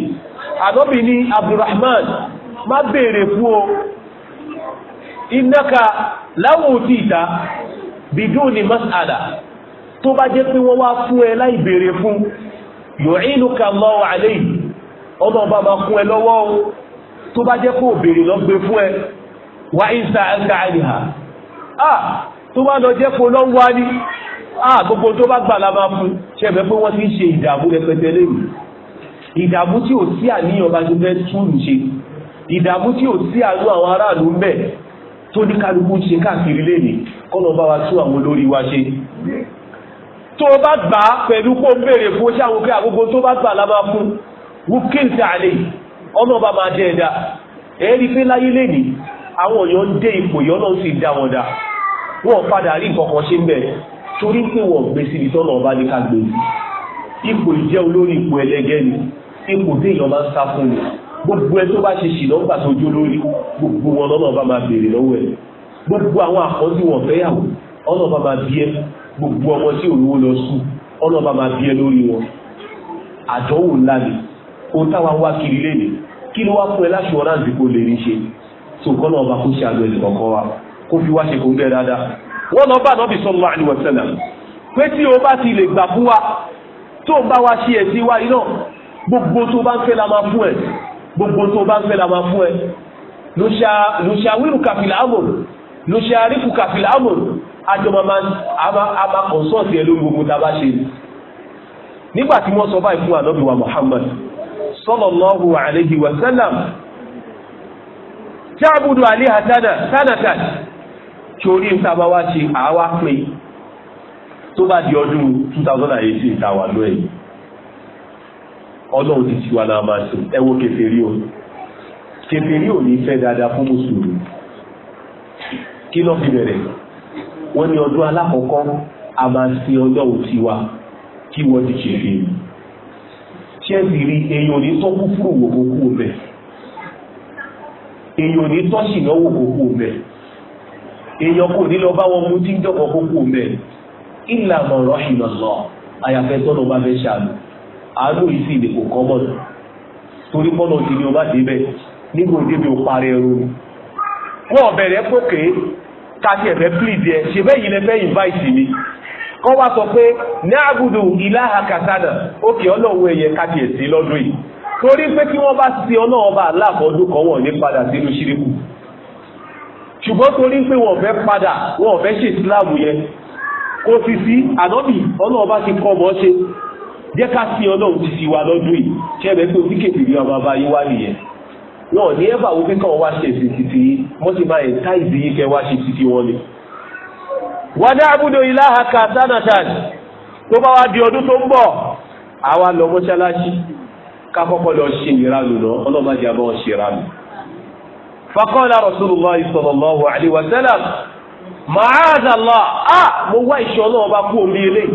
ànábì ní Abdulrahman má béèrè fún o ináka láwọn òtí ìta bìdúù ni masada, tó bá jẹ́ pé wọ́n wá fún ẹ láì béèrè fún yòóínú kan lọ́wọ́ àléyìí ọlọ́run bá máa kún ẹ lọ́wọ́ o tó bá jẹ́ kó béèrè lọ gbé fún ẹ wá ìsà ẹ̀ka àríhà ah tó bá lọ jẹ́ kó lọ́n wá ní ah gbogbo tó bá gbà la máa fún ṣe ẹ̀fẹ́ pé wọ́n ti ń ṣe ìdààmú rẹpẹtẹ lẹ́yìn ìdààmú tí ò sí àníyàn bá ti fẹ́ túlù ṣe ìdààmú tí ò sí àánú àwọn aráàlú ń bẹ tó ní kálukú ṣe káàkiri lẹ́yìn kọ́nà bá wa tún àwọn olórí wa ṣe tó bá gbà pẹ̀lú kó béèrè fún ṣáwọn pé àgbogbo tó bá gbà la máa fún wúkìntà àlè ọmọ bá máa dẹ́ ẹ̀dá ẹ̀rí pé láyé lẹ́ni àwọn èèyàn ń dé ipò yọ náà sì dá wọn dá wọn padà rí nǹkan kan ṣe ń bẹ̀ torí pé wọn gbé síbi tọ́nà ọba ní ká gbé sí ipò ìjẹ́ olórí ipò ẹlẹ́gẹ́ ni ipò téèyàn máa ń sá fún ni gbogbo ẹ tó bá ṣe ṣì lọ́gbà tó jó lórí gbogbo wọn lọ́nà ọba máa béèrè lọ́wọ́ ẹ̀ gbogbo àwọn àkọ́jú wọn fẹ́yàwó ọ̀nà ọba máa bí ẹ gbogbo ọmọ tí òun lọ sùn ọ̀nà ọba máa bí ẹ lórí wọn àdánwò ńlá ni ohun táwa ń wá kiri léde kí ló wá fún ẹ láṣọ ọ̀rá àdìpọ̀ lè rí ṣe tó kọ́ náà ọba kó ṣe àgbẹ̀ ẹ̀sìn kọ̀ọ̀kan wa kó fi wá ṣe kó ń bẹ́ẹ̀ dáadáa wọ́n lọ bá nọ́bì sọ́nù àdìwọ̀sẹ̀lẹ̀ pé tí o bá ti lè gbà fún wa tó ń bá wa ṣe ẹ̀sìn wa iná gbogbo tó bá ń fẹ́ la máa fún ẹ gbogbo tó bá ń fẹ́ la máa fún ẹ lùṣàwírù kàfìlà àmọ̀ lùṣàrífù kàfìlà àmọ̀ àjọmọ àmà kọ̀ǹsọ̀ọ̀sì ẹ lórí gbogbo tá a bá ṣe nígbà tí wọ́n sọ Muhammad sallallahu alayhi wa sallam táàbùdù aliha tánàtà torí ń sábà wá ṣe àwa pé tó bá di ọdún 2018 tàwà lóyìn ọlọ́run ti tiwa na máa sùn ẹ o kèfèrí ò ní fẹ́ dáadáa fún mùsùlùmí kí ló fi bẹ̀rẹ̀ wọ́n ní ọdún a sin ọlọ́run tiwa ṣé sì rí èèyàn ní tọ́ kúfúrú wò kókó bẹ̀ èèyàn ní tọ́ ṣìnà wò kókó bẹ̀ èèyàn kò ní lọ bá wọn mú tí ń jọkọ̀ kókó bẹ̀ ìlànà ọ̀rọ̀ ìlànà àyàfẹ́ tọ́nà bá fẹ́ ṣàlù àánú yìí sì lè kò kọ́ mọ̀nà torí mọ́nà ti ní o débẹ̀ nígbà òde ò parẹ́ ẹrú wọ́n bẹ̀rẹ̀ pókè káàkiri ẹ̀fẹ́ pìlìdì ẹ̀ ṣe bẹ́ẹ̀ yìí lẹ́fẹ́ invite ni kọ́ wá sọ pé ní àbùdù ìlàhà kàtàdà òkè ọlọ́wọ́ ẹ̀yẹ kábíyèsí lọ́dún yìí torí pé kí wọ́n bá ti ọlọ́wọ́ bá aláàfọ́dún kan wọ̀n ní padà sínú ṣíríkù ṣùgbọ́n torí pé wọ́n fẹ́ padà wọ́n fẹ́ ṣe ìsìláàmù yẹn kò sì sí ànọ́bì ọlọ́wọ́ bá ti kọ́ ọmọ ṣe jẹ́ ká sí ọlọ́run ti sì wá lọ́dún yìí ṣẹ́bẹ̀ pé òfin kèfìrí ọmọ bá yí wá nìyẹn náà ní ẹ̀bà wọ́dà àbúdó ilá haka sanatan tó bá wá di ọdún tó ń bọ̀ àwa lọ mọ́ṣáláṣí ká kọ́kọ́ lọ ṣe ìranù náà ọlọ́mọdé àbọ̀ ṣe ìranù. fakọ́lá rasulullah sallallahu alaihi wa sallam màáàzàlá à mo wá ìṣọ́ náà kú omi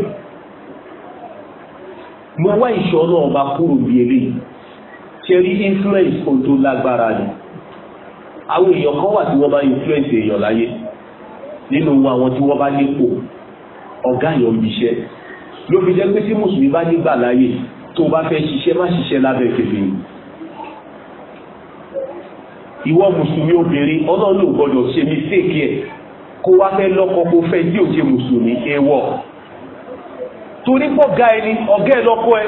mo wá ìṣọ́ náà kú omi influence kò tó lágbára ni àwọn èèyàn kan wà tí wọ́n bá influence nínú àwọn tí wọ́n bá nípò ọ̀gá yẹn ń bíṣẹ́ ló fi jẹ́ pé tí mùsùlùmí bá nígbà láàyè tó bá fẹ́ ṣiṣẹ́ má ṣiṣẹ́ lábẹ́ kẹfẹ́ yìí ìwọ mùsùlùmí obìnrin ọlọ́run ò gbọ́dọ̀ ṣe mistake ẹ̀ kó wá fẹ́ lọ́kọ kó fẹ́ tí ò ṣe mùsùlùmí ewọ̀ torí pọ̀ ẹni ọ̀gá ẹ̀ lọ́kọ ẹ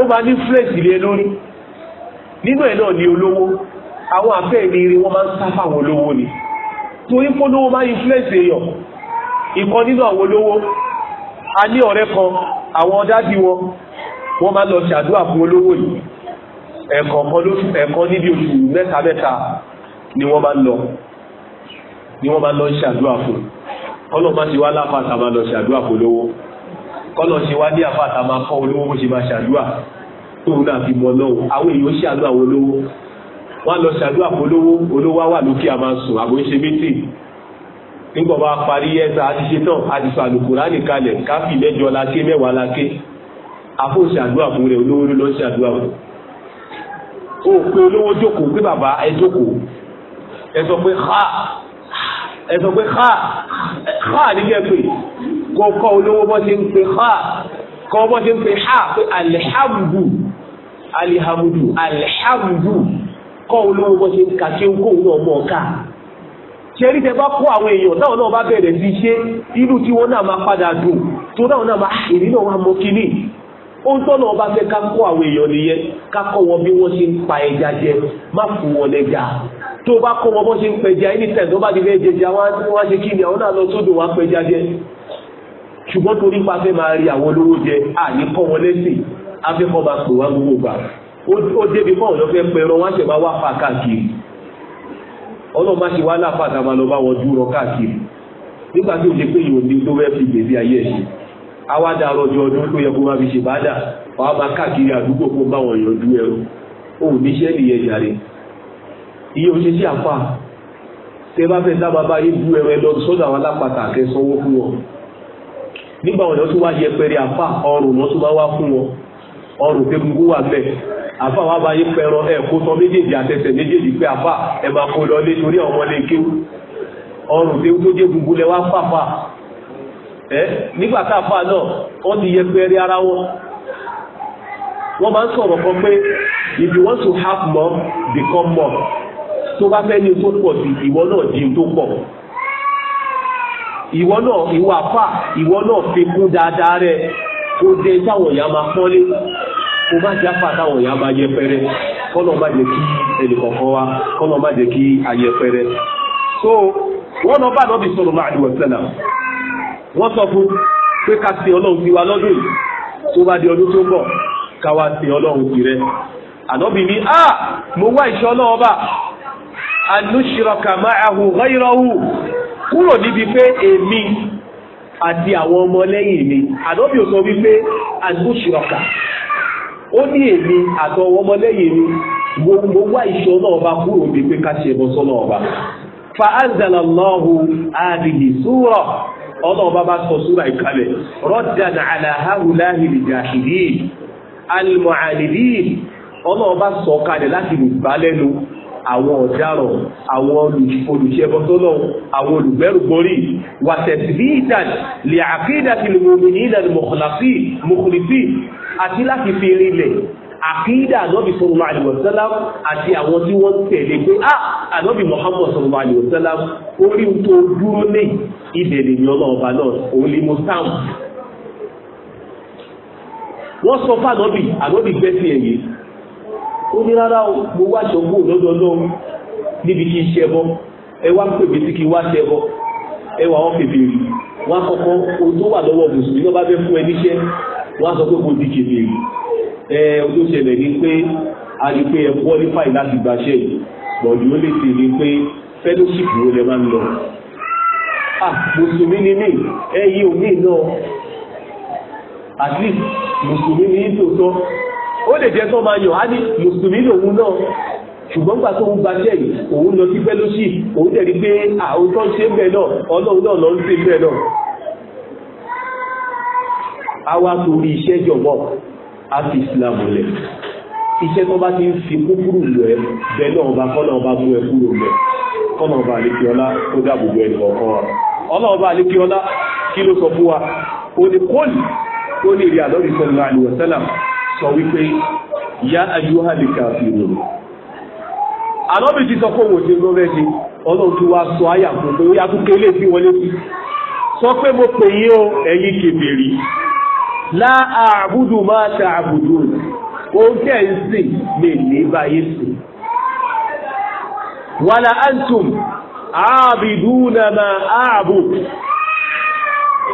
ó máa ní flex lé e lórí nínú ẹ̀ náà ni olówó àwọn àfẹ́ ìlérí wọ́n máa ń sá fáwọn olówó ni. Olówó, torí polówó máa influence èèyàn ìkan nínú àwọn olówó a ní ọ̀rẹ́ kan àwọn dádì wọn wọ́n máa lọ ṣàdúrà fún olówó yìí ẹ̀ẹ̀kan níbi oṣù mẹ́ta mẹ́ta ni wọ́n máa lọ ni wọ́n máa lọ ṣàdúrà fún kọ́lọ̀ máa ti wá láfàtà máa lọ ṣàdúrà fún olówó kọ́lọ̀ ṣe wá ní àfàtà máa kọ́ olówó bó ṣe máa ṣàdúrà tóun náà fi mọ́ lọ́wọ́ àwọn èèyàn ṣàdúrà wọn olówó wọ́n lọ ṣàdúrà polówó olówó wà lókè a máa sùn àbò ń ṣe mítì nígbà bá parí ẹ̀ta àti ṣetán àti sàlùkùrá nìkalẹ̀ káfí mẹ́jọ laké mẹ́wàá laké àfò ṣàdúrà fún rẹ̀ olówó ló lọ ṣàdúrà fún. o pé olówó jókòó pé bàbá ẹ jókòó ẹ sọ pé ha ẹ sọ pé ha ha ní kẹ́ pé kọ́ kọ́ olówó bọ́ ṣe ń pè ha kọ́ bọ́ ṣe ń pè ha pé alihamudu alihamudu alihamudu. kọ́ olówó bó ṣe ń ka ṣé ń kó òun ọmọ ọ̀ka ṣẹ́rí tẹ bá kó àwọn èèyàn táwọn náà bá bẹ̀rẹ̀ sí ṣe inú tí wọ́n náà máa padà dùn tó náà náà máa ah, èmi náà wá mọ fẹ́ ká kó àwọn èèyàn nìyẹn ká kọ́ wọn bí wọ́n ṣe ń pa ẹja jẹ má fún wọn lẹ́jà tó bá kọ́ wọn bó ṣe ń pẹja ẹni bá ti fẹ́ wá ṣe ni àwọn náà lọ sódò wá pẹja jẹ ṣùgbọ́n torí pa fẹ́ máa ó débi bọ́ọ̀ lọ fẹ́ pẹ̀rọ wọ́n ṣẹ̀bá wá fà káàkiri ọlọ́mà ṣe wá láàfà tàbá lọ bá wọn dúró káàkiri nígbà tí ó ṣe pé ìwòdí tó fẹ́ fi gbèsè ayé ẹ̀ṣẹ̀ awádà rọjò ọdún tó yẹ kó má fi ṣe bá dà wàá máa káàkiri àdúgbò kó bá wọn yanjú ẹrú ó níṣẹ́ nìyẹn jàre iye òṣèṣẹ́ àfà tẹ bá fẹ́ sábà bá yé bú ẹrẹ lọ sọ́dọ̀ àwọn alápàtà kẹsànwó fún wọn nígbà wọn lọ tún wá yẹpẹrẹ àfà ọrùn lọ tún wá wá fún wọn ọrùn tẹgbùgbù wà bẹ́ẹ̀ àfa wa bá yí pẹ̀rọ ẹ̀ kó sọ méjèèjì àtẹsẹ̀ méjèèjì pé àfa ẹ̀ máa kó lọ lé torí àwọn ọmọlé kéwú ọrùn tí ó jẹ́ gbogbo lẹ wá fàfà ẹ nígbà tá a fà náà wọ́n ti yẹ pẹ́ẹ́rẹ́ ara wọn wọ́n máa ń sọ̀rọ̀ kan pé if you want to have more become more tó bá fẹ́ ní tó pọ̀ sí ìwọ náà di tó pọ̀ ìwọ náà ìwọ àfà ìwọ náà fi kún dáadáa rẹ kó dé táwọn èèyàn máa pọ́nlé kò má jẹ́ apá táwọn èèyàn máa yẹ pẹrẹ kọ́nà má jẹ́ kí ẹnìkọ̀ọ̀kan wa kọ́nà má jẹ́ kí ayẹ pẹrẹ. so wọ́n lọ bá nọ́bì sọ̀rọ̀ máa dùn ẹ̀sẹ̀ náà wọ́n sọ fún pé ká sin ọlọ́run tiwa lọ́dún yìí tó bá di ọdún tó ń bọ̀ ká wá sin ọlọ́run tirẹ̀ ànọ́bì ní a mo wá ìṣọ́ ọlọ́run bá anúṣirọ̀kà máàhù ghayrahu kúrò níbi pé èmi àti àwọn ọmọ lẹ́yìn mi ànọ́bì ò sọ wípé anúṣirọ̀kà ó ní èmi àtọwọ́ ọmọlẹ́yìn mi gbogbo wá ìṣọ́ náà bá kúrò bíi pé ká ṣe bọ́sọ́ náà bá. fa anzalallahu adìyí súrọ̀ ọlọ́run bá bá sọ súrà ìkàlẹ̀ rọ́dàn àlàhàhùláhì ìjàhìdì almu'anidi ọlọ́run bá sọ kalẹ̀ láti lè gbá lẹ́nu àwọn ọ̀daràn àwọn olùṣẹ́bọ́sọ́lọ́ àwọn olùgbẹ́rùgbọ́rí wàtẹ̀síbí ìdàn lè àkídà àti láti fi rinlẹ̀ àkídà ànábì sọ̀rọ̀ àlùwọ̀sálàm àti àwọn tí wọ́n tẹ̀lé pé á ah, ànábì Muhammad sọ̀rọ̀ àlùwọ̀sálàm orí tó dúró lé ibẹ̀ lè ní ọlọ́ọ̀ba náà òun lè mú sáàmù. wọ́n sọ fún ànábì ànábì gbẹ́sì ẹ̀yẹ ó ní rárá mo wá ṣọ́gbó lọ́dọ̀ lọ́wọ́ níbi kí n ṣe bọ́ ẹ wá pè mí sí kí n wá ṣe bọ́ ẹ wà wọ́n fèfèrè wọ́n akọ́kọ́ ohun tó wà lọ́wọ́ mùsùlùmí lọ́ wọ́n á sọ pé kò ti ṣe lè ẹ tó ṣẹlẹ̀ ni pé a rí pé ẹ qualify láti gbaṣẹ́ yìí bọ̀dù ó lè ṣe ni pé fellowship wo lẹ máa ń lọ ah mùsùlùmí ni mí ẹ yí omi náà at least mùsùlùmí ni tòótọ́ ó lè jẹ́ tó máa yàn á ní mùsùlùmí lòun náà ṣùgbọ́n gbà tó ń gba jẹ́ yìí òun lọ sí fellowship òun dẹ̀ rí pé àwọn tó ń ṣe bẹ́ẹ̀ náà ọlọ́run náà lọ ń ṣe bẹ́ẹ̀ náà a wá torí iṣẹ́ jọ̀bọ̀ a fi islam lẹ̀ iṣẹ́ tó bá ti ń fi kúkúrú lọ ẹ bẹ́ẹ̀ náà ọba kọ́ náà ọba mú ẹ kúrò lọ kọ́ náà ọba àlékiọlá tó dáàbò bo ẹnì kọ̀ọ̀kan wa ọlọ́run ọba àlékiọlá kí ló sọ fún wa oníkóòlì tó lè rí àlọ́rí sọ̀rọ̀ àlùwọ̀sẹ́là sọ wípé ya ayúhà lè kàfírùn àlọ́bì ti sọ pé òun ti rọ́rẹ́ ṣe ọlọ́run tó wá sọ àyà fún pé ó yá kúkẹ́ lè fi wọlé sí sọ pé mo pè yín o ẹ̀yin kèbèrè la àbúdù máa ta àbùdù òun tẹ̀ ń sìn lè lè báyé sìn. wàlà antum àbìdúnà máa àbù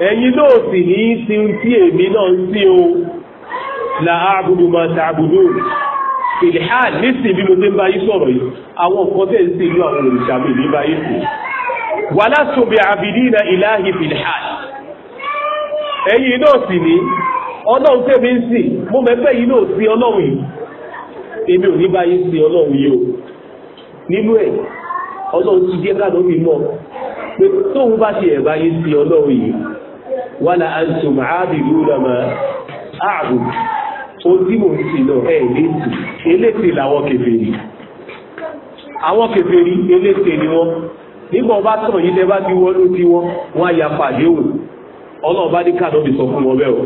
ẹ̀yin náà sì ní ti ń tí èmi náà ń sí o la àbùdù máa ta àbùdù ìlhàn nísìn bí mo ti ń bá yí sọ̀rọ̀ yìí àwọn nǹkan tẹ̀ ń sìn ìlú àwọn òrìṣà mi ní báyé sìn wàlá sọ̀bì àbìdínà ìláhì ìlhàn ẹ̀yin náà sì ní ọlọ́run tèmi ń sìn mo mẹ́fẹ́ yìí náà sí ọlọ́run yìí èmi ò ní bá yín sí ọlọ́run yìí o nínú ẹ̀ ọlọ́run ti jẹ́ ká lómi mọ́ pé tóun bá ṣe ẹ̀bá yín sí ọlọ́run yìí wàlà antum àbìlú lọ́mọ ààbò ó tí mò ń sì lọ ẹ̀ létí elétè làwọn kèfèrí àwọn kèfèrí elétè ni wọ́n nígbà wọn bá sọ̀rọ̀ yìí lẹ́ bá ti wọ́n ló ti wọ́n wọ́n á ya pàdé òun ọlọ́run bá ní kàánú mi sọ fún wọn bẹ́ẹ̀ o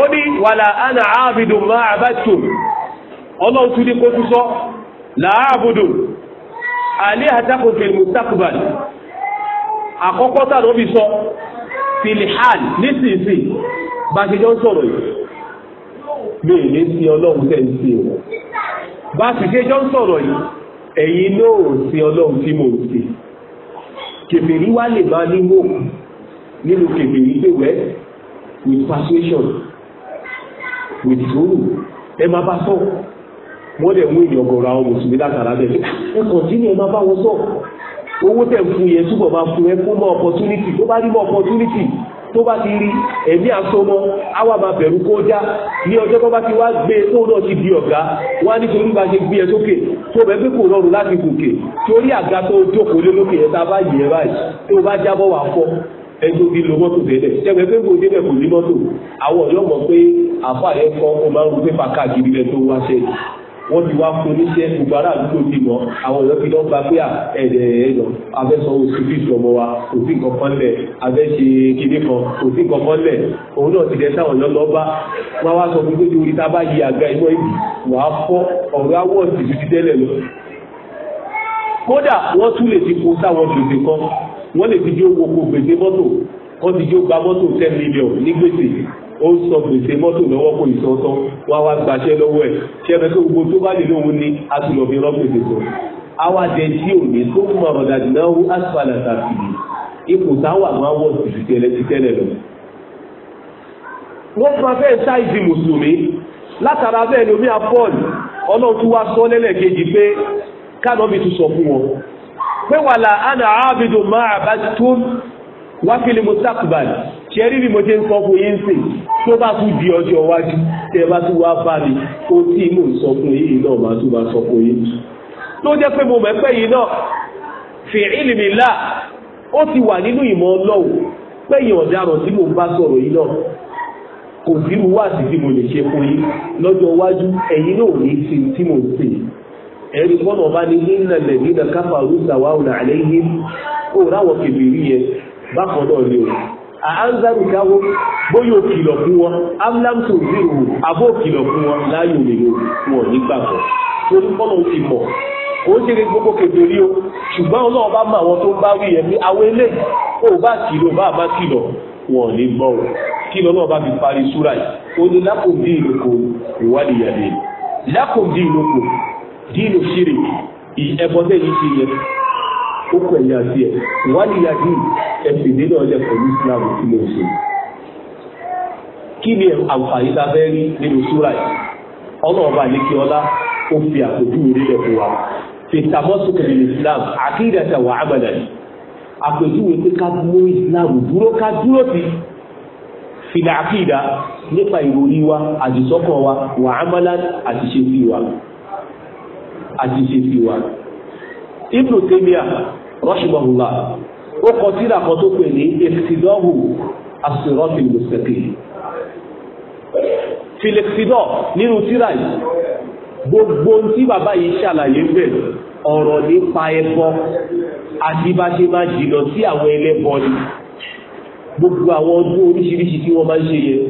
ó ní wàlà àna àbìdù má àbátù ọlọ́run tún ní kó tún sọ làábùdù àlẹ́ àtàkùnfẹ́ mustaqbal àkọ́kọ́ tàánú mi sọ filihal nísinsìnyí bá a ṣe jọ ń sọ̀rọ̀ yìí mi ì ní sí ọlọ́run tẹ̀ o bá a sì ṣe jọ ń sọ̀rọ̀ yìí ẹ̀yin náà ò sí ọlọ́run tí mo ń wá lè máa ní wò nínú kèké ilé wẹ́ with persuasion with sùúrù ẹ máa bá sọ wọ́n dẹ̀ mú èèyàn gọ̀ọ̀rọ̀ àwọn mùsùlùmí látara bẹ́ẹ̀ ẹ kọ̀ntínú ẹ máa bá wọn sọ owó tẹ̀ fún yẹn túbọ̀ máa fún ẹ fún mọ́ opportunity tó bá rí mọ́ opportunity tó bá ti rí ẹ̀mí àsomọ́ àwa máa bẹ̀rù kó já ní ọjọ́ tó bá ti wá gbé e, tó náà ti di ọ̀gá wá nítorí bá ṣe gbé ẹ sókè tó bẹ̀ pé kò rọrùn láti gòkè torí àga tó jókòó lé lókè ẹ̀ tá a bá yẹ báyìí tó bá jábọ̀ wà fọ́ ẹjọ́ bí lo mọ́tò tẹ́lẹ̀ ṣẹ́gbẹ́ pé kò débẹ̀ kò ní mọ́tò àwọn ọ̀yọ́ mọ̀ pé àfa rẹ̀ kọ́ ọ máa ń ru pépà káàkiri rẹ̀ tó wáṣẹ́ wọ́n ti wá fún oníṣẹ́ gbogbo ará àdúgbò ti mọ̀ àwọn ọ̀yọ́ fi lọ́ gba pé ẹ̀ẹ́dẹ̀ ẹ̀ẹ́dọ̀ afẹ́sọ oṣù fífi ọmọ wa kò sí nǹkan kan lẹ̀ afẹ́ṣe kinní kan kò sí nǹkan kan lẹ̀ òun náà ti jẹ́ táwọn ọ̀yọ́ lọ bá wọ́n wá sọ fún pé orí tá a bá yí àga iná ìbí wàá fọ́ wọ́n lè ti jó woko gbèsè mọ́tò wọ́n ti jó gba mọ́tò ten million ní gbèsè ó sọ gbèsè mọ́tò lọ́wọ́ kò ìsọ̀tọ̀ wá wá gbàṣẹ́ lọ́wọ́ ẹ̀ ṣe é mẹ́kẹ́ gbogbo tó bá lè lóhun ní atúlọ̀bí rọ́gbèsè sọ àwa jẹ tí ò ní tó mọ ọ̀rọ̀ dàdí náà wú asfalà tàbí ipò táwà máa wọ̀ sí tẹ́lẹ̀ ti tẹ́lẹ̀ lọ. wọ́n máa fẹ́ ṣáìsì mùsùlùmí látara bẹ́ẹ̀ ni omi apọ́ọ̀lù ọlọ́run tún wá sọ lẹ́lẹ̀kejì pé káàdọ́bì tún sọ fún wọn pé wàlà àná àábìdò máa bá tó wá fílẹ̀ mustaqbal ṣe rí bí mo ṣe ń sọ fún yín sìn tó bá tún di ọjọ́ iwájú tẹ bá tún wá bá mi ó tí mò ń sọ fún yín náà máa tún bá sọ fún yín tó jẹ́ pé mo mẹ́pẹ́ yìí náà fi ìlìmìlá ó ti wà nínú ìmọ̀ ọlọ́wọ́ pẹ́yìn ọ̀daràn tí mo bá sọ̀rọ̀ yìí náà kò sí irú wáàsí tí mo lè ṣe fún yín lọ́jọ́ iwájú ẹ̀yin náà ní tí mo ń sìn ẹ̀rí fọ́nà ọba ní nínà lẹ́gbẹ̀dà káfà rúta wà ọ̀nà àlẹ́yìn ó ráwọ̀ kèbèrè yẹn bákan náà ni o àánzárù káwó bóyá òkìlọ̀ fún wọn amlamtu zero abó òkìlọ̀ fún wọn láyò mèrò wọn nígbàgbọ́ torí fọ́nà ó ti mọ̀ ó ń ṣeré gbogbo kèbèrè o ní àwọn lákòó dín ìlókò ìwádìí yàdé lákòó dín ìlókò díìnù ṣírì ẹ̀bọ̀tẹ́ yìí ṣe yẹ ó kọ ẹ̀yà àti ẹ̀ wálìyà díì ẹ̀sìn nínú ọlẹ̀ pẹ̀lú Islam tí mo ṣe kí ni àǹfààní ta fẹ́ rí nínú súra yìí ọlọ́ọ̀bà ní kí ọlá ó fi àpèjúwe nílẹ̀ fún wa fìtàmọ́sùkè ní Islam àkídàtà wà ámàlà yìí àpèjúwe pé ká mú Islam dúró ká dúró sí fìlà àkídà nípa ìròrí wa àdìsọ́kàn wa wà ámàlà àti ṣe fi wa àti ṣe fi wà. Ibn Taymiyyah rahimahullah ó kọ tírà kan tó pè ní ìfìdọ́hù as-sirati al-mustaqim. Filexidọ́ nínú tírà yìí gbogbo tí bàbá yìí ṣàlàyé bẹ̀ ọ̀rọ̀ nípa ẹbọ àti bá ṣe máa jìnà sí àwọn ẹlẹ́bọ ni gbogbo àwọn ọdún oríṣiríṣi tí wọ́n máa ń ṣe yẹn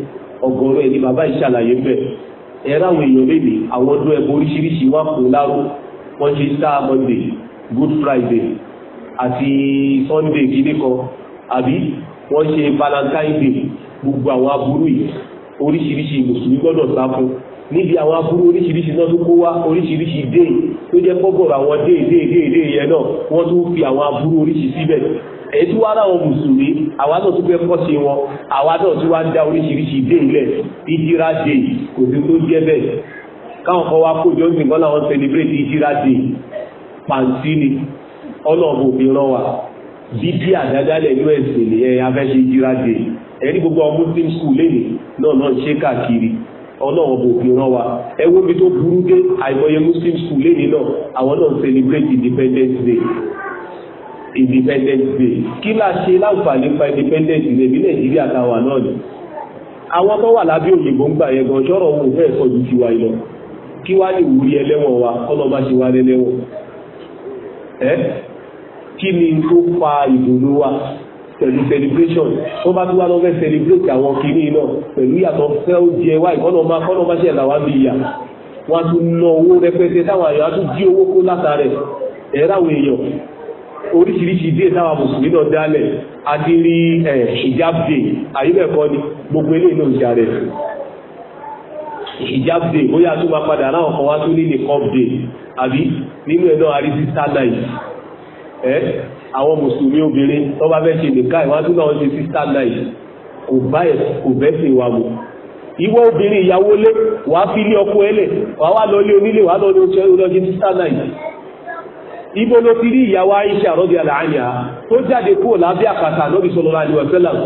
ọ̀gọ̀rọ̀ ẹ̀ ni bàbá yìí ṣàlàyé bẹ̀ ẹ̀rọ àwọn èèyàn lèmi àwọn ọdún ẹ̀bọ oríṣiríṣi wà kó láró wọ́n ṣe star monday good friday àti sunday kìíní kan àbí wọ́n ṣe valentine day gbogbo àwọn aburú yìí oríṣiríṣi mùsùlùmí gbọ́dọ̀ sá fún níbi àwọn aburú oríṣiríṣi náà tó kó wá oríṣiríṣi déè tó jẹ́ pọ́gọ̀rọ̀ àwọn déè déè déè déè yẹn náà wọ́n tún fi àwọn aburú oríṣi síbẹ̀ ètò wa láwọn mùsùlùmí àwa náà tún fẹ́ kọ́ sí wọn àwa náà tún wá ń dá oríṣiríṣi ìdé ìlẹ̀ ìdíra dé kò sí tó jẹ́ bẹ́ẹ̀ káwọn kan wá kó jọ́sìn kan láwọn celebrate ìdíra dé pàǹtí ni ọlọ́ọ̀bù òfin rán wa bíbí àdádálẹ̀ ní ẹ̀sìn ni ẹ̀ afẹ́ṣe ìdíra dé ẹ̀rí gbogbo ọmọ muslim school lẹ́yìn náà náà ṣe káàkiri ọlọ́run bò fi rán wa ẹ wo ibi tó burú dé àìmọye muslim school lẹ́yìn náà àwọn náà celebrate independence day independence day kí là ṣe láǹfààní pa independence day ní nàìjíríà táwa náà ni àwọn tó wà lábẹ́ òyìnbó ń gbà yẹn gan sọ̀rọ̀ òun fẹ́ẹ̀ sọ ju tiwa lọ kí wá lè wúrí ẹlẹ́wọ̀n wa kọ́nà bá ṣe wá lẹ́lẹ́wọ̀n ẹ́ kí ni tó fa ìdùnnú wa pẹ̀lú celebration wọ́n bá tún wá lọ́fẹ́ celebrate àwọn kìíní náà pẹ̀lú ìyàtọ̀ fẹ́ ó jẹ wá ìkọ́nà máa kọ́nà máa ṣẹ̀dá wá bí ìyà wọ́n á tún ná owó rẹpẹtẹ táwọn àyàn á tún jí owó kó látàrẹ̀ ẹ̀ráwọ̀ èèyàn oríṣiríṣi díẹ̀ táwọn mùsùlùmí náà dálẹ̀ àti rí hijab day àyíbẹ̀kọ́ ni gbogbo ilé inú ìjà rẹ̀ hijab day bóyá tó máa padà ráwọn kan wá tó ní nìkan day àbí nínú ẹ̀ náà àrí sister night ẹ́ àwọn mùsùlùmí obìnrin tó bá fẹ́ ṣe nìkan ìwádìí náà ṣe sister night kò bá ẹ̀ kò bẹ́sẹ̀ wa mu ìwọ obìnrin ìyàwó lé wàá fi ilé ọkọ ẹlẹ ibo ló ti rí ìyàwó Aisha rọ́bì àlàáyà tó jáde kúrò lábẹ́ àkàtà lọ́bì sallallahu alaihi wasallam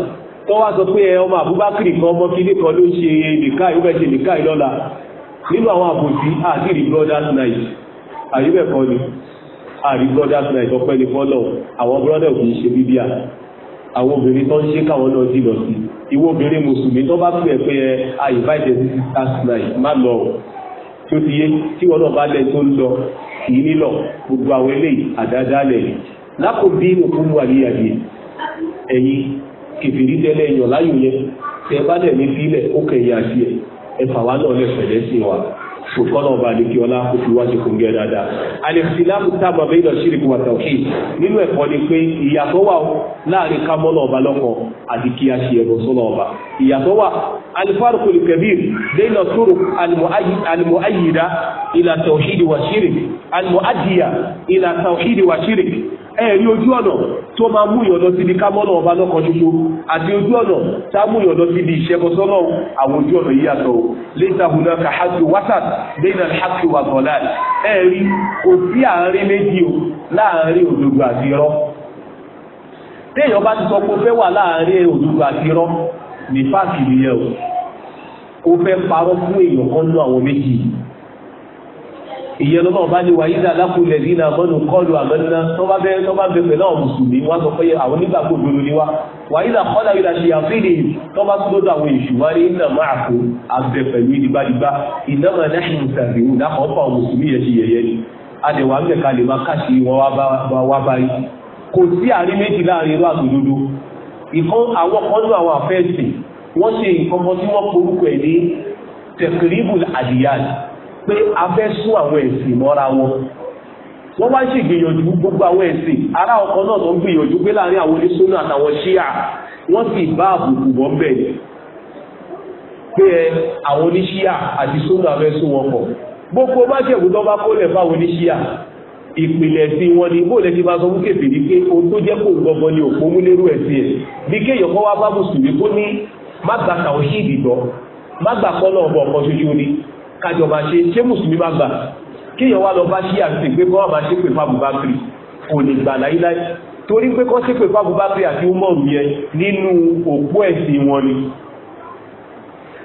tó wá sọ pé ẹ ọmọ Abubakar kan ọmọ kílé kan ló ń ṣe nìka ìwé ṣe nìka ìlọ́la nínú àwọn àbòsí àdìrí brothers night àyíbẹ̀ kan ni àrí brothers night ọpẹ́ ní fọ́lọ̀ àwọn brothers kì í ṣe bíbíà àwọn obìnrin tó ń ṣe káwọn náà jìnà sí ìwọ obìnrin mùsùlùmí tó bá pè é pé ẹ àyíbá ìdẹ́sí sisters night má lọ tó ti yé tí wọn náà bá lẹ tó ń lọ kì í nílọ gbogbo àwọn eléyìí àdáadáalẹ̀ lákòbí òkun wà ní àdìẹ ẹ̀yin kẹfìrí tẹ́lẹ̀ èèyàn láyò yẹn tẹ bá dẹ̀ ní sílẹ̀ ó kẹ̀yà sí ẹ̀ ẹ̀fà wa náà lẹ̀ fẹ̀lẹ́ sí wa ṣùgbọ́n ọba àdìkí ọlá kò fi wá sí fún gẹ́ dáadáa. alẹ́sìlámù tábà bẹ́ẹ̀ lọ ṣírí kùmà tàwí nínú ẹ̀kọ́ ni pé ìyàtọ̀ wà láàrin kámọ́nà ọba lọ́kọ̀ àdìkí aṣèyẹ̀bọ̀ sọ́nà ọba ìyàtọ̀ wà الفرق الكبير بين الطرق المؤيدة إلى التوحيد والشرك المؤدية إلى التوحيد والشرك ẹ̀rí ojú ọ̀nà tó máa mú ìyọ̀dọ̀ síbi ká mọ́nà ọba lọ́kọ̀ ṣoṣo àti ojú ọ̀nà tá mú ìyọ̀dọ̀ síbi ìṣẹ́bọsọ́nà àwọn ojú ọ̀nà yìí àtọ̀ laysa hunaka haqqun wasat bayna al-haqqi wa dalal ẹ̀rí kò sí àárín méjì o láàárín òdodo àti irọ́ téèyàn bá ti sọ pé ó fẹ́ wà láàárín òdodo ní fáàkì nìyẹn o ó fẹ́ parọ́ fún èèyàn kan nú àwọn méjì ìyẹn lọ́wọ́ bá ní wàyí dá lákùnlẹ̀ ní iná mọ́nù kọlu àmọ́nà tó bá bẹ́ẹ̀ tó bá bẹ́ẹ̀ pẹ̀lú àwọn mùsùlùmí wọ́n sọ pé àwọn nígbà gbogbo ni wá wàyí dá kọ́lá yìí láti àfihàn tó bá tó dọ̀ àwọn èṣù wá ní iná máa kó abẹ pẹ̀lú ìdíbàdíbà iná máa náà ṣe mùsàbíwù lákọ̀ọ́ fún àwọn mùsùlùmí yẹn ti yẹ̀yẹ́ ni adẹ̀wà mẹ́ka lè máa káṣí wọn wá báyìí kò sí àárín méjì láàrin irú àtòdodo ìkan àwọn kan ní àwọn àfẹ́sì wọ́n ṣe nǹkan kan tí wọ́n porúkọ ẹ̀ ní tẹ̀kìrìbù àdìyàn pé a fẹ́ sún àwọn ẹ̀sìn mọ́ra wọn wọ́n wá sì gbìyànjú gbogbo àwọn ẹ̀sìn ará ọkọ̀ náà tó ń gbìyànjú pé láàrin àwọn oníṣúná àtàwọn ṣíà wọ́n sì bá àbùkù bọ́ ń bẹ̀ pé àwọn oníṣíà àti ṣúná fẹ́ sún wọn pọ̀ gbogbo bá jẹ̀bù tó bá kólẹ̀ fáwọn oníṣíà ìpìlẹ̀ sí wọn ni bóòlẹ̀ ti bá sọ fún kèfèrí pé o tó jẹ́ kó gbọ́gbọ́ ni òpó mú lérú ẹ̀ sí ẹ̀ bí kéèyàn kọ́ wá bá mùsùlùmí kó ní má gbà kàwọ́ sí ìdìgbọ́ má gbà kọ́ náà bọ̀ ọ̀kan ṣoṣo ni kájọba ṣe ṣé mùsùlùmí má gbà kéèyàn wá lọ bá ṣí àti pé kọ́ máa ṣépè fábùbákiri kò lè gbà láíláí torí pé kọ́ ṣépè fábùbákiri àti umaru yẹn nínú òpó ẹ̀sìn wọn ni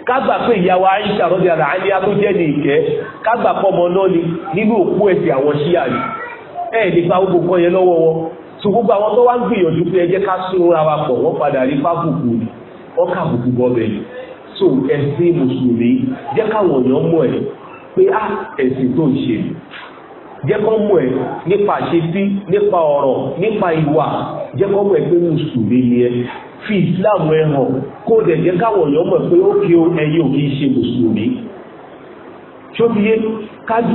kágbà pé ìyàwó àìsà rọ́dí àrà àìlíà ní ìkẹ́ kágbà pọ́mọ náà ni nínú òpó ẹ̀sìn àwọn ṣíà ni ẹ lè fa gbogbo nǹkan yẹn wọn tó gbogbo àwọn tó wá ń gbìyànjú pé ẹ ká súnra wa pọ̀ wọ́n padà so ẹ̀sìn mùsùlùmí jẹ́ káwọn èèyàn mọ̀ ẹ́ pé á ah, ẹ̀sìn tó ń ṣe jẹ́ kó mọ̀ ẹ́ nípa àṣetí nípa ọ̀rọ̀ nípa ìwà jẹ́ mọ̀ ẹ́ fi islam ẹ hàn kó dẹ̀ jẹ́ káwọn èèyàn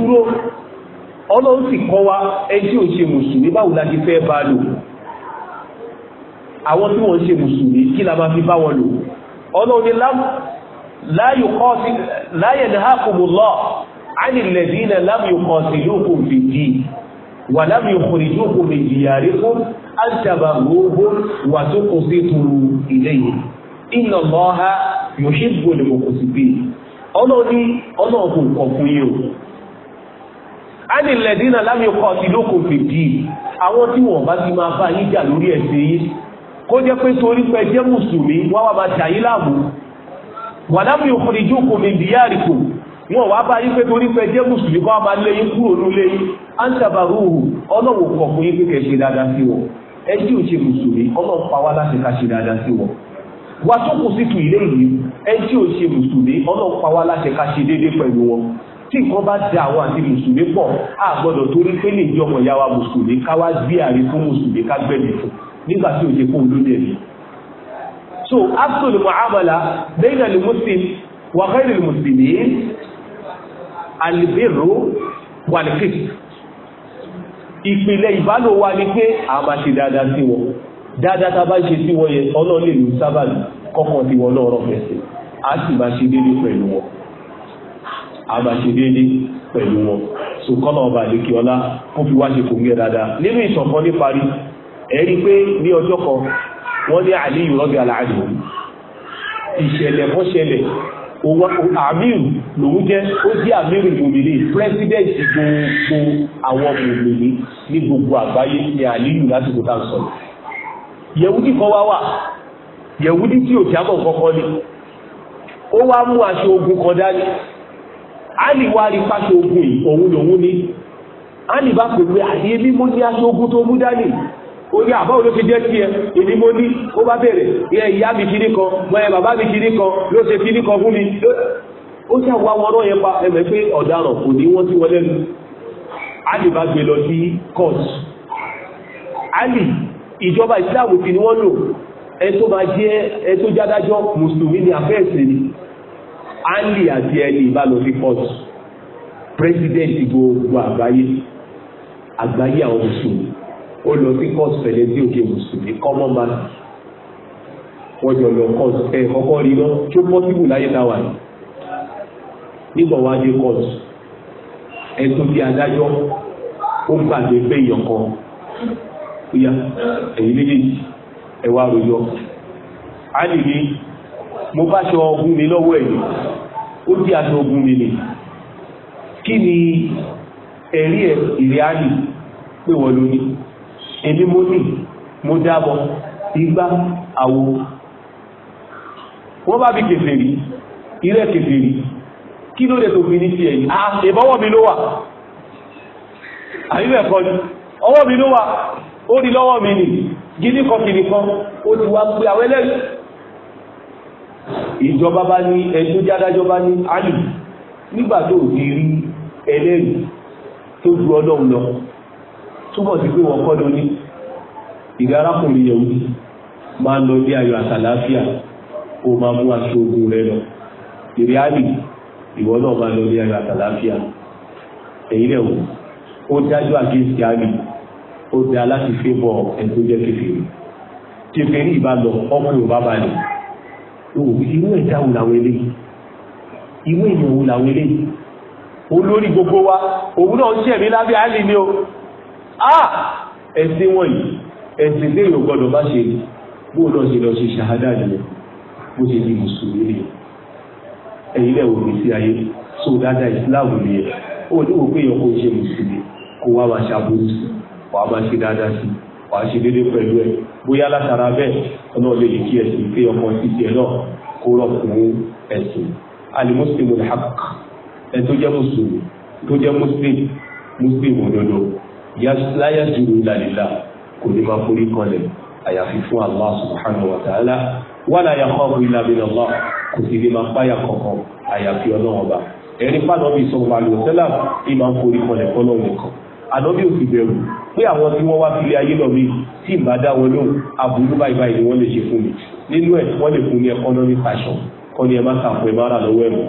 mọ̀ pé ọlọ́run sì kọ́ wa ẹjí ò ṣe mùsùlùmí báwo la ti fẹ́ bá lò àwọn tí wọ́n ṣe mùsùlùmí kí la máa fi bá wọn lò ọlọ́run ni kọ́ sí láyẹ̀ ní hákùmù lọ àní lẹ̀dí iná lámìò kọ́ sí lókùn fìdí wà méjì àjàbà gbogbo wà tó kò sí ilé yìí iná o. ani lẹ́dínà lámì kọ́ ti lóko fìdí àwọn tí wọ́n bá ti máa bá yín jà lórí ẹ̀sìn yín kó jẹ́ pé torí pé jẹ́ mùsùlùmí wá wá máa jà yín láàmú wàlámì òkùnrinjú kò mí bìyà àrìkò wọn wá bá yín pé torí pé jẹ́ mùsùlùmí kọ́ máa lé yín kúrò nílé yín antabaruhu ọlọ́wọ́ kọ̀ fún yín pé kẹ́ ṣe dáadáa sí wọn ẹ tí ò ṣe mùsùlùmí ọlọ́wọ́ pa wá láti ká ṣe dáadáa sí wọn wàá tó kù sí tu ilé ìlú ẹ tí ò ṣe mùsùlùmí ọlọ́wọ́ pa wá láti ká ṣe déédéé pẹ̀lú wọn tí nǹkan bá da àwọn àti mùsùlùmí pọ̀ a gbọ́dọ̀ torí pé lè jẹ́ ọmọ ìyá wa mùsùlùmí ká wá gbé àrí fún mùsùlùmí ká gbẹ̀mí fún nígbà tí ò ṣe fún olóde ẹ̀mí. so absol mu'amala bayna lil muslim wa ghayr lil muslimin al-birru wal-qist ìpìlẹ̀ ìbálò wa ni pé a máa ṣe dáadáa sí wọn dáadáa tá a bá ṣe sí wọn yẹn ọlọ́ọ̀lẹ́ ìlú kọ́kọ́ ti wọn náà rọ̀ fẹ̀sẹ̀ a sì a máa ṣe déédéé pẹ̀lú wọn so kọ́nà ọba àlekè ọlá kó fi wá ṣe kò ń gẹ dáadáa nínú ìṣọ̀kan ní parí ẹ̀rí pé ní ọjọ́ kan wọ́n ní àlíyù rọ́bì aláàdì ìṣẹ̀lẹ̀ kan ṣẹlẹ̀ àmírù lòun jẹ́ ó jẹ́ àmírù ìgbòmìnì pírẹ́sídẹ̀ǹtì gbogbo àwọn òmìnì ní gbogbo àgbáyé ní àlíyù lásìkò tá à ń sọ̀rọ̀ yẹ̀wúdí kan wá wà yẹ̀wúdí tí ò jábọ̀ kọ́kọ́ ni ó wá mú aṣọ ogun kan dání Ali wa rí pàṣẹ ogun yìí òun lòun ní Ali bá pè pé àyè mímú ní aṣọ ogun tó mú dání orí àbá òun ló fi jẹ́ tiẹ̀ èmi mo ní ó bá bẹ̀rẹ̀ ìyẹn ìyá mi kiri kan mọ ẹ bàbá mi kiri kan ló ṣe kiri kan fún mi ó ṣàwọ àwọn ọ̀rọ̀ yẹn pa ẹ̀mẹ́ pé ọ̀daràn kò ní wọ́n ti wọlé nu Ali bá gbé lọ sí court Ali ìjọba ìsìláàmù ti ni wọ́n lò ẹ tó máa jẹ́ ẹ tó jádájọ́ mùsùlùmí ni àfẹ́ ẹ̀sìn ni andy àti ẹni ìbálò ní president gbogbo àgbáyé àgbáyé àwọn mùsùlùmí ó lọ sí court pẹ̀lẹ́ sí òkè mùsùlùmí common man wọ́n jọ lọ court ẹ kọ́kọ́ rí lọ tó possible láyé táwa yìí nígbà wá dé court ẹ tó di adájọ́ ó gbàgbé pé èèyàn kan ó yá ẹ̀yin méjèèjì ẹ wá rojọ́ á lè ní mo bá ṣe ọgùn mi lọ́wọ́ ẹ̀yìn ó di aṣọ ogun mi ni kí ni ẹ̀rí ẹ̀ ìrìáyì pé wọ́n ló ní èmi mo ní mo dábọ̀ igbá àwo wọ́n bá bí kèfèrí irẹ́ kèfèrí kí ló lè tó fi ní sí ẹ̀yìn a ìbọ́wọ́ mi ló wà àyíbẹ̀ kọ́ ni ọwọ́ mi ló wà ó rí lọ́wọ́ mi nì gíní kan kìnnìkan ó ti wá pé àwọn ẹlẹ́rìí ìjọba bá ní ẹjọ́ jádájọ́ bá ní alì nígbà tó ti rí ẹlẹ́rìí tó ju ọlọ́run lọ túbọ̀ sí pé wọ́n kọ́ lóní ìgárákùnrin yẹn wí máa ń lọ ní ayọ̀ àtàláfíà ó máa mú aṣọ ogun rẹ lọ ìrẹ́ àlì ìwọ náà máa lọ ní ayọ̀ àtàláfíà èyí rẹ̀ wò ó dájọ́ àgéṣì àlì ó dá láti fébọ̀ ẹ̀tọ́ jẹ́ kẹfìrí kẹfìrí ìbá lọ ọkùnrin ò bá balẹ̀ irú ẹ̀dá wo làwọn eléyìí irú èèyàn wo làwọn eléyìí olórí gbogbo wa òun náà ń ṣẹ̀mí lábẹ́ àlè ni o ẹ̀sìn wọ̀nyí ẹ̀sìn léèyàn gbọ́dọ̀ bá ṣe bóun náà ṣe lọ ṣe ṣàhádà nìyẹn bó ṣe di mùsùlùmí nìyẹn ẹ̀yin lẹ́wọ̀n mi sí ayé so dáadáa ìsìláàmù nìyẹn ó ní òpin èèyàn kò ṣe mùsùlùmí kó wá máa sí wàá máa ṣe dáadáa pẹ̀lú ẹ bóyá látara bẹ́ẹ̀ ọlọ́run lè kí ẹ̀sìn pé ọmọ títí ẹ̀ náà kó rọ̀ fún ẹ̀sìn alimuslimu haq ẹ tó jẹ́ mùsùlùmí tó jẹ́ muslim muslim òdodo láyà jùlọ ìlàlílà kò ní máa forí kanlẹ̀ àyàfi fún allah subhanahu wa ta'ala wà láyà kọ́ọ̀kù ìlàbìnà allah kò sì lè máa pé àwọn tí wọ́n wá sílé ayé lọ mi tí ìbá dá wọn lóhùn aburú báyìí báyìí ni wọ́n lè ṣe fún mi nínú ẹ̀ wọ́n lè fún mi economic fashion kọ́ ni ẹ má sàpọ̀ ẹ má rà lọ́wọ́ ẹ̀ mọ́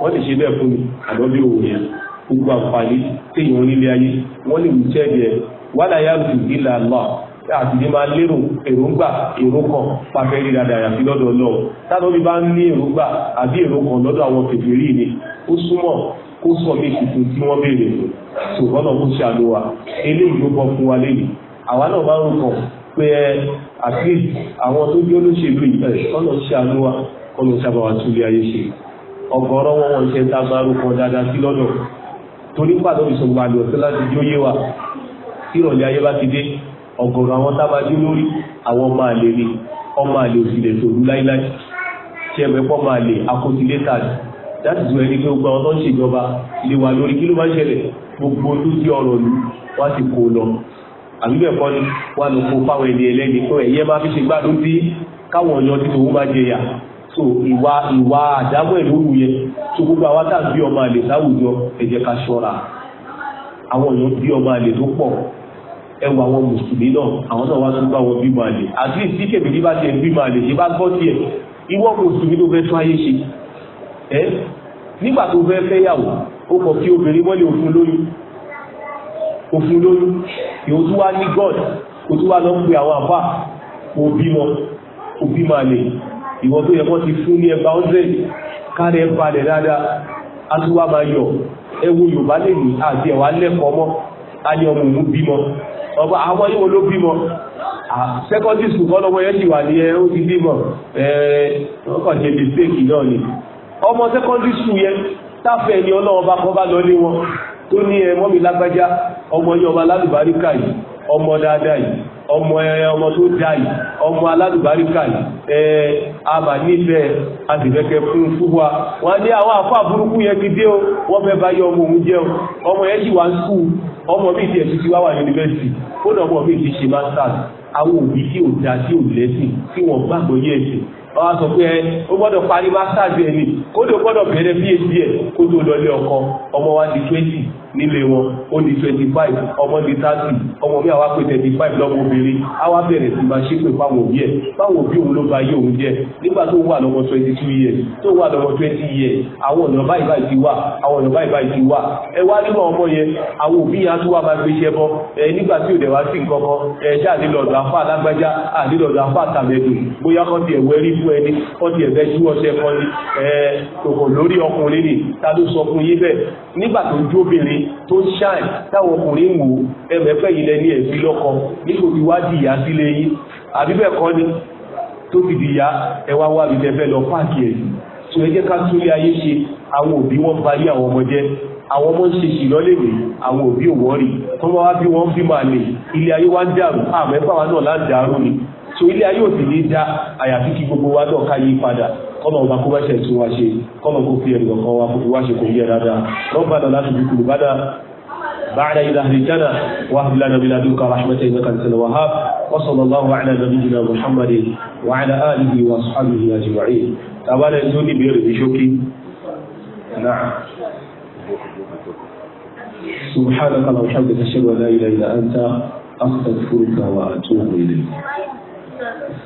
wọ́n lè ṣe bẹ́ẹ̀ fún mi àmọ́ bí òun yẹn gbogbo àǹfààní téèyàn nílé ayé wọ́n lè wù sẹ́ẹ̀dì ẹ̀ wàlá yà lù ilà lọ àti ní máa lérò èròǹgbà èrò pàfẹ́ rí dáadáa àyàfi lọ́dọ̀ náà táwọn bí bá ń ní èròǹgbà àbí èrò lọ́dọ̀ àwọn kèfèrí ni ó súnmọ́ ó sọ mí tuntun tí wọ́n béèrè ṣùgbọ́n náà kó ṣàánú wa eléyìí ló bọ́ fún wa léyìí àwa náà máa ń kàn pé àti àwọn tó jẹ́ olóṣèlú ìfẹ́ ọ̀nà ṣàánú wa kọ́nà sábà wà tún lé ayé ṣe ọ̀gọ̀rọ̀ wọn wọn ṣe tá a bá rúkọ dáadáa sí lọ́dọ̀ torí pàdé ìṣòwò àlè ọ̀sẹ̀ láti jó yé wa tí ìrọ̀lẹ́ ayé bá ti dé ọ̀gọ̀rọ̀ àwọn tábà jó lórí àwọn máa lè rí ọmọ àlè òsì lè tòlú láíláí tí ẹ̀mẹ́pọ̀ máa lè akóso tàbí láti sọ ẹni pé gbogbo àwọn tó ń ṣèjọba lè wà lórí kí ló bá ṣẹlẹ̀ gbogbo tó jẹ́ ọ̀rọ̀ ìlú wá ti kó lọ àbí bẹ́ẹ̀ kọ́ ni wà ló kó fáwọn ẹni ẹlẹ́ni pé ẹ̀yẹ́ máa fi ṣe gbádùn sí káwọn ọ̀yàn tí tòun bá jẹyà so ìwà ìwà àdáwọ̀ ìlú yẹn tó gbogbo àwa tá à ń bí ọmọ àlè láwùjọ ẹ jẹ́ ká ṣọ́ra àwọn èèyàn bí ọmọ àlè tó pọ̀ ẹ wọ àwọn mùsùlùmí náà àwọn náà wá tún bá wọn bímọ àlè at least tí kèmí ní bá tiẹ̀ bímọ àlè ṣe bá gbọ́ tiẹ̀ ìwọ mùsùlùmí ló fẹ́ tún ayé ṣe ẹ nígbà tó fẹ́ fẹ́yàwó ó kọ̀ kí obìnrin mọ́lé òfin lóyún òfin lóyún yóò tún wá ní god kò tún wá lọ pe àwọn àfà òbí mọ òbí máa lè ìwọ tó yẹ kó ti fún ní ẹgbàá hundred kárí ẹ balẹ̀ dáadáa a tún wá máa yọ ẹ wo yorùbá lè ní àti ẹ̀wà lẹ́kọ̀ọ́ mọ́ a ní ọmọ òun bímọ ọba àwọn yíwo ló bímọ secondary school kọ́ lọ́wọ́ yẹn ti wà ní ẹ ó ti bímọ ẹ ọkọ̀ ṣe mistake náà ni ọmọ secondary school yẹn táfẹ́ ni ọlọ́wọ́ bá kọ́ bá lọ lé wọn tó ní ẹ mọ́mí lágbájá ọmọ yẹn ọmọ alálùbáríkà yìí ọmọ dáadáa yìí ọmọ ẹ ọmọ tó dá yìí ọmọ alálùbáríkà yìí ẹ àmà nífẹ̀ẹ́ àtìfẹ́kẹ́ fún fún wa wọ́n ní àwọn àfọ́ àbúrúkú yẹn ti dé o wọ́n fẹ́ bá yẹ ọmọ òun jẹun ọmọ yẹn sì wá ń sùn ọmọ mi ti ẹ̀sùn ti wá wà yunifásitì ó ọmọ mi ti ṣe masters àwọn òbí tí ò wọ́n á sọ pé ẹ ó gbọ́dọ̀ parí masters ẹ̀ ni kódò gbọ́dọ̀ bẹ̀rẹ̀ phd ẹ̀ kó tó lọlé ọkọ ọmọ wa di twenty nílé wọn ó di twenty five ọmọ di thirty ọmọ mi àwa pé thirty five lọ́mọ obìnrin àwa bẹ̀rẹ̀ sí máa ṣépè fáwọn òbí ẹ̀ fáwọn òbí òun ló ba ayé òun jẹ́ nígbà tó wà lọ́mọ twenty two years tó wà lọ́mọ twenty years àwọn ọ̀nà báyìí báyìí ti wà àwọn ọ̀nà báyìí báyìí ti wà ẹ wá nínú ọmọ yẹn àwọn òbí yẹn á tún wá máa gbé iṣẹ́ bọ́ ẹ nígbà tí òdẹ̀ wá sí nǹkan kan ẹ ṣáà nílò ọ̀dọ̀ afá alágbájá àdílọ̀dọ̀ afá àtàmẹ́dù bóyá kọ́ ti ẹ̀wọ́ ẹrí fún ẹni ní tó ń ṣáì táwọn ọkùnrin wò ẹ̀mẹ́fẹ́ yìí lẹ́ni ẹ̀bí lọ́kọ nígbò tí wá di ìyá sílé yín àbí bẹ́ẹ̀ kọ́ ni tó ti di ìyá ẹ wá wá bí tẹ́fẹ́ lọ páàkì ẹ̀ tó ẹ jẹ́ ká túlé ayé ṣe àwọn òbí wọn parí àwọn ọmọ jẹ́ àwọn ọmọ ń ṣe ṣìlọ́ lèwe àwọn òbí òwò rí tó wá bí wọ́n fi máa lè ilé ayé wá ń dàrú àmẹ́fà wa náà láǹdàrú ni tó ilé ayé ò ní dá àyàfi kí gbogbo wa náà ká padà kọ́nà ọba kó bá ṣe tún wá ṣe kọ́nà kó fi ẹ̀rù ọ̀kan wá kó fi wá ṣe kò yẹ dáadáa lọ́gbàdàn láti fi kùlù bá dáa بعد إذا أهلتنا وهب لنا من لدنك رحمة إنك أنت الوهاب وصلى الله على نبينا محمد وعلى آله وأصحابه أجمعين طبعا يزوني بير بشوكي نعم سبحانك اللهم وبحمدك أشهد أن لا إله إلا أنت أستغفرك وأتوب إليك